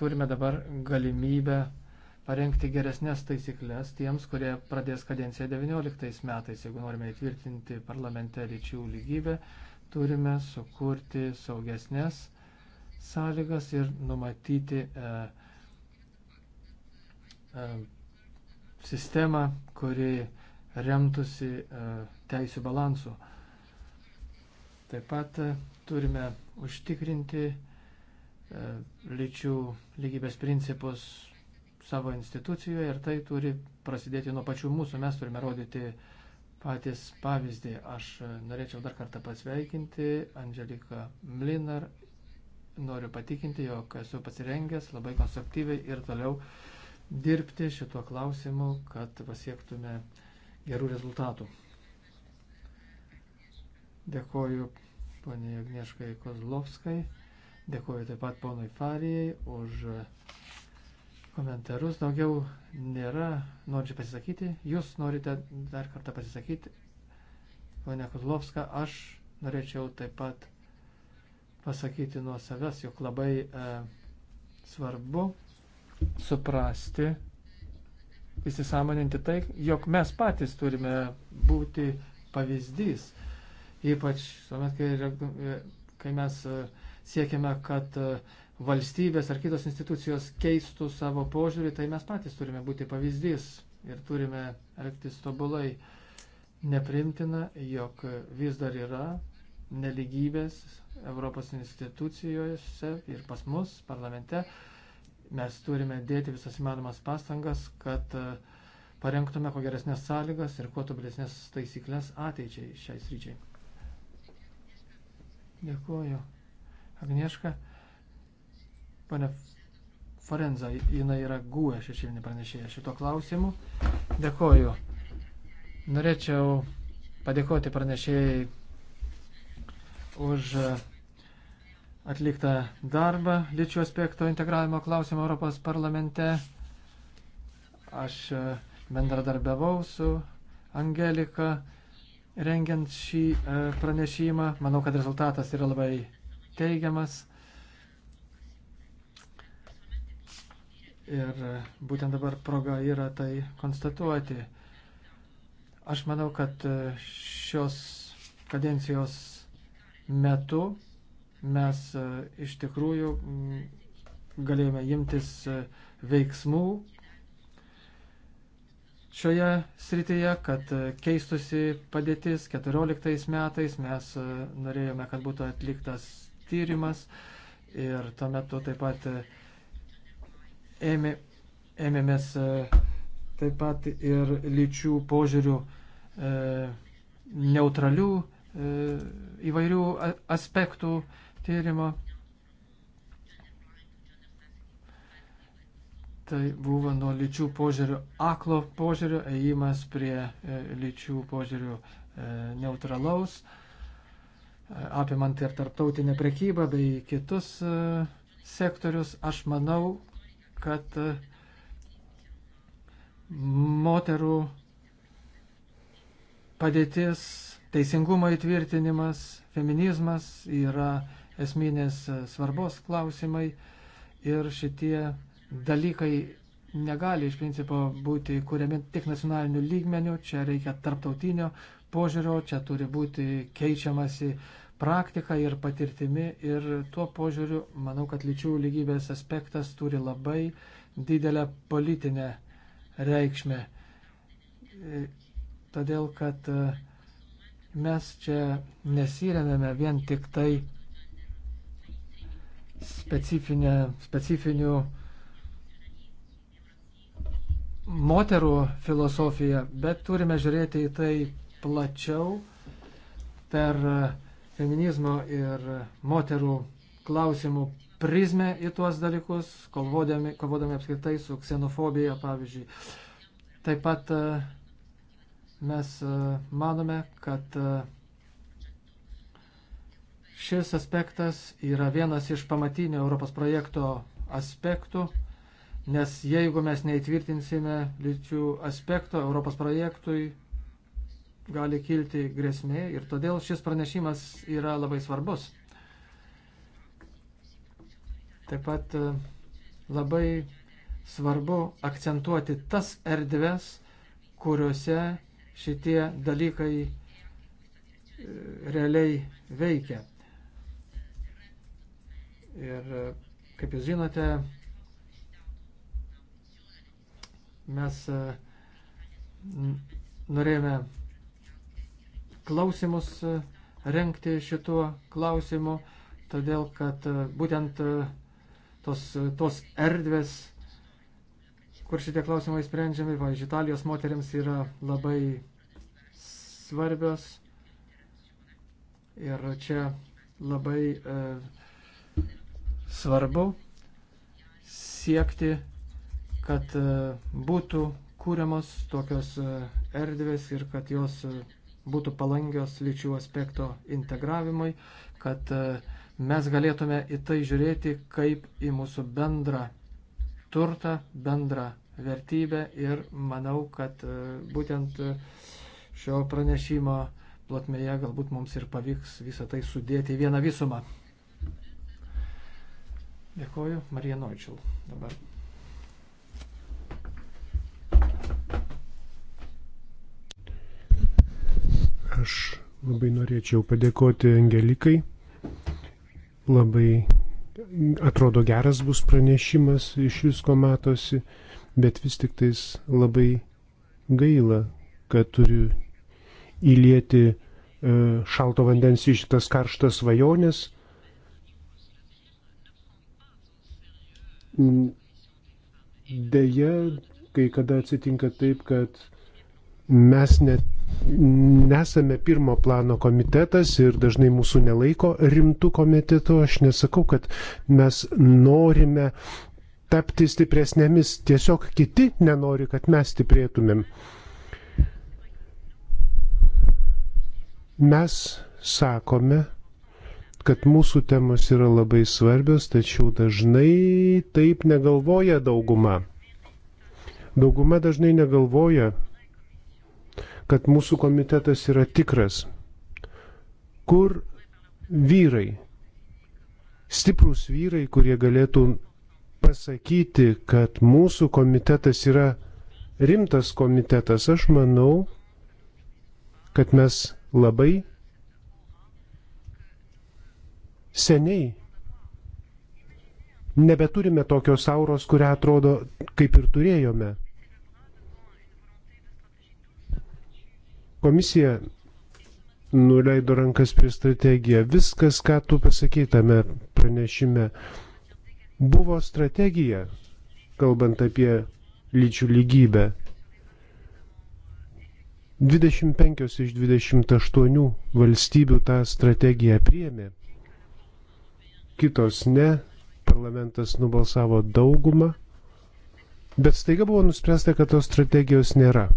turime dabar galimybę parengti geresnės taisyklės tiems, kurie pradės kadenciją 19 metais. Jeigu norime įtvirtinti parlamente lyčių lygybę, turime sukurti saugesnės sąlygas ir numatyti e, e, sistemą, kuri remtųsi e, teisų balansu. Taip pat e, turime užtikrinti e, lyčių lygybės principus savo institucijoje ir tai turi prasidėti nuo pačių mūsų. Mes turime rodyti patys pavyzdį. Aš e, norėčiau dar kartą pasveikinti Angeliką Mlinar. Noriu patikinti, jog esu pasirengęs labai konstruktyviai ir toliau dirbti šituo klausimu, kad pasiektume gerų rezultatų. Dėkoju poniai Agnieškai Kozlovskai. Dėkoju taip pat ponui Farijai už komentarus. Daugiau nėra. Norite pasisakyti? Jūs norite dar kartą pasisakyti? Pone Kozlovska, aš norėčiau taip pat pasakyti nuo savęs, jog labai e, svarbu suprasti, įsisamoninti tai, jog mes patys turime būti pavyzdys ypač tuomet, kai, kai mes e, siekiame, kad e, valstybės ar kitos institucijos keistų savo požiūrį, tai mes patys turime būti pavyzdys ir turime elgtis tobulai. Neprimtina, jog vis dar yra neligybės Europos institucijose ir pas mus parlamente. Mes turime dėti visas įmanomas pastangas, kad e, parengtume kuo geresnės sąlygas ir kuo tobulesnės taisyklės ateičiai šiais ryčiai. Dėkuoju. Agnieška. Pane Forenza, jinai yra guė e šešėlinė pranešėja šito klausimu. Dėkuoju. Norėčiau padėkoti pranešėjai už atliktą darbą lyčių aspekto integravimo klausimą Europos parlamente. Aš bendradarbiavau su Angelika rengiant šį e, pranešimą. Manau, kad rezultatas yra labai teigiamas. Ir e, būtent dabar proga yra tai konstatuoti. Aš manau, kad e, šios kadencijos metu mes iš tikrųjų galėjome imtis veiksmų, šioje srityje, kad keistusi padėtis. 14 metais mes e, norėjome, kad būtų atliktas tyrimas ir tuo metu taip pat e, ėmė, ėmėmės e, taip pat ir lyčių požiūrių e, neutralių e, įvairių aspektų tyrimo Tai buvo nuo lyčių požiūrių aklo požiūrių, ėjimas prie e, lyčių požiūrių e, neutralaus, e, apimant ir tarptautinę prekybą bei kitus sektorius. Aš manau, kad moterų padėtis, teisingumo įtvirtinimas, feminizmas yra esminės svarbos klausimai ir šitie dalykai negali iš principo būti kuriami tik nacionaliniu lygmeniu, čia reikia tarptautinio požiūrio, čia turi būti keičiamasi praktika ir patirtimi ir tuo požiūriu manau, kad lyčių lygybės aspektas turi labai didelę politinę reikšmę. Todėl, kad e, mes čia nesiremėme vien tik tai specifinių moterų filosofiją, bet turime žiūrėti į tai plačiau per feminizmo ir moterų klausimų prizmę į tuos dalykus, kovodami, kovodami apskritai su ksenofobija, pavyzdžiui. Taip pat e, mes e, manome, kad e, šis aspektas yra vienas iš pamatinių Europos projekto aspektų Nes jeigu mes neįtvirtinsime lyčių aspekto Europos projektui, gali kilti grėsmė ir todėl šis pranešimas yra labai svarbus. Taip pat e, labai svarbu akcentuoti tas erdves, kuriuose šitie dalykai e, realiai veikia. Ir e, kaip jūs žinote, Mes e, norėjome klausimus e, renkti šituo klausimu, todėl kad e, būtent tos, tos erdvės, kur šitie klausimai sprendžiami, va, iš Italijos moteriams yra labai svarbios. Ir čia labai e, svarbu siekti kad e, būtų kūriamos tokios e, erdvės ir kad jos e, būtų palangios lyčių aspekto integravimui, kad mes galėtume į tai žiūrėti kaip į mūsų bendrą turtą, bendrą vertybę ir manau, kad būtent šio pranešimo plotmėje galbūt mums ir pavyks visą tai sudėti į vieną visumą. Dėkoju, Marija Noičil dabar. Aš labai norėčiau padėkoti Angelikai. Labai atrodo geras bus pranešimas, iš visko matosi, bet vis tik tais labai gaila, kad turiu įlieti e, šalto vandens į šitas karštas svajonės. Mm, deja, kai kada atsitinka taip, kad mes net nesame pirmo plano komitetas ir dažnai mūsų nelaiko rimtų komitetų. Aš nesakau, kad mes norime tapti stipresnėmis, tiesiog kiti nenori, kad mes stiprėtumėm. Mes sakome, kad mūsų temos yra labai svarbios, tačiau dažnai taip negalvoja dauguma. Dauguma dažnai negalvoja kad mūsų komitetas yra tikras. Kur vyrai, stiprus vyrai, kurie galėtų pasakyti, kad mūsų komitetas yra rimtas komitetas, aš manau, kad mes labai seniai nebeturime tokios auros, kurią atrodo kaip ir turėjome. Komisija nuleido rankas prie strategiją. Viskas, ką tu pasakei tame pranešime, buvo strategija, kalbant apie lyčių lygybę. 25 iš 28 valstybių tą strategiją priemė, kitos ne, parlamentas nubalsavo daugumą, bet staiga buvo nuspręsta, kad tos strategijos nėra.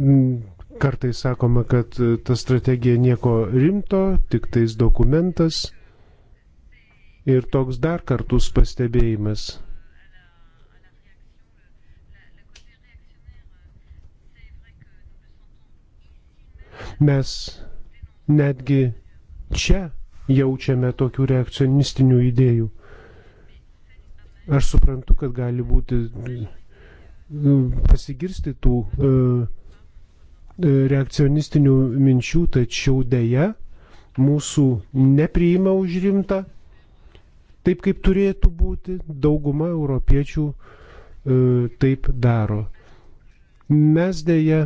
Mm, kartais sakoma, kad e, ta strategija nieko rimto, tik tais dokumentas. Ir toks dar kartus pastebėjimas. Mes netgi čia jaučiame tokių reakcionistinių idėjų. Aš suprantu, kad gali būti e, pasigirsti tų uh, E, reakcionistinių minčių, tačiau dėja mūsų nepriima už rimtą, taip kaip turėtų būti, dauguma europiečių e, taip daro. Mes dėja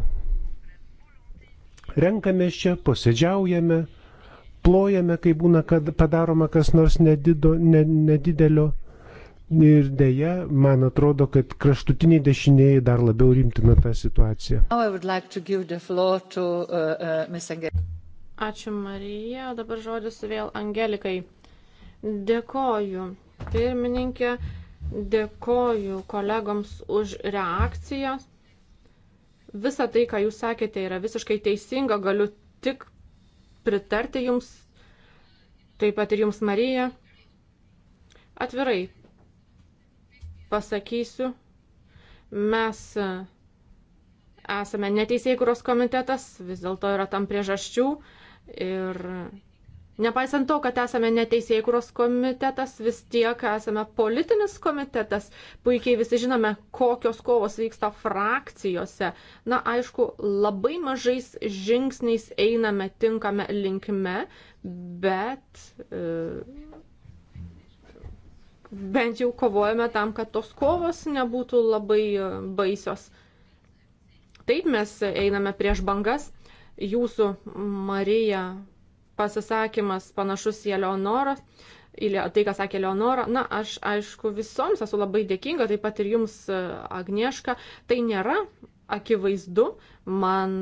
renkamės čia, posėdžiaujame, plojame, kai būna, kad padaroma kas nors nedido, ne, nedidelio Ir dėja, man atrodo, kad kraštutiniai dešiniai dar labiau rimtina tą situaciją. Uh, uh, Ačiū Marija, dabar žodis vėl Angelikai. Dėkoju pirmininkė, dėkoju kolegoms už reakciją. Visa tai, ką jūs sakėte, yra visiškai teisinga, galiu tik pritarti jums, taip pat ir jums Marija. Atvirai pasakysiu, mes e, esame neteisėkuros komitetas, vis dėlto yra tam priežasčių ir nepaisant to, kad esame neteisėkuros komitetas, vis tiek esame politinis komitetas, puikiai visi žinome, kokios kovos vyksta frakcijose. Na, aišku, labai mažais žingsniais einame tinkame linkme, bet. E, bent jau kovojame tam, kad tos kovos nebūtų labai e, baisios. Taip mes einame prieš bangas. Jūsų Marija pasisakymas panašus į Eleonoros. Tai, ką sakė Leonora, na, aš aišku visoms esu labai dėkinga, taip pat ir jums, e, Agnieška, tai nėra akivaizdu, man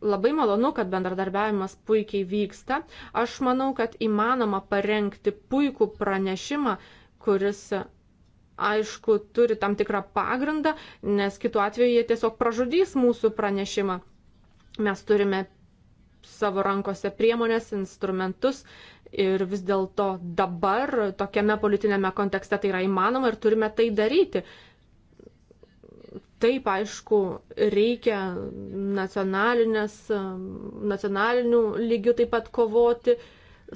Labai malonu, kad bendradarbiavimas puikiai vyksta. Aš manau, kad įmanoma parengti puikų pranešimą, kuris, aišku, turi tam tikrą pagrindą, nes kitu atveju jie tiesiog pražudys mūsų pranešimą. Mes turime savo rankose priemonės, instrumentus ir vis dėlto dabar tokiame politinėme kontekste tai yra įmanoma ir turime tai daryti. Taip, aišku, reikia nacionalinių lygių taip pat kovoti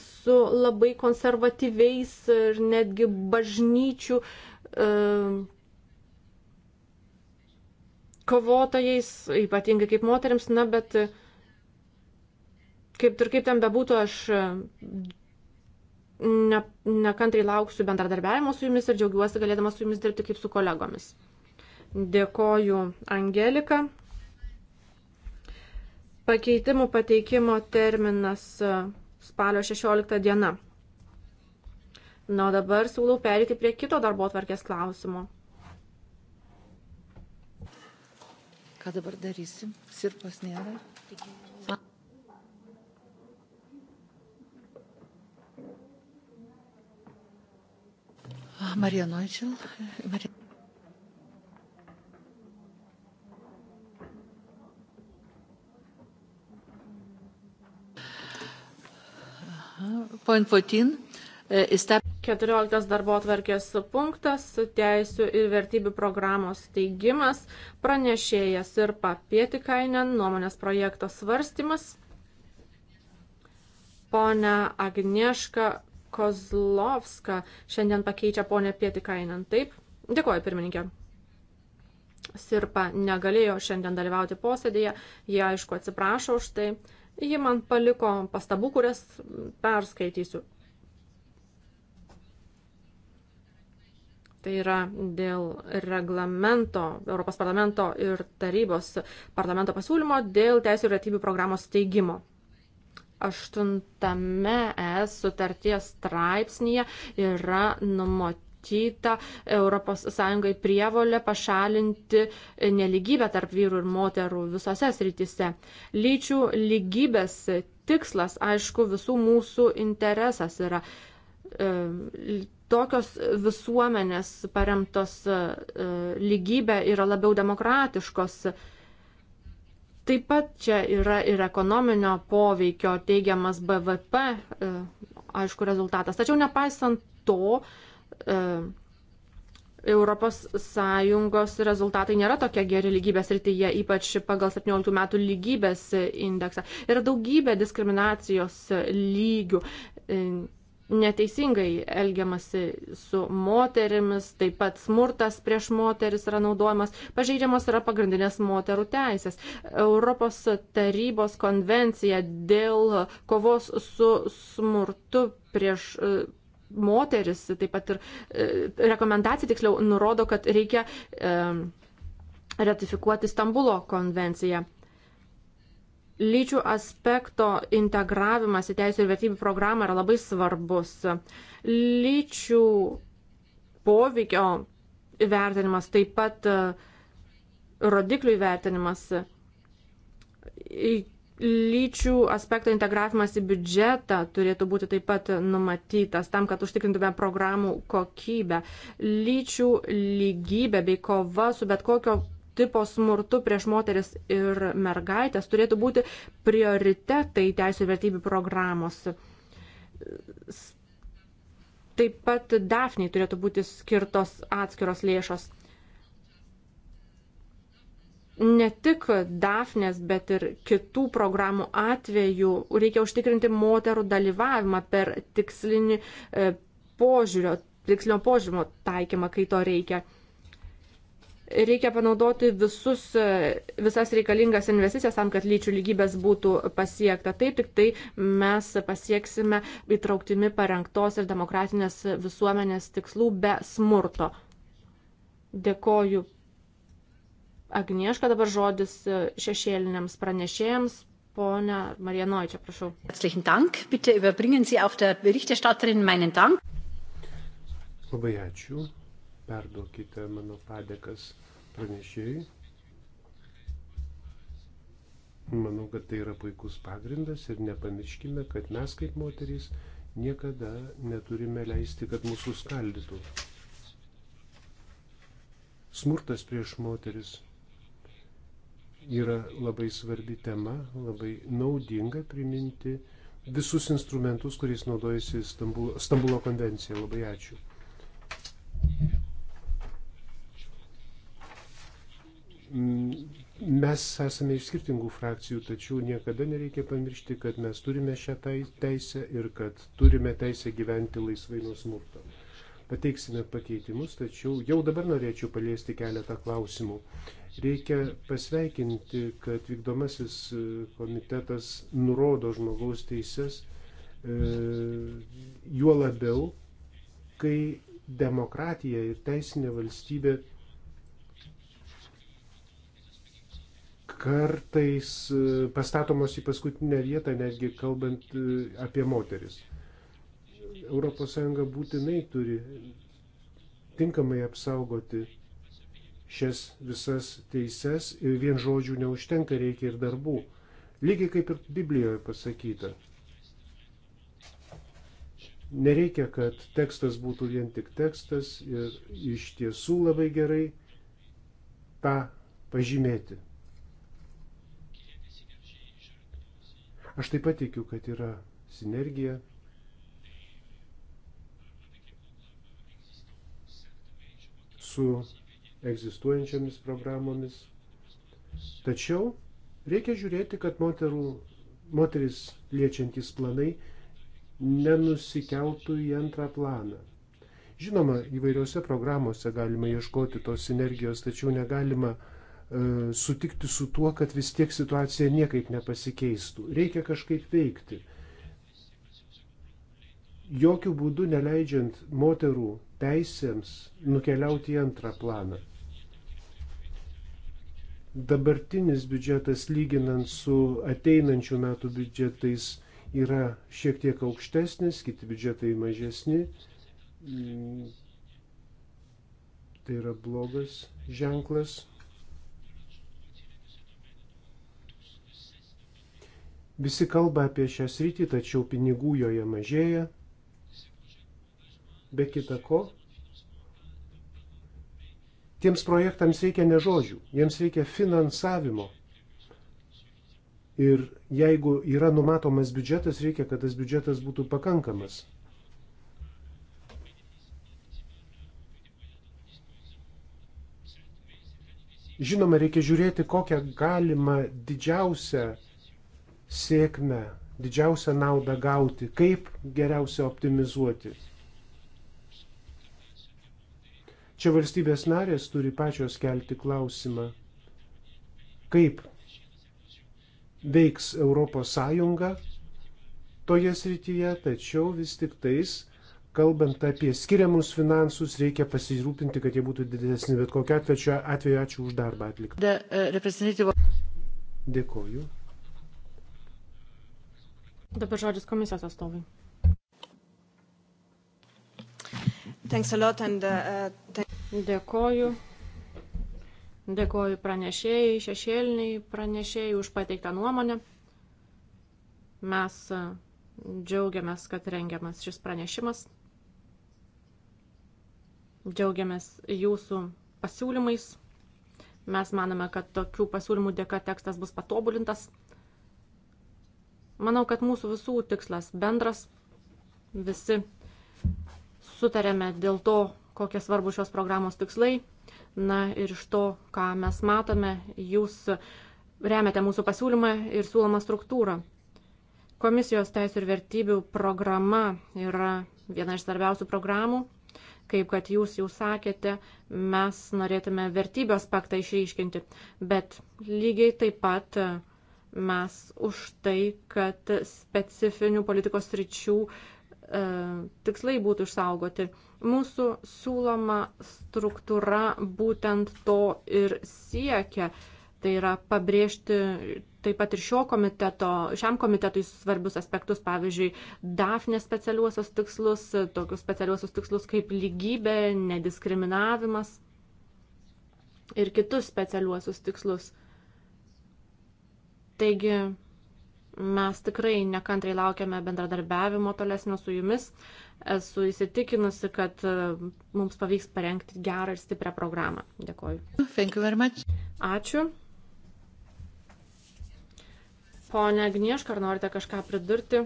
su labai konservatyviais ir netgi bažnyčių e, kovotojais, ypatingai kaip moteriams, na, bet kaip ir kaip ten bebūtų, aš ne, nekantrai lauksiu bendradarbiavimo su jumis ir džiaugiuosi galėdama su jumis dirbti kaip su kolegomis. Dėkoju Angelika. Pakeitimų pateikimo terminas e, spalio 16 diena. Na, dabar siūlau perėti prie kito darbo atvarkės klausimo. Ką dabar darysim? Sirpas nėra. Ah, Marija Noičil. Marija. Point 14. 14 darbo atvarkės punktas - teisų ir vertybių programos steigimas, pranešėjas ir papietikainen, nuomonės projekto svarstymas. Pone Agnieška Kozlovska šiandien pakeičia ponę pietikainen, taip? Dėkuoju, pirmininkė. Sirpa negalėjo šiandien dalyvauti posėdėje, jie aišku atsiprašo už tai. Ji man paliko pastabų, kurias perskaitysiu. Tai yra dėl reglamento, Europos parlamento ir tarybos parlamento pasiūlymo dėl teisų ir atybių programos steigimo. Aštuntame ES sutarties straipsnėje yra numatyta numatyta ES prievolė pašalinti neligybę tarp vyrų ir moterų visose srityse. Lyčių lygybės tikslas, aišku, visų mūsų interesas yra. E, tokios visuomenės paremtos e, lygybė yra labiau demokratiškos. Taip pat čia yra ir ekonominio poveikio teigiamas BVP, e, aišku, rezultatas. Tačiau nepaisant to, ES rezultatai nėra tokie geri lygybės rytyje, ypač pagal 17 metų lygybės indeksą. Yra daugybė diskriminacijos lygių. E, neteisingai elgiamasi su moterimis, taip pat smurtas prieš moteris yra naudojamas, pažeidžiamas yra pagrindinės moterų teisės. Europos tarybos konvencija dėl kovos su smurtu prieš moteris, taip pat ir e, rekomendacija tiksliau nurodo, kad reikia e, ratifikuoti Stambulo konvenciją. Lyčių aspekto integravimas į teisų ir vertybių programą yra labai svarbus. Lyčių poveikio vertinimas, taip pat e, rodiklių įvertinimas lyčių aspekto integravimas į biudžetą turėtų būti taip pat numatytas tam, kad užtikrintume programų kokybę. Lyčių lygybė bei kova su bet kokio tipo smurtu prieš moteris ir mergaitės turėtų būti prioritetai teisų vertybių programos. Taip pat Dafniai turėtų būti skirtos atskiros lėšos ne tik Dafnės, bet ir kitų programų atveju reikia užtikrinti moterų dalyvavimą per tikslinį e, požiūrio, tikslinio požiūrio taikymą, kai to reikia. Reikia panaudoti visus, e, visas reikalingas investicijas tam, kad lyčių lygybės būtų pasiekta. Taip tik tai mes pasieksime įtrauktimi parengtos ir demokratinės visuomenės tikslų be smurto. Dėkoju Agnieška dabar žodis e, šešėliniams pranešėjams. Pone Marija Noičia, prašau. Herzlichen Dank. Bitte überbringen Sie auch der Berichterstatterin meinen Dank. Labai ačiū. Perduokite mano padėkas pranešėjai. Manau, kad tai yra puikus pagrindas ir nepamirškime, kad mes kaip moterys niekada neturime leisti, kad mūsų skaldytų. Smurtas prieš moteris yra labai svarbi tema, labai naudinga priminti visus instrumentus, kuriais naudojasi Stambulo, Stambulo konvencija. Labai ačiū. Mm, mes esame iš skirtingų frakcijų, tačiau niekada nereikia pamiršti, kad mes turime šią tai, teisę ir kad turime teisę gyventi laisvai nuo smurto. Pateiksime pakeitimus, tačiau jau dabar norėčiau paliesti keletą klausimų. Reikia pasveikinti, kad vykdomasis e, komitetas nurodo žmogaus teises, e, juo labiau, kai demokratija ir teisinė valstybė kartais e, pastatomos į paskutinę vietą, netgi kalbant apie moteris. ES būtinai turi tinkamai apsaugoti šias visas teises ir vien žodžių neužtenka, reikia ir darbų. Lygiai kaip ir Biblijoje pasakyta. Nereikia, kad tekstas būtų vien tik tekstas ir iš tiesų labai gerai tą pažymėti. Aš taip pat tikiu, kad yra sinergija. su egzistuojančiamis programomis. Tačiau reikia žiūrėti, kad moterų, moteris liečiantys planai nenusikeltų į antrą planą. Žinoma, įvairiose programuose galima ieškoti tos sinergijos, tačiau negalima e, sutikti su tuo, kad vis tiek situacija niekaip nepasikeistų. Reikia kažkaip veikti. Jokių būdų neleidžiant moterų teisėms nukeliauti į antrą planą dabartinis biudžetas lyginant su ateinančių metų biudžetais yra šiek tiek aukštesnis, kiti biudžetai mažesni. Mm. Tai yra blogas ženklas. Visi kalba apie šią sritį, tačiau pinigų joje mažėja. Be kita ko, Tiems projektams reikia ne žodžių, jiems reikia finansavimo. Ir jeigu yra numatomas biudžetas, reikia, kad tas biudžetas būtų pakankamas. Žinoma, reikia žiūrėti, kokią galima didžiausią sėkmę, didžiausią naudą gauti, kaip geriausia optimizuoti. Čia valstybės narės turi pačios kelti klausimą, kaip veiks Europos Sąjunga toje srityje, tačiau vis tik tais, kalbant apie skiriamus finansus, reikia pasirūpinti, kad jie būtų didesni. Bet kokiu atveju, atveju ačiū už darbą atliktą. Uh, Dėkoju. Dabar žodis komisijos atstovai. And, uh, Dėkoju. Dėkoju pranešėjai, šešėliniai pranešėjai už pateiktą nuomonę. Mes uh, džiaugiamės, kad rengiamas šis pranešimas. Džiaugiamės jūsų pasiūlymais. Mes manome, kad tokių pasiūlymų dėka tekstas bus patobulintas. Manau, kad mūsų visų tikslas bendras. Visi sutarėme dėl to, kokie svarbu šios programos tikslai. Na ir iš to, ką mes matome, jūs remiate mūsų pasiūlymą ir siūlomą struktūrą. Komisijos teisų ir vertybių programa yra viena iš svarbiausių programų. Kaip kad jūs jau sakėte, mes norėtume vertybių aspektą išryškinti, bet lygiai taip pat e, mes už tai, kad specifinių politikos ryčių uh, E, tikslai būtų išsaugoti. Mūsų siūloma struktūra būtent to ir siekia. Tai yra pabrėžti taip pat ir šio komiteto, šiam komitetui svarbius aspektus, pavyzdžiui, DAFNės specialiuosius tikslus, tokius specialiuosius tikslus kaip lygybė, nediskriminavimas ir kitus specialiuosius tikslus. Taigi, Mes tikrai nekantrai laukiame bendradarbiavimo tolesnio su jumis. Esu įsitikinusi, kad e, mums pavyks parengti gerą ir stiprią programą. Dėkoju. Thank you very much. Ačiū. Pone Agnieška, ar norite kažką pridurti?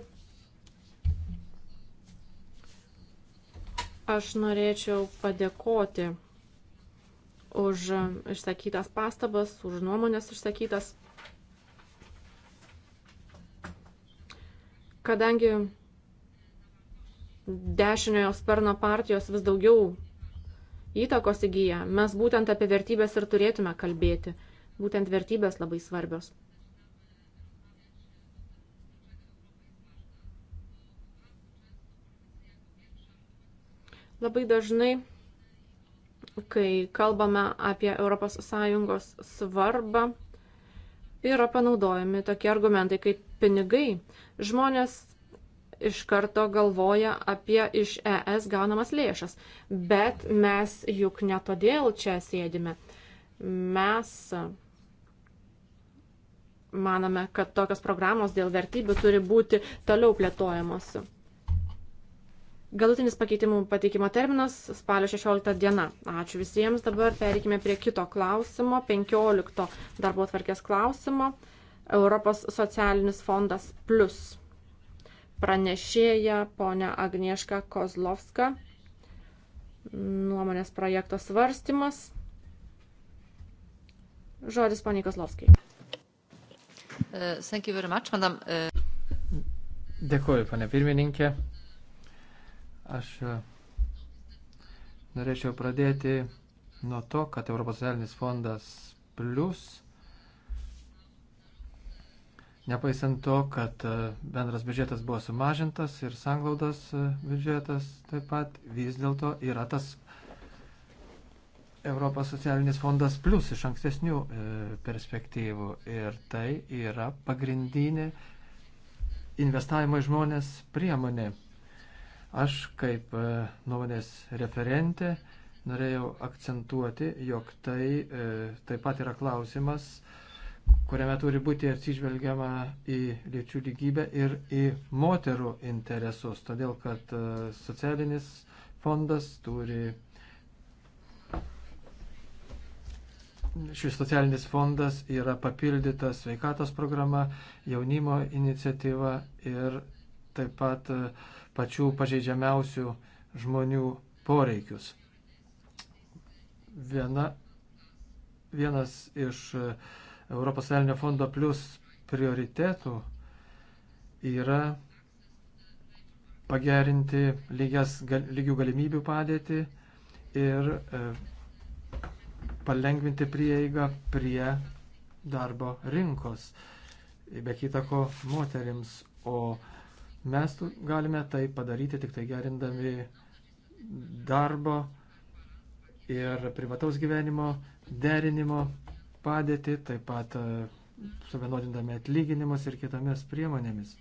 Aš norėčiau padėkoti už išsakytas pastabas, už nuomonės išsakytas. Kadangi dešiniojo sparno partijos vis daugiau įtakos įgyja, mes būtent apie vertybės ir turėtume kalbėti. Būtent vertybės labai svarbios. Labai dažnai, kai kalbame apie ES svarbą, yra panaudojami tokie argumentai kaip pinigai, žmonės iš karto galvoja apie iš ES gaunamas lėšas. Bet mes juk ne todėl čia sėdime. Mes manome, kad tokios programos dėl vertybių turi būti toliau plėtojamos. Galutinis pakeitimų pateikimo terminas - spalio 16 diena. Ačiū visiems. Dabar pereikime prie kito klausimo, 15 darbo tvarkės klausimo. Europos socialinis fondas plus. Pranešėja ponia Agnieška Kozlovska. Nuomonės projekto svarstymas. Žodis poniai Kozlovskai. Uh, much, uh... Dėkuoju, ponia pirmininkė. Aš e, norėčiau pradėti nuo to, kad Europos socialinis fondas plus, nepaisant to, kad e, bendras biudžetas buvo sumažintas ir sanglaudos e, biudžetas taip pat, vis dėlto yra tas Europos socialinis fondas plus iš ankstesnių perspektyvų. Ir tai yra pagrindinė investavimo į žmonės priemonė. Aš kaip e, nuomonės referentė norėjau akcentuoti, jog tai e, taip pat yra klausimas, kuriame turi būti atsižvelgiama į lyčių lygybę ir į moterų interesus, todėl kad e, socialinis fondas turi. Šis socialinis fondas yra papildytas sveikatos programa, jaunimo iniciatyva ir taip pat e, pačių pažeidžiamiausių žmonių poreikius. Viena, vienas iš e, Europos Velnio fondo plus prioritetų yra pagerinti lygias, lygių galimybių padėtį ir e, palengvinti prieigą prie darbo rinkos, be kitako moterims, o Mes galime tai padaryti tik tai gerindami darbo ir privataus gyvenimo derinimo padėtį, taip pat e, suvienodindami atlyginimus ir kitomis priemonėmis.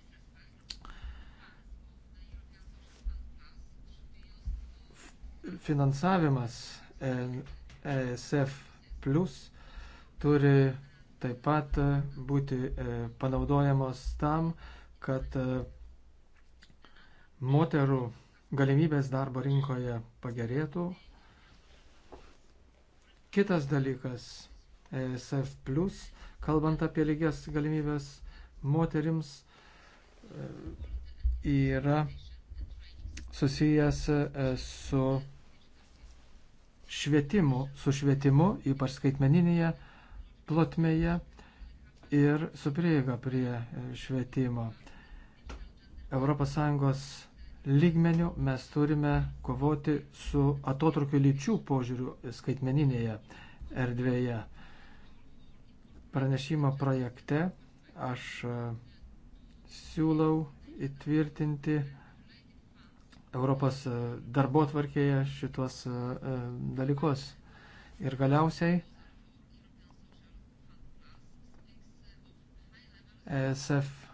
Finansavimas ESF e plus turi taip pat e, būti panaudojamos tam, kad moterų galimybės darbo rinkoje pagerėtų. Kitas dalykas e - ESF, kalbant apie lygias galimybės moterims, e, yra susijęs e, su švietimu, su švietimu, ypač skaitmeninėje plotmėje ir su prieiga prie švietimo. ES lygmenių mes turime kovoti su atotrukiu lyčių požiūriu skaitmeninėje erdvėje. Pranešimo projekte aš e, siūlau įtvirtinti Europos e, darbo tvarkėje šitos e, dalykus. Ir galiausiai ESF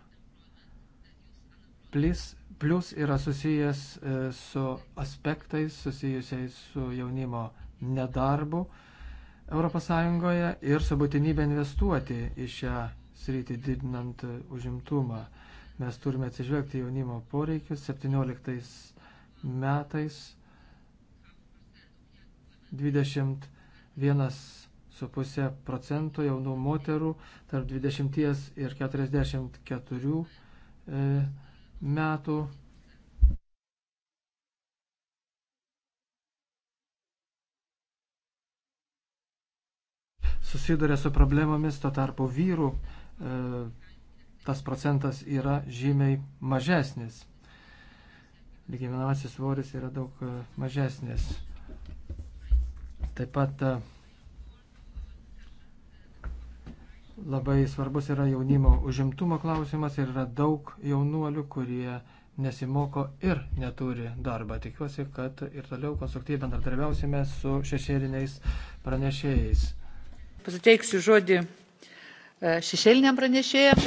plis, plus yra susijęs e, su aspektais susijusiais su jaunimo nedarbu ES ir su būtinybė investuoti į šią sritį didinant užimtumą. Mes turime atsižvelgti jaunimo poreikius 17 metais 21,5 procentų jaunų moterų tarp 20 ir 44 e, metų. susiduria su problemomis, to tarpu vyrų e, tas procentas yra žymiai mažesnis. Lygiminamasis svoris yra daug e, mažesnis. Taip pat e, Labai svarbus yra jaunimo užimtumo klausimas ir yra daug jaunuolių, kurie nesimoko ir neturi darbą. Tikiuosi, kad ir toliau konstruktyviai bendradarbiausime su šešėliniais pranešėjais. Pasiteiksiu žodį e, šešėliniam pranešėjam.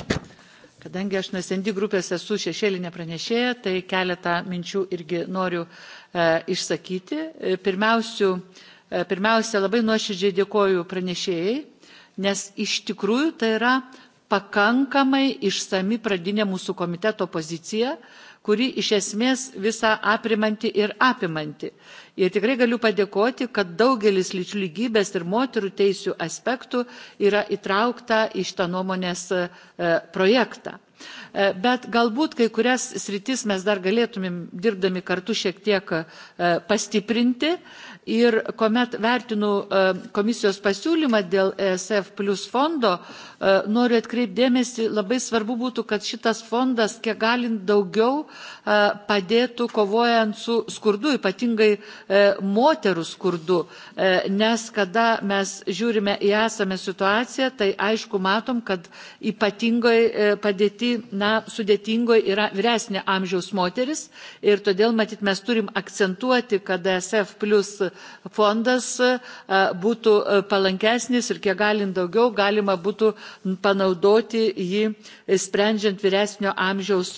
Kadangi aš nusendi grupės esu šešėlinė pranešėja, tai keletą minčių irgi noriu e, išsakyti. E, pirmiausiu, e, pirmiausia, labai nuoširdžiai dėkoju pranešėjai nes iš tikrųjų tai yra pakankamai išsami pradinė mūsų komiteto pozicija, kuri iš esmės visą aprimanti ir apimanti. Ir tikrai galiu padėkoti, kad daugelis lyčių lygybės ir moterų teisių aspektų yra įtraukta į šitą nuomonės e, projektą. E, bet galbūt kai kurias sritis mes dar galėtumėm dirbdami kartu šiek tiek e, pastiprinti Ir kuomet vertinu e, komisijos pasiūlymą dėl ESF plus fondo, e, noriu atkreipdėmėsi, labai svarbu būtų, kad šitas fondas kiek galint daugiau e, padėtų kovojant su skurdu, ypatingai moterų skurdu. Nes kada mes žiūrime į esamę situaciją, tai aišku matom, kad ypatingoje padėti, na, sudėtingoje yra vyresnė amžiaus moteris ir todėl matyt mes turim akcentuoti, kad DSF plus fondas e, e, būtų e, palankesnis ir kiek galint daugiau galima būtų panaudoti jį sprendžiant vyresnio amžiaus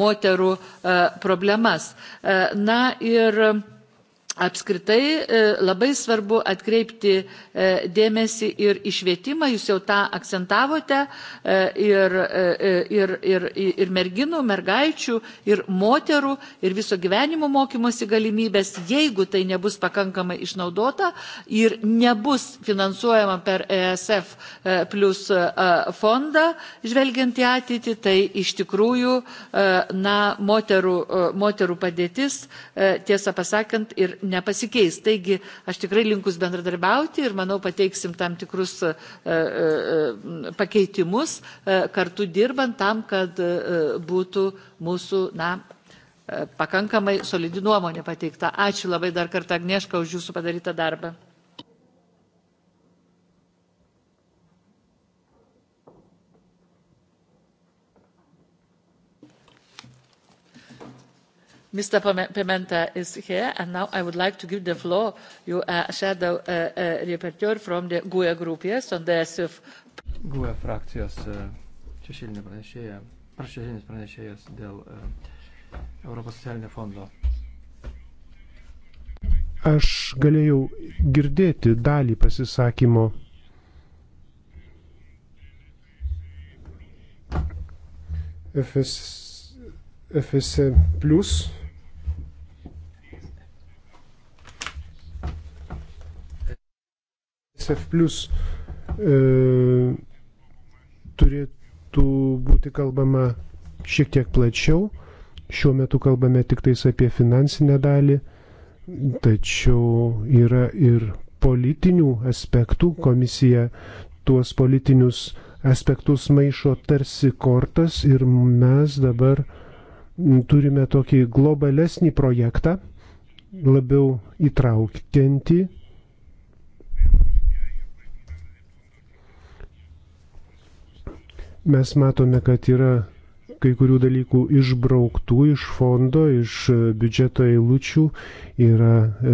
moterų problemas. Na ir Apskritai e, labai svarbu atkreipti e, dėmesį ir išvietimą, jūs jau tą akcentavote, e, ir, ir, ir, ir merginų, mergaičių, ir moterų, ir viso gyvenimo mokymosi galimybės, jeigu tai nebus pakankamai išnaudota ir nebus finansuojama per ESF plus fondą, žvelgiant į ateitį, tai iš tikrųjų na, moterų, moterų padėtis, tiesą pasakant, ir nepasikeis. Taigi aš tikrai linkus bendradarbiauti ir manau pateiksim tam tikrus e, e, e, pakeitimus kartu dirbant tam, kad būtų mūsų na, pakankamai solidi nuomonė pateikta. Ačiū labai dar kartą Agnieška už jūsų padarytą darbą. Mr. Pimenta is here, and now I would like to give the floor to uh, Shadow uh, uh, Reporter from the GUE group, yes, on the SUF. GUE frakcijos šešėlinė e, pranešėja, prašešėlinis pranešėjas dėl e, Europos socialinio fondo. Aš galėjau girdėti dalį pasisakymo FS, FS Plus CEF plus e, turėtų būti kalbama šiek tiek plačiau. Šiuo metu kalbame tik tais apie finansinę dalį, tačiau yra ir politinių aspektų. Komisija tuos politinius aspektus maišo tarsi kortas ir mes dabar turime tokį globalesnį projektą, labiau įtraukiantį mes matome, kad yra kai kurių dalykų išbrauktų iš fondo, iš e, biudžeto eilučių, yra e,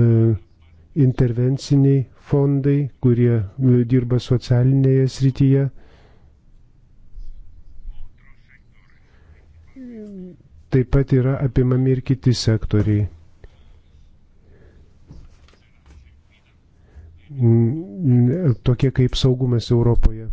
intervenciniai fondai, kurie e, dirba socialinėje srityje. Taip pat yra apimami ir kiti sektoriai. Tokie kaip saugumas Europoje.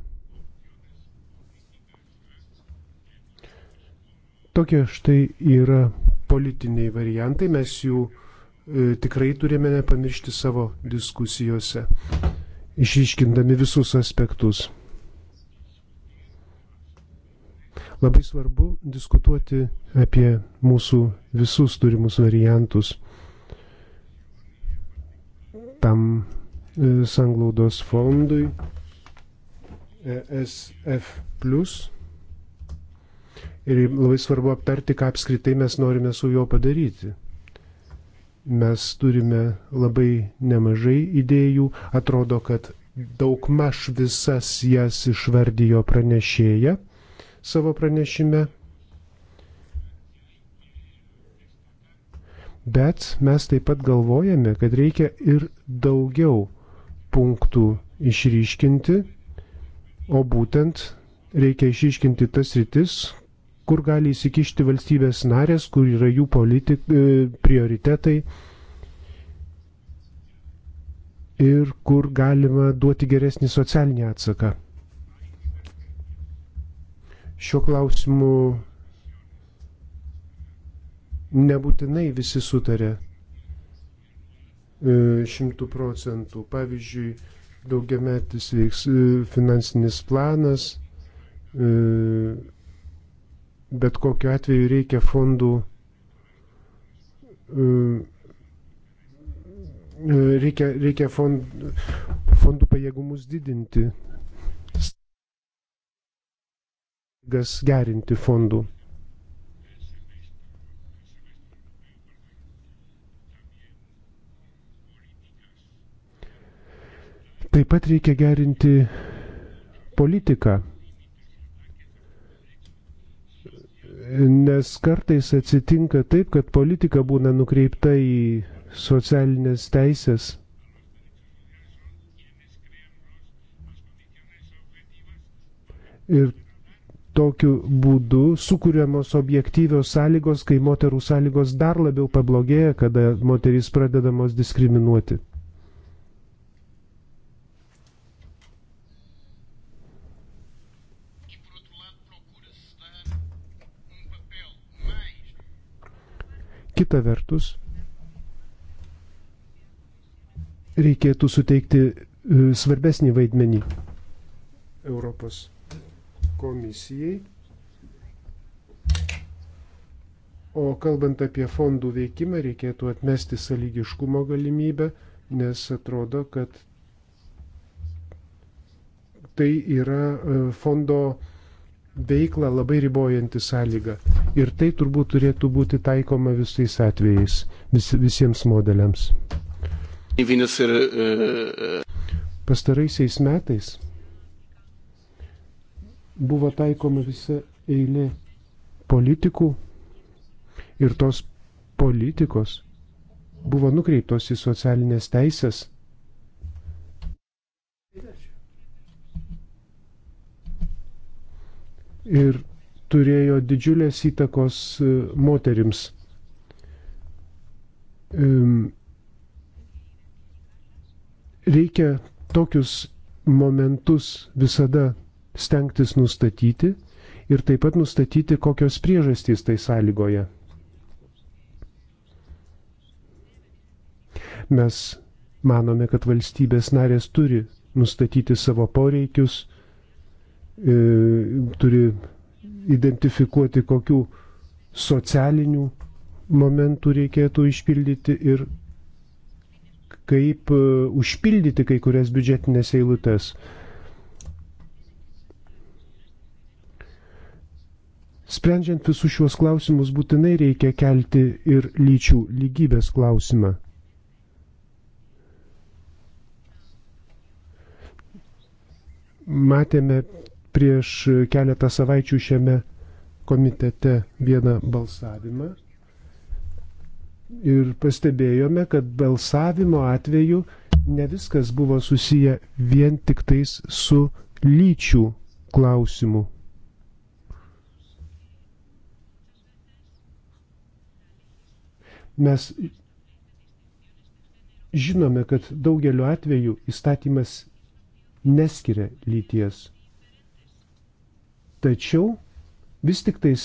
Tokie štai yra politiniai variantai, mes jų e, tikrai turime nepamiršti savo diskusijose, išiškindami visus aspektus. Labai svarbu diskutuoti apie mūsų visus turimus variantus tam e, sanglaudos fondui ESF ir labai svarbu aptarti, ką apskritai mes norime su juo padaryti. Mes turime labai nemažai idėjų, atrodo, kad daugmaž visas jas išvardijo pranešėja savo pranešime, Bet mes taip pat galvojame, kad reikia ir daugiau punktų išryškinti, o būtent reikia išryškinti tas rytis, kur gali įsikišti valstybės narės, kur yra jų politik, e, prioritetai ir kur galima duoti geresnį socialinį atsaką. Šiuo klausimu nebūtinai visi sutarė e, šimtų procentų. Pavyzdžiui, daugiametis veiks e, finansinis planas, bet kokiu atveju reikia fondų, e, e, reikia, reikia fond, fondų pajėgumus didinti, gas gerinti fondų. Taip pat reikia gerinti politiką. Nes kartais atsitinka taip, kad politika būna nukreipta į socialinės teisės. Ir tokiu būdu sukūriamos objektyvios sąlygos, kai moterų sąlygos dar labiau pablogėja, kada moterys pradedamos diskriminuoti. Kita vertus, reikėtų suteikti e, svarbesnį vaidmenį Europos komisijai. O kalbant apie fondų veikimą, reikėtų atmesti sąlygiškumo galimybę, nes atrodo, kad tai yra e, fondo veiklą labai ribojanti sąlyga. Ir tai turbūt turėtų būti taikoma visais atvejais, vis, visiems modeliams. E, e, Pastaraisiais metais buvo taikoma visa eilė politikų ir tos politikos buvo nukreiptos į socialinės teisės ir turėjo didžiulės įtakos e, moterims. Reikia tokius momentus visada stengtis nustatyti ir taip pat nustatyti, kokios priežastys tai sąlygoja. Mes manome, kad valstybės narės turi nustatyti savo poreikius, E, turi identifikuoti, kokių socialinių momentų reikėtų išpildyti ir kaip e, užpildyti kai kurias biudžetinės eilutes. Sprendžiant visus šiuos klausimus būtinai reikia kelti ir lyčių lygybės klausimą. Matėme prieš keletą savaičių šiame komitete vieną balsavimą ir pastebėjome, kad balsavimo atveju ne viskas buvo susiję vien tik tais su lyčių klausimu. Mes žinome, kad daugeliu atveju įstatymas neskiria lyties Tačiau vis tik tais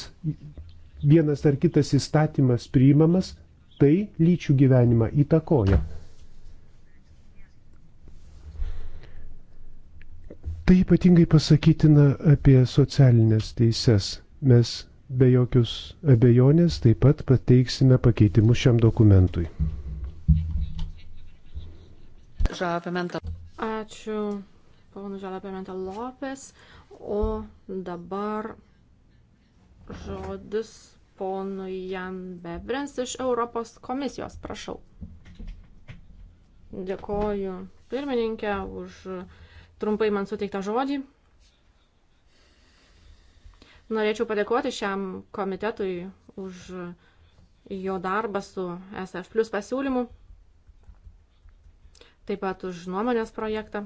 vienas ar kitas įstatymas priimamas, tai lyčių gyvenimą įtakoja. Tai ypatingai pasakytina apie socialinės teises. Mes be jokios abejonės taip pat pateiksime pakeitimus šiam dokumentui. Ačiū ponu Žalapemento Lopes, o dabar žodis ponui Jan Bebrens iš Europos komisijos. Prašau. Dėkoju pirmininkė už trumpai man suteiktą žodį. Norėčiau padėkoti šiam komitetui už jo darbą su SF Plus pasiūlymu, taip pat už nuomonės projektą.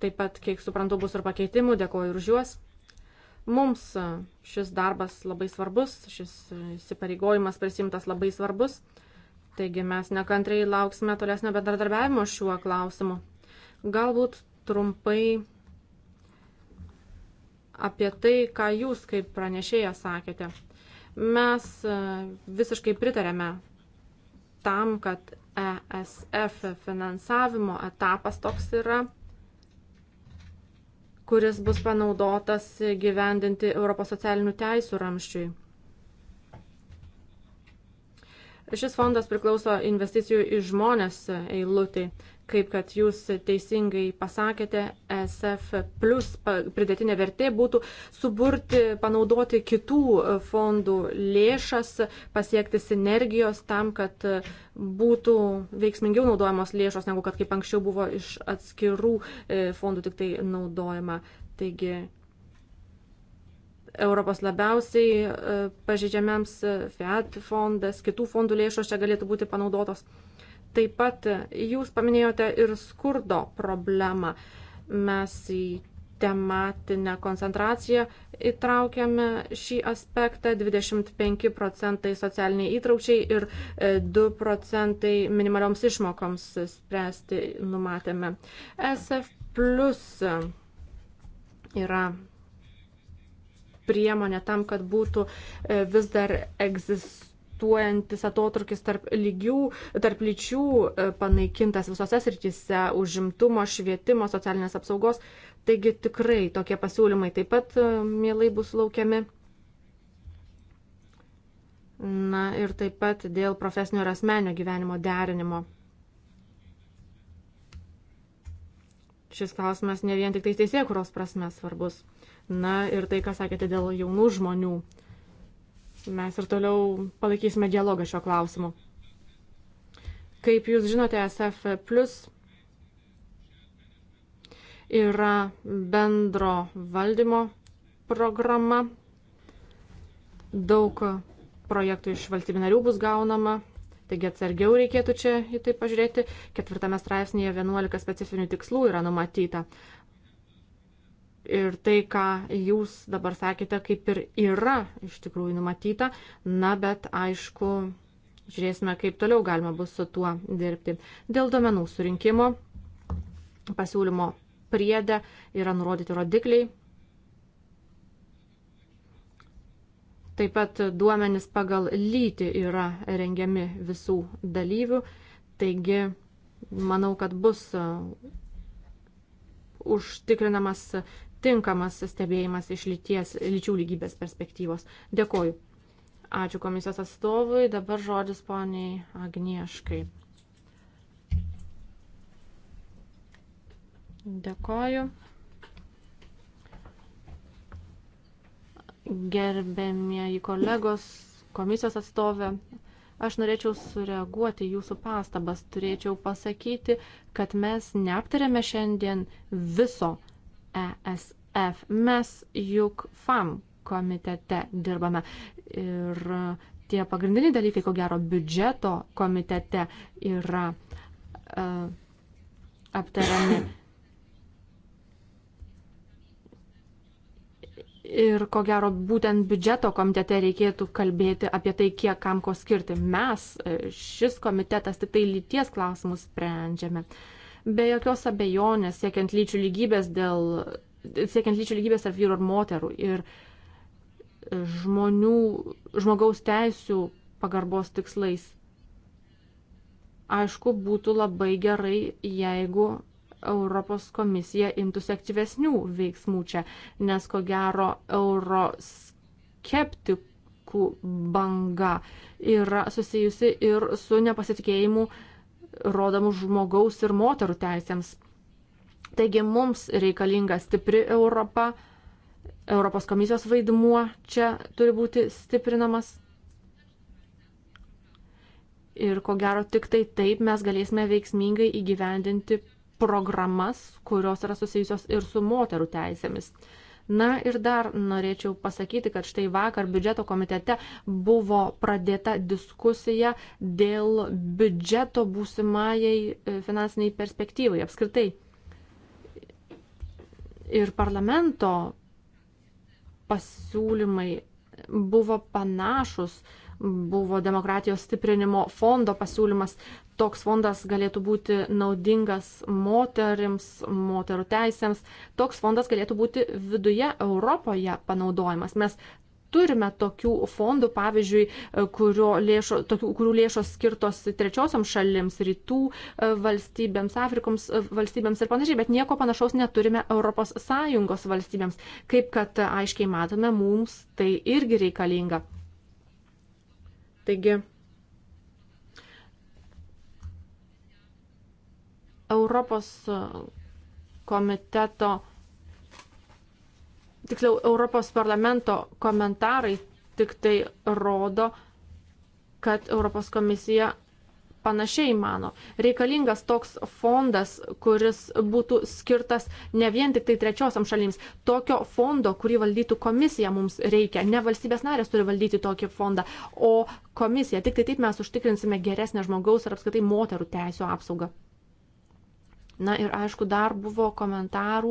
Taip pat, kiek suprantu, bus ir pakeitimų, dėkoju už juos. Mums šis darbas labai svarbus, šis įsipareigojimas prisimtas labai svarbus, taigi mes nekantriai lauksime tolesnio bendradarbiavimo šiuo klausimu. Galbūt trumpai apie tai, ką jūs kaip pranešėjas sakėte. Mes visiškai pritarėme tam, kad ESF finansavimo etapas toks yra kuris bus panaudotas gyvendinti Europos socialinių teisų ramščiui. Šis fondas priklauso investicijų į žmonės eilutį kaip kad jūs teisingai pasakėte, SF plus pridėtinė vertė būtų suburti, panaudoti kitų fondų lėšas, pasiekti sinergijos tam, kad būtų veiksmingiau naudojamos lėšos, negu kad kaip anksčiau buvo iš atskirų e, fondų tik tai naudojama. Taigi, Europos labiausiai e, pažydžiamiams e, FIAT fondas, kitų fondų lėšos čia galėtų būti panaudotos. Taip pat jūs paminėjote ir skurdo problemą. Mes į tematinę koncentraciją įtraukiame šį aspektą 25 procentai socialiniai įtraukčiai ir 2 e, procentai minimalioms išmokoms spręsti numatėme. SF plus yra priemonė tam, kad būtų e, vis dar egzistuojama egzistuojantis atotrukis tarp lygių, tarp lyčių e, panaikintas visose srityse - užimtumo, švietimo, socialinės apsaugos. Taigi tikrai tokie pasiūlymai taip pat e, mielai bus laukiami. Na ir taip pat dėl profesinio ir asmenio gyvenimo derinimo. Šis klausimas ne vien tik tai teisėkuros prasme svarbus. Na ir tai, ką sakėte dėl jaunų žmonių. Mes ir toliau palaikysime dialogą šio klausimu. Kaip jūs žinote, SF Plus yra bendro valdymo programa. Daug projektų iš valstybių narių bus gaunama, taigi atsargiau reikėtų čia į tai pažiūrėti. Ketvirtame straipsnėje 11 specifinių tikslų yra numatyta ir tai, ką jūs dabar sakėte, kaip ir yra iš tikrųjų numatyta, na, bet aišku, žiūrėsime, kaip toliau galima bus su tuo dirbti. Dėl domenų surinkimo pasiūlymo priedė yra nurodyti rodikliai. Taip pat duomenys pagal lytį yra rengiami visų dalyvių, taigi manau, kad bus uh, užtikrinamas tinkamas stebėjimas iš lyties, lyčių lygybės perspektyvos. Dėkoju. Ačiū komisijos atstovui. Dabar žodis poniai Agnieškai. Dėkoju. Gerbėmieji kolegos, komisijos atstovė, aš norėčiau sureaguoti jūsų pastabas. Turėčiau pasakyti, kad mes neaptarėme šiandien viso ESF. Mes juk FAM komitete dirbame ir tie pagrindiniai dalykai, ko gero, biudžeto komitete yra uh, aptariami. Ir ko gero, būtent biudžeto komitete reikėtų kalbėti apie tai, kiek kam ko skirti. Mes, e, šis komitetas, tik tai lyties klausimus sprendžiame. Uh, Be jokios abejonės, siekiant lyčių lygybės dėl siekiant lyčių lygybės tarp vyrų ir moterų ir žmonių, žmogaus teisų pagarbos tikslais. Aišku, būtų labai gerai, jeigu Europos komisija imtųsi aktyvesnių veiksmų čia, nes ko gero euroskeptikų banga yra susijusi ir su nepasitikėjimu uh, rodomų žmogaus ir moterų teisėms. Taigi mums reikalinga stipri Europa, Europos komisijos vaidmuo čia turi būti stiprinamas. Ir ko gero tik tai taip mes galėsime veiksmingai įgyvendinti programas, kurios yra susijusios ir su moterų teisėmis. Na ir dar norėčiau pasakyti, kad štai vakar biudžeto komitete buvo pradėta diskusija dėl biudžeto būsimajai e, finansiniai perspektyvai apskritai. Ir parlamento pasiūlymai buvo panašus, buvo demokratijos stiprinimo fondo pasiūlymas, toks fondas galėtų būti naudingas moterims, moterų teisėms. Toks fondas galėtų būti viduje Europoje panaudojamas. Mes turime tokių fondų, pavyzdžiui, lėšo, tokių, kurių lėšos skirtos trečiosiam šalims, rytų e, valstybėms, Afrikoms e, valstybėms ir panašiai, bet nieko panašaus neturime ES valstybėms. Kaip kad aiškiai matome, mums tai irgi reikalinga. Taigi, Europos e, komiteto, tiksliau Europos parlamento komentarai tik tai rodo, kad Europos komisija panašiai mano. Reikalingas toks fondas, kuris būtų skirtas ne vien tik tai trečiosiam šalims. Tokio fondo, kurį valdytų komisija mums reikia. Ne valstybės narės turi valdyti tokį fondą, o komisija. Tik tai taip mes užtikrinsime geresnę žmogaus ir apskaitai moterų teisų apsaugą. Na ir aišku, dar buvo komentarų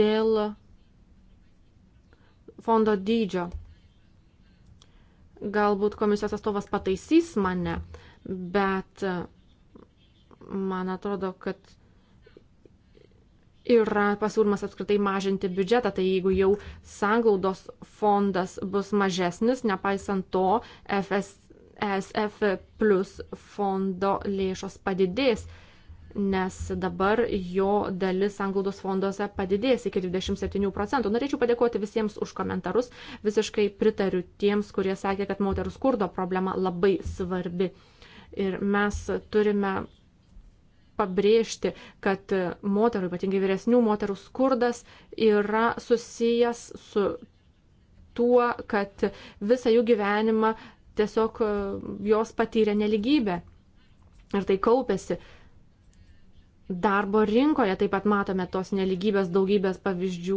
dėl fondo dydžio. Galbūt komisijos atstovas pataisys mane, bet e, man atrodo, kad yra pasiūlymas apskritai mažinti biudžetą, tai jeigu jau sanglaudos fondas bus mažesnis, nepaisant to, FS, ESF plus fondo lėšos padidės nes dabar jo dalis sanglaudos fonduose padidės iki 27 procentų. Norėčiau padėkoti visiems už komentarus. Visiškai pritariu tiems, kurie sakė, kad moterų skurdo problema labai svarbi. Ir mes turime pabrėžti, kad moterų, ypatingai vyresnių moterų skurdas yra susijęs su tuo, kad visą jų gyvenimą tiesiog e, jos patyrė neligybę. Ir tai kaupėsi. Uh, Darbo rinkoje taip pat matome tos neligybės daugybės pavyzdžių.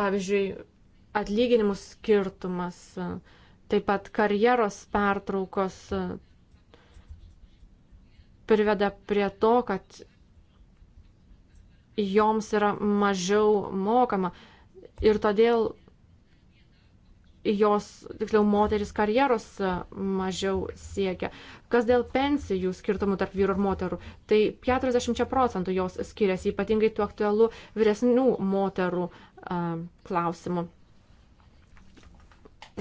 Pavyzdžiui, atlyginimų skirtumas, taip pat karjeros pertraukos priveda prie to, kad joms yra mažiau mokama. Ir todėl jos, tiksliau, moteris karjeros e, mažiau siekia. Kas dėl pensijų skirtumų tarp vyrų ir moterų, tai 40 procentų jos skiriasi, ypatingai tuo aktualu vyresnių moterų a, e, klausimu.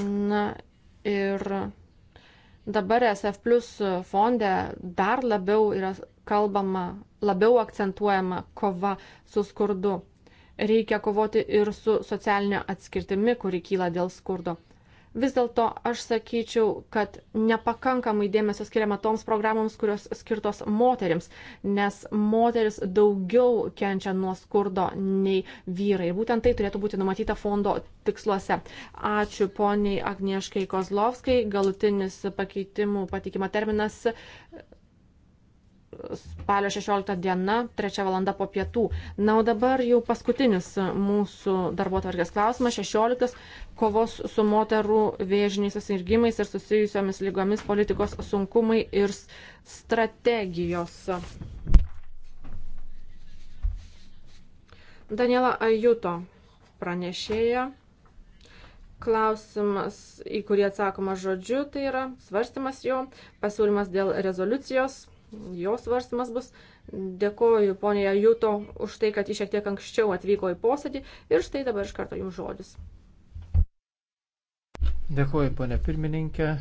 Na ir dabar SF Plus fonde dar labiau yra kalbama, labiau akcentuojama kova su skurdu. Reikia kovoti ir su socialinė atskirtimi, kuri kyla dėl skurdo. Vis dėlto aš sakyčiau, kad nepakankamai dėmesio skiriama toms programoms, kurios skirtos moteriams, nes moteris daugiau kenčia nuo skurdo nei vyrai. Ir būtent tai turėtų būti numatyta fondo tiksluose. Ačiū poniai Agnieškai Kozlovskai. Galutinis pakeitimų patikimo terminas spalio 16 diena, 3 valanda po pietų. Na, o dabar jau paskutinis mūsų darbo tvarkės klausimas, 16. Kovos su moterų vėžiniais susirgymais ir susijusiomis lygomis politikos sunkumai ir strategijos. Daniela Ajuto pranešėja. Klausimas, į kurį atsakoma žodžiu, tai yra svarstymas jo, pasiūlymas dėl rezoliucijos jos varstymas bus. Dėkoju ponė Juto už tai, kad jis šiek tiek anksčiau atvyko į posėdį ir štai dabar iš karto jums žodis. Dėkoju ponė pirmininkė.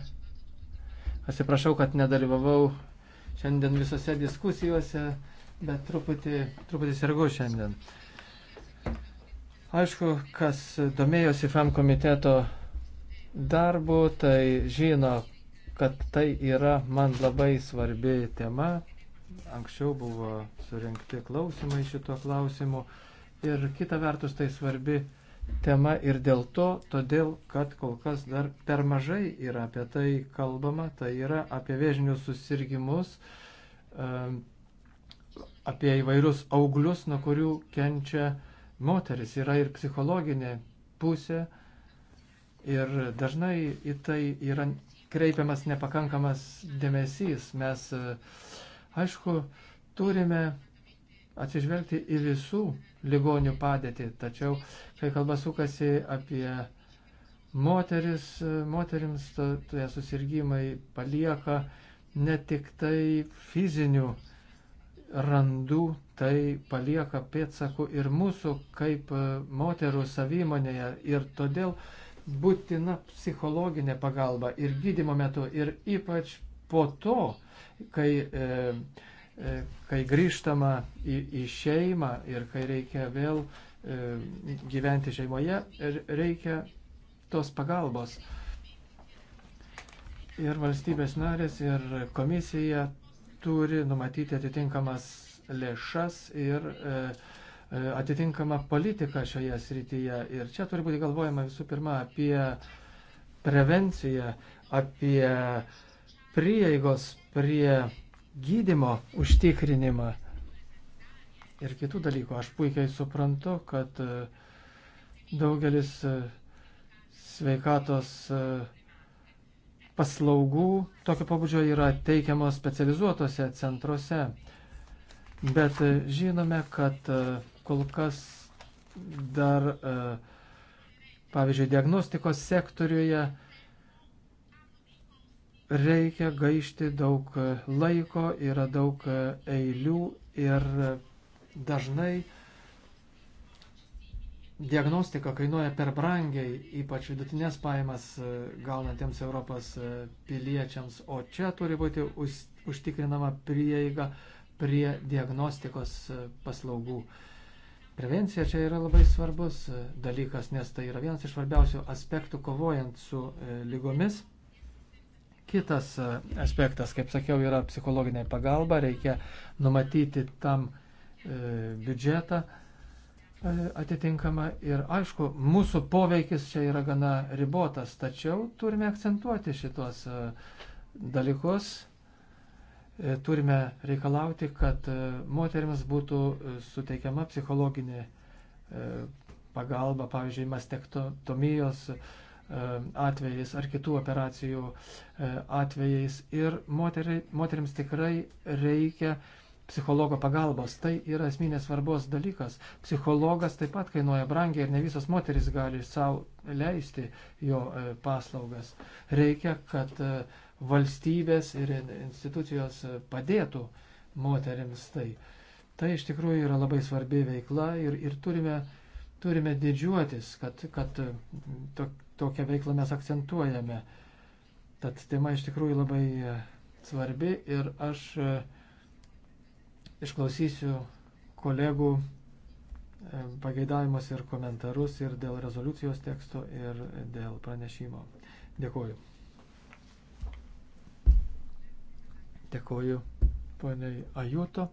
Atsiprašau, kad nedalyvavau šiandien visose diskusijose, bet truputį, truputį sirgu šiandien. Aišku, kas domėjosi FEM komiteto darbu, tai žino, kad tai yra man labai svarbi tema. Anksčiau buvo surinkti klausimai šito klausimu. Ir kita vertus tai svarbi tema ir dėl to, todėl, kad kol kas dar per mažai yra apie tai kalbama, tai yra apie vėžinius susirgymus, ehm, apie įvairius auglius, nuo kurių kenčia moteris. Yra ir psichologinė pusė ir dažnai į tai yra kreipiamas nepakankamas dėmesys. Mes, aišku, turime atsižvelgti į visų ligonių padėtį, tačiau, kai kalba sukasi apie moteris, moterims tie susirgymai palieka ne tik tai fizinių randų, tai palieka pėtsakų ir mūsų kaip moterų savimonėje. Ir todėl uh, būtina psichologinė pagalba ir gydimo metu, ir ypač po to, kai, e, e, kai grįžtama į, į šeimą ir kai reikia vėl e, gyventi šeimoje, reikia tos pagalbos. Ir valstybės narės, ir komisija turi numatyti atitinkamas lėšas ir e, E, atitinkamą politiką šioje srityje. Ir čia turi būti galvojama visų pirma apie prevenciją, apie prieigos prie gydimo užtikrinimą ir kitų dalykų. Aš puikiai suprantu, kad e, daugelis e, sveikatos paslaugų tokio pabudžio yra teikiamos specializuotose centruose. Bet žinome, kad kol kas dar, e, pavyzdžiui, diagnostikos sektoriuje reikia gaišti daug e, laiko, yra daug e, eilių ir dažnai diagnostika kainuoja per brangiai, ypač vidutinės pajamas gaunantiems Europos piliečiams, o čia turi būti užtikrinama prieiga prie diagnostikos paslaugų. Uh, Prevencija čia yra labai svarbus e, dalykas, nes tai yra vienas iš svarbiausių aspektų kovojant su e, lygomis. Kitas e, aspektas, kaip sakiau, yra psichologinė pagalba, reikia numatyti tam biudžetą atitinkamą ir aišku, mūsų poveikis čia yra gana ribotas, tačiau turime akcentuoti šitos dalykus E, turime reikalauti, kad e, moteriams būtų e, suteikiama psichologinė pagalba, pavyzdžiui, mastektomijos atvejais ar kitų operacijų atvejais. Ir moteriai, moteriams tikrai reikia psichologo pagalbos. Tai yra esminės svarbos dalykas. Psichologas taip pat kainuoja brangiai ir ne visos moteris gali savo leisti jo paslaugas. Reikia, kad valstybės ir institucijos padėtų moteriams tai. Tai iš tikrųjų yra labai svarbi veikla ir, ir turime, turime didžiuotis, kad, kad to, tokią veiklą mes akcentuojame. Tad tema iš tikrųjų labai svarbi ir aš e, išklausysiu kolegų e, pageidavimus ir komentarus ir dėl rezoliucijos teksto ir dėl pranešimo. Dėkuoju. Dėkoju poniai Ajuto.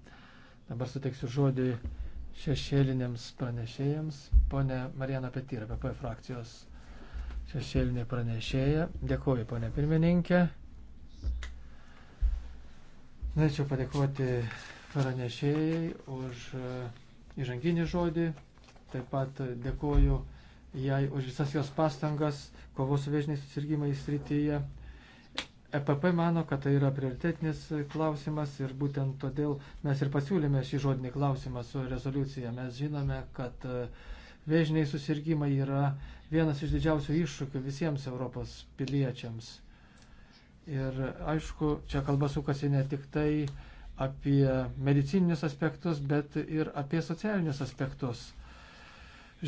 Dabar suteiksiu žodį šešėliniams pranešėjams. Pone Marijana Petyra, PP frakcijos šešėlinė pranešėja. Dėkoju, ponė pirmininkė. Norėčiau padėkoti pranešėjai už e, įžanginį žodį. Taip pat dėkoju jai už visas jos pastangas kovos su viežiniais susirgymais srityje. EPP mano, kad tai yra prioritetinis klausimas ir būtent todėl mes ir pasiūlėme šį žodinį klausimą su rezoliucija. Mes žinome, kad e, vėžiniai susirgymai yra vienas iš didžiausių iššūkių visiems Europos piliečiams. Ir aišku, čia kalba sukasi ne tik tai apie medicininius aspektus, bet ir apie socialinius aspektus.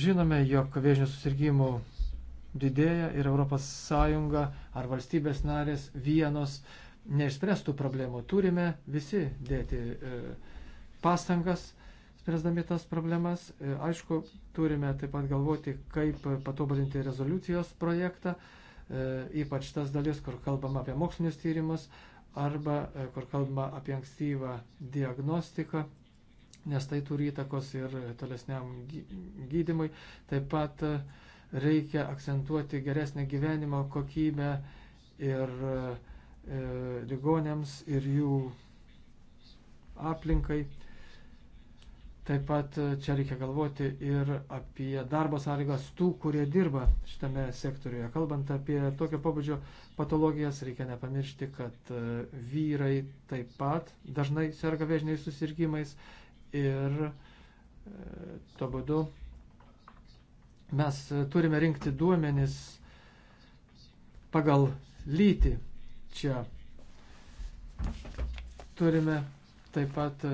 Žinome, jog vėžinių susirgymų didėja ir ES ar valstybės narės vienos neišspręstų problemų. Turime visi dėti e, pastangas, spręsdami tas problemas. E, aišku, turime taip pat galvoti, kaip patobulinti rezoliucijos projektą, e, ypač tas dalis, kur kalbama apie mokslinius tyrimus arba kur kalbama apie ankstyvą diagnostiką nes tai turi įtakos ir tolesniam gydimui. Taip pat uh, reikia akcentuoti geresnę gyvenimo kokybę ir e, ligonėms ir jų aplinkai. Taip pat e, čia reikia galvoti ir apie darbo sąlygas tų, kurie dirba šitame sektoriuje. Kalbant apie tokio pobūdžio patologijas, reikia nepamiršti, kad e, vyrai taip pat dažnai serga vežiniais susirgymais ir e, to būdu Mes turime rinkti duomenis pagal lytį čia. Turime taip pat e,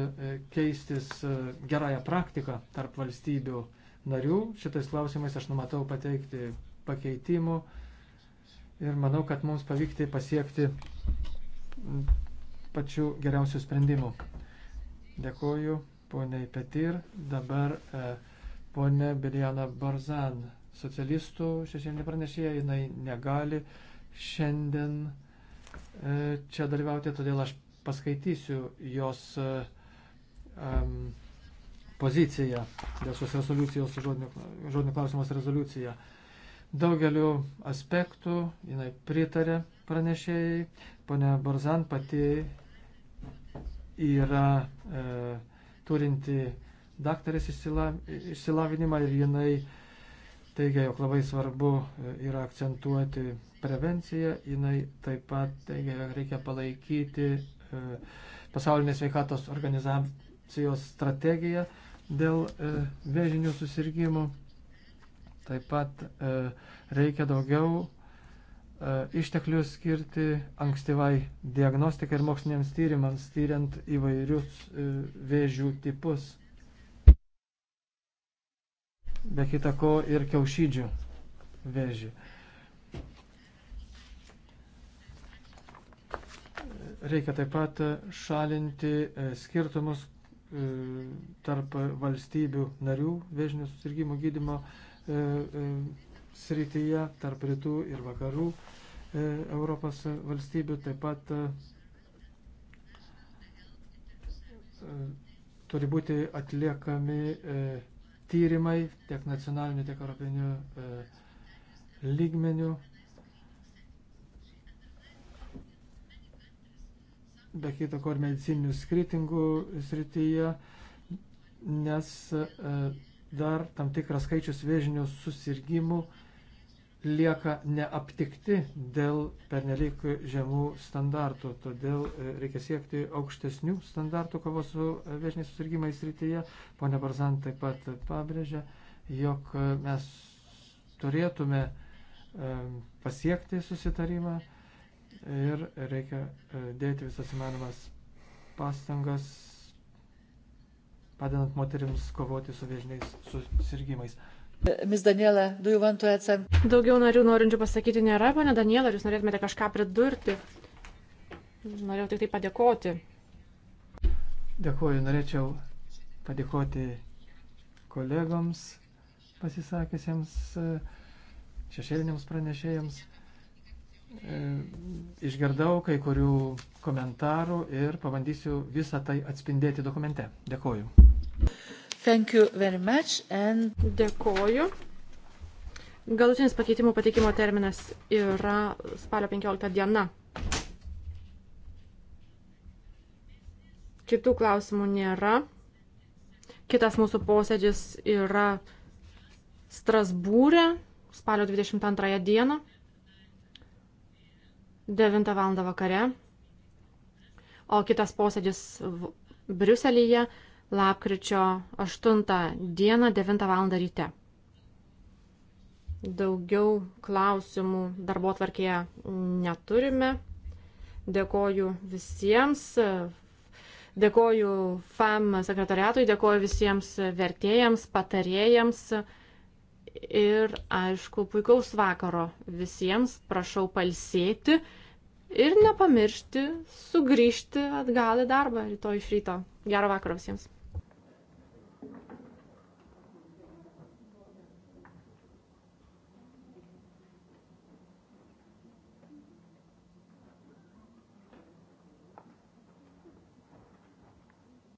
keistis e, gerąją praktiką tarp valstybių narių. Šitais klausimais aš numatau pateikti pakeitimų ir manau, kad mums pavykti pasiekti pačių geriausių sprendimų. Dėkuoju, poniai Petir. Dabar e, Pone Biljana Barzan, socialistų šešėlinė pranešėja, jinai negali šiandien e, čia dalyvauti, todėl aš paskaitysiu jos um, poziciją dėl šios rezoliucijos, žodinio klausimas rezoliucija. Daugeliu aspektų jinai pritarė pranešėjai. Pone Barzan pati yra e, turinti daktarės išsila, išsilavinimą ir jinai teigia, jog labai svarbu e, yra akcentuoti prevenciją, jinai taip pat teigia, jog reikia palaikyti e, pasaulinės veikatos organizacijos strategiją dėl e, vėžinių susirgymų. Taip pat reikia daugiau išteklių skirti ankstyvai diagnostikai ir moksliniams tyrimams, tyriant įvairius vėžių tipus be kitako ir kiaušydžių vėžį. Reikia taip pat šalinti e, skirtumus e, tarp valstybių narių vėžinių susirgymų gydymo e, srityje, tarp rytų ir vakarų Europos valstybių. Taip pat turi būti atliekami tyrimai tiek nacionaliniu, tiek europiniu e, lygmeniu. Be kito ko ir medicininių skritingų srityje, nes e, dar tam tikras skaičius vėžinių susirgymų e, lieka neaptikti dėl pernelyg žemų standartų. Todėl e, reikia siekti aukštesnių standartų kovos su e, viešiniais susirgymais rytyje. Pone Barzan taip pat pabrėžė, jog e, mes turėtume pasiekti susitarimą ir reikia dėti visas įmanomas pastangas, padedant moteriams kovoti su viešiniais susirgymais. Ms. Daniela, do you want to add some? Daugiau narių norinčių pasakyti nėra, ponė Daniela, ar jūs norėtumėte kažką pridurti? Norėjau tik tai padėkoti. Dėkuoju, norėčiau padėkoti kolegoms pasisakysiams šešėliniams pranešėjams. E, išgirdau kai kurių komentarų ir pabandysiu visą tai atspindėti dokumente. Dėkuoju. Thank you very much and dėkoju. Galutinis pakeitimų pateikimo terminas yra spalio 15 diena. Kitų klausimų nėra. Kitas mūsų posėdis yra Strasbūrė spalio 22 dieną 9 val. vakare. O kitas posėdis Briuselyje lapkričio 8 dieną 9 val. ryte. Daugiau klausimų darbo tvarkėje neturime. Dėkoju visiems. Dėkoju FAM sekretariatui, dėkoju visiems vertėjams, patarėjams ir, aišku, puikaus vakaro visiems. Prašau palsėti ir nepamiršti sugrįžti atgal į darbą rytoj iš ryto. Gero vakaro visiems.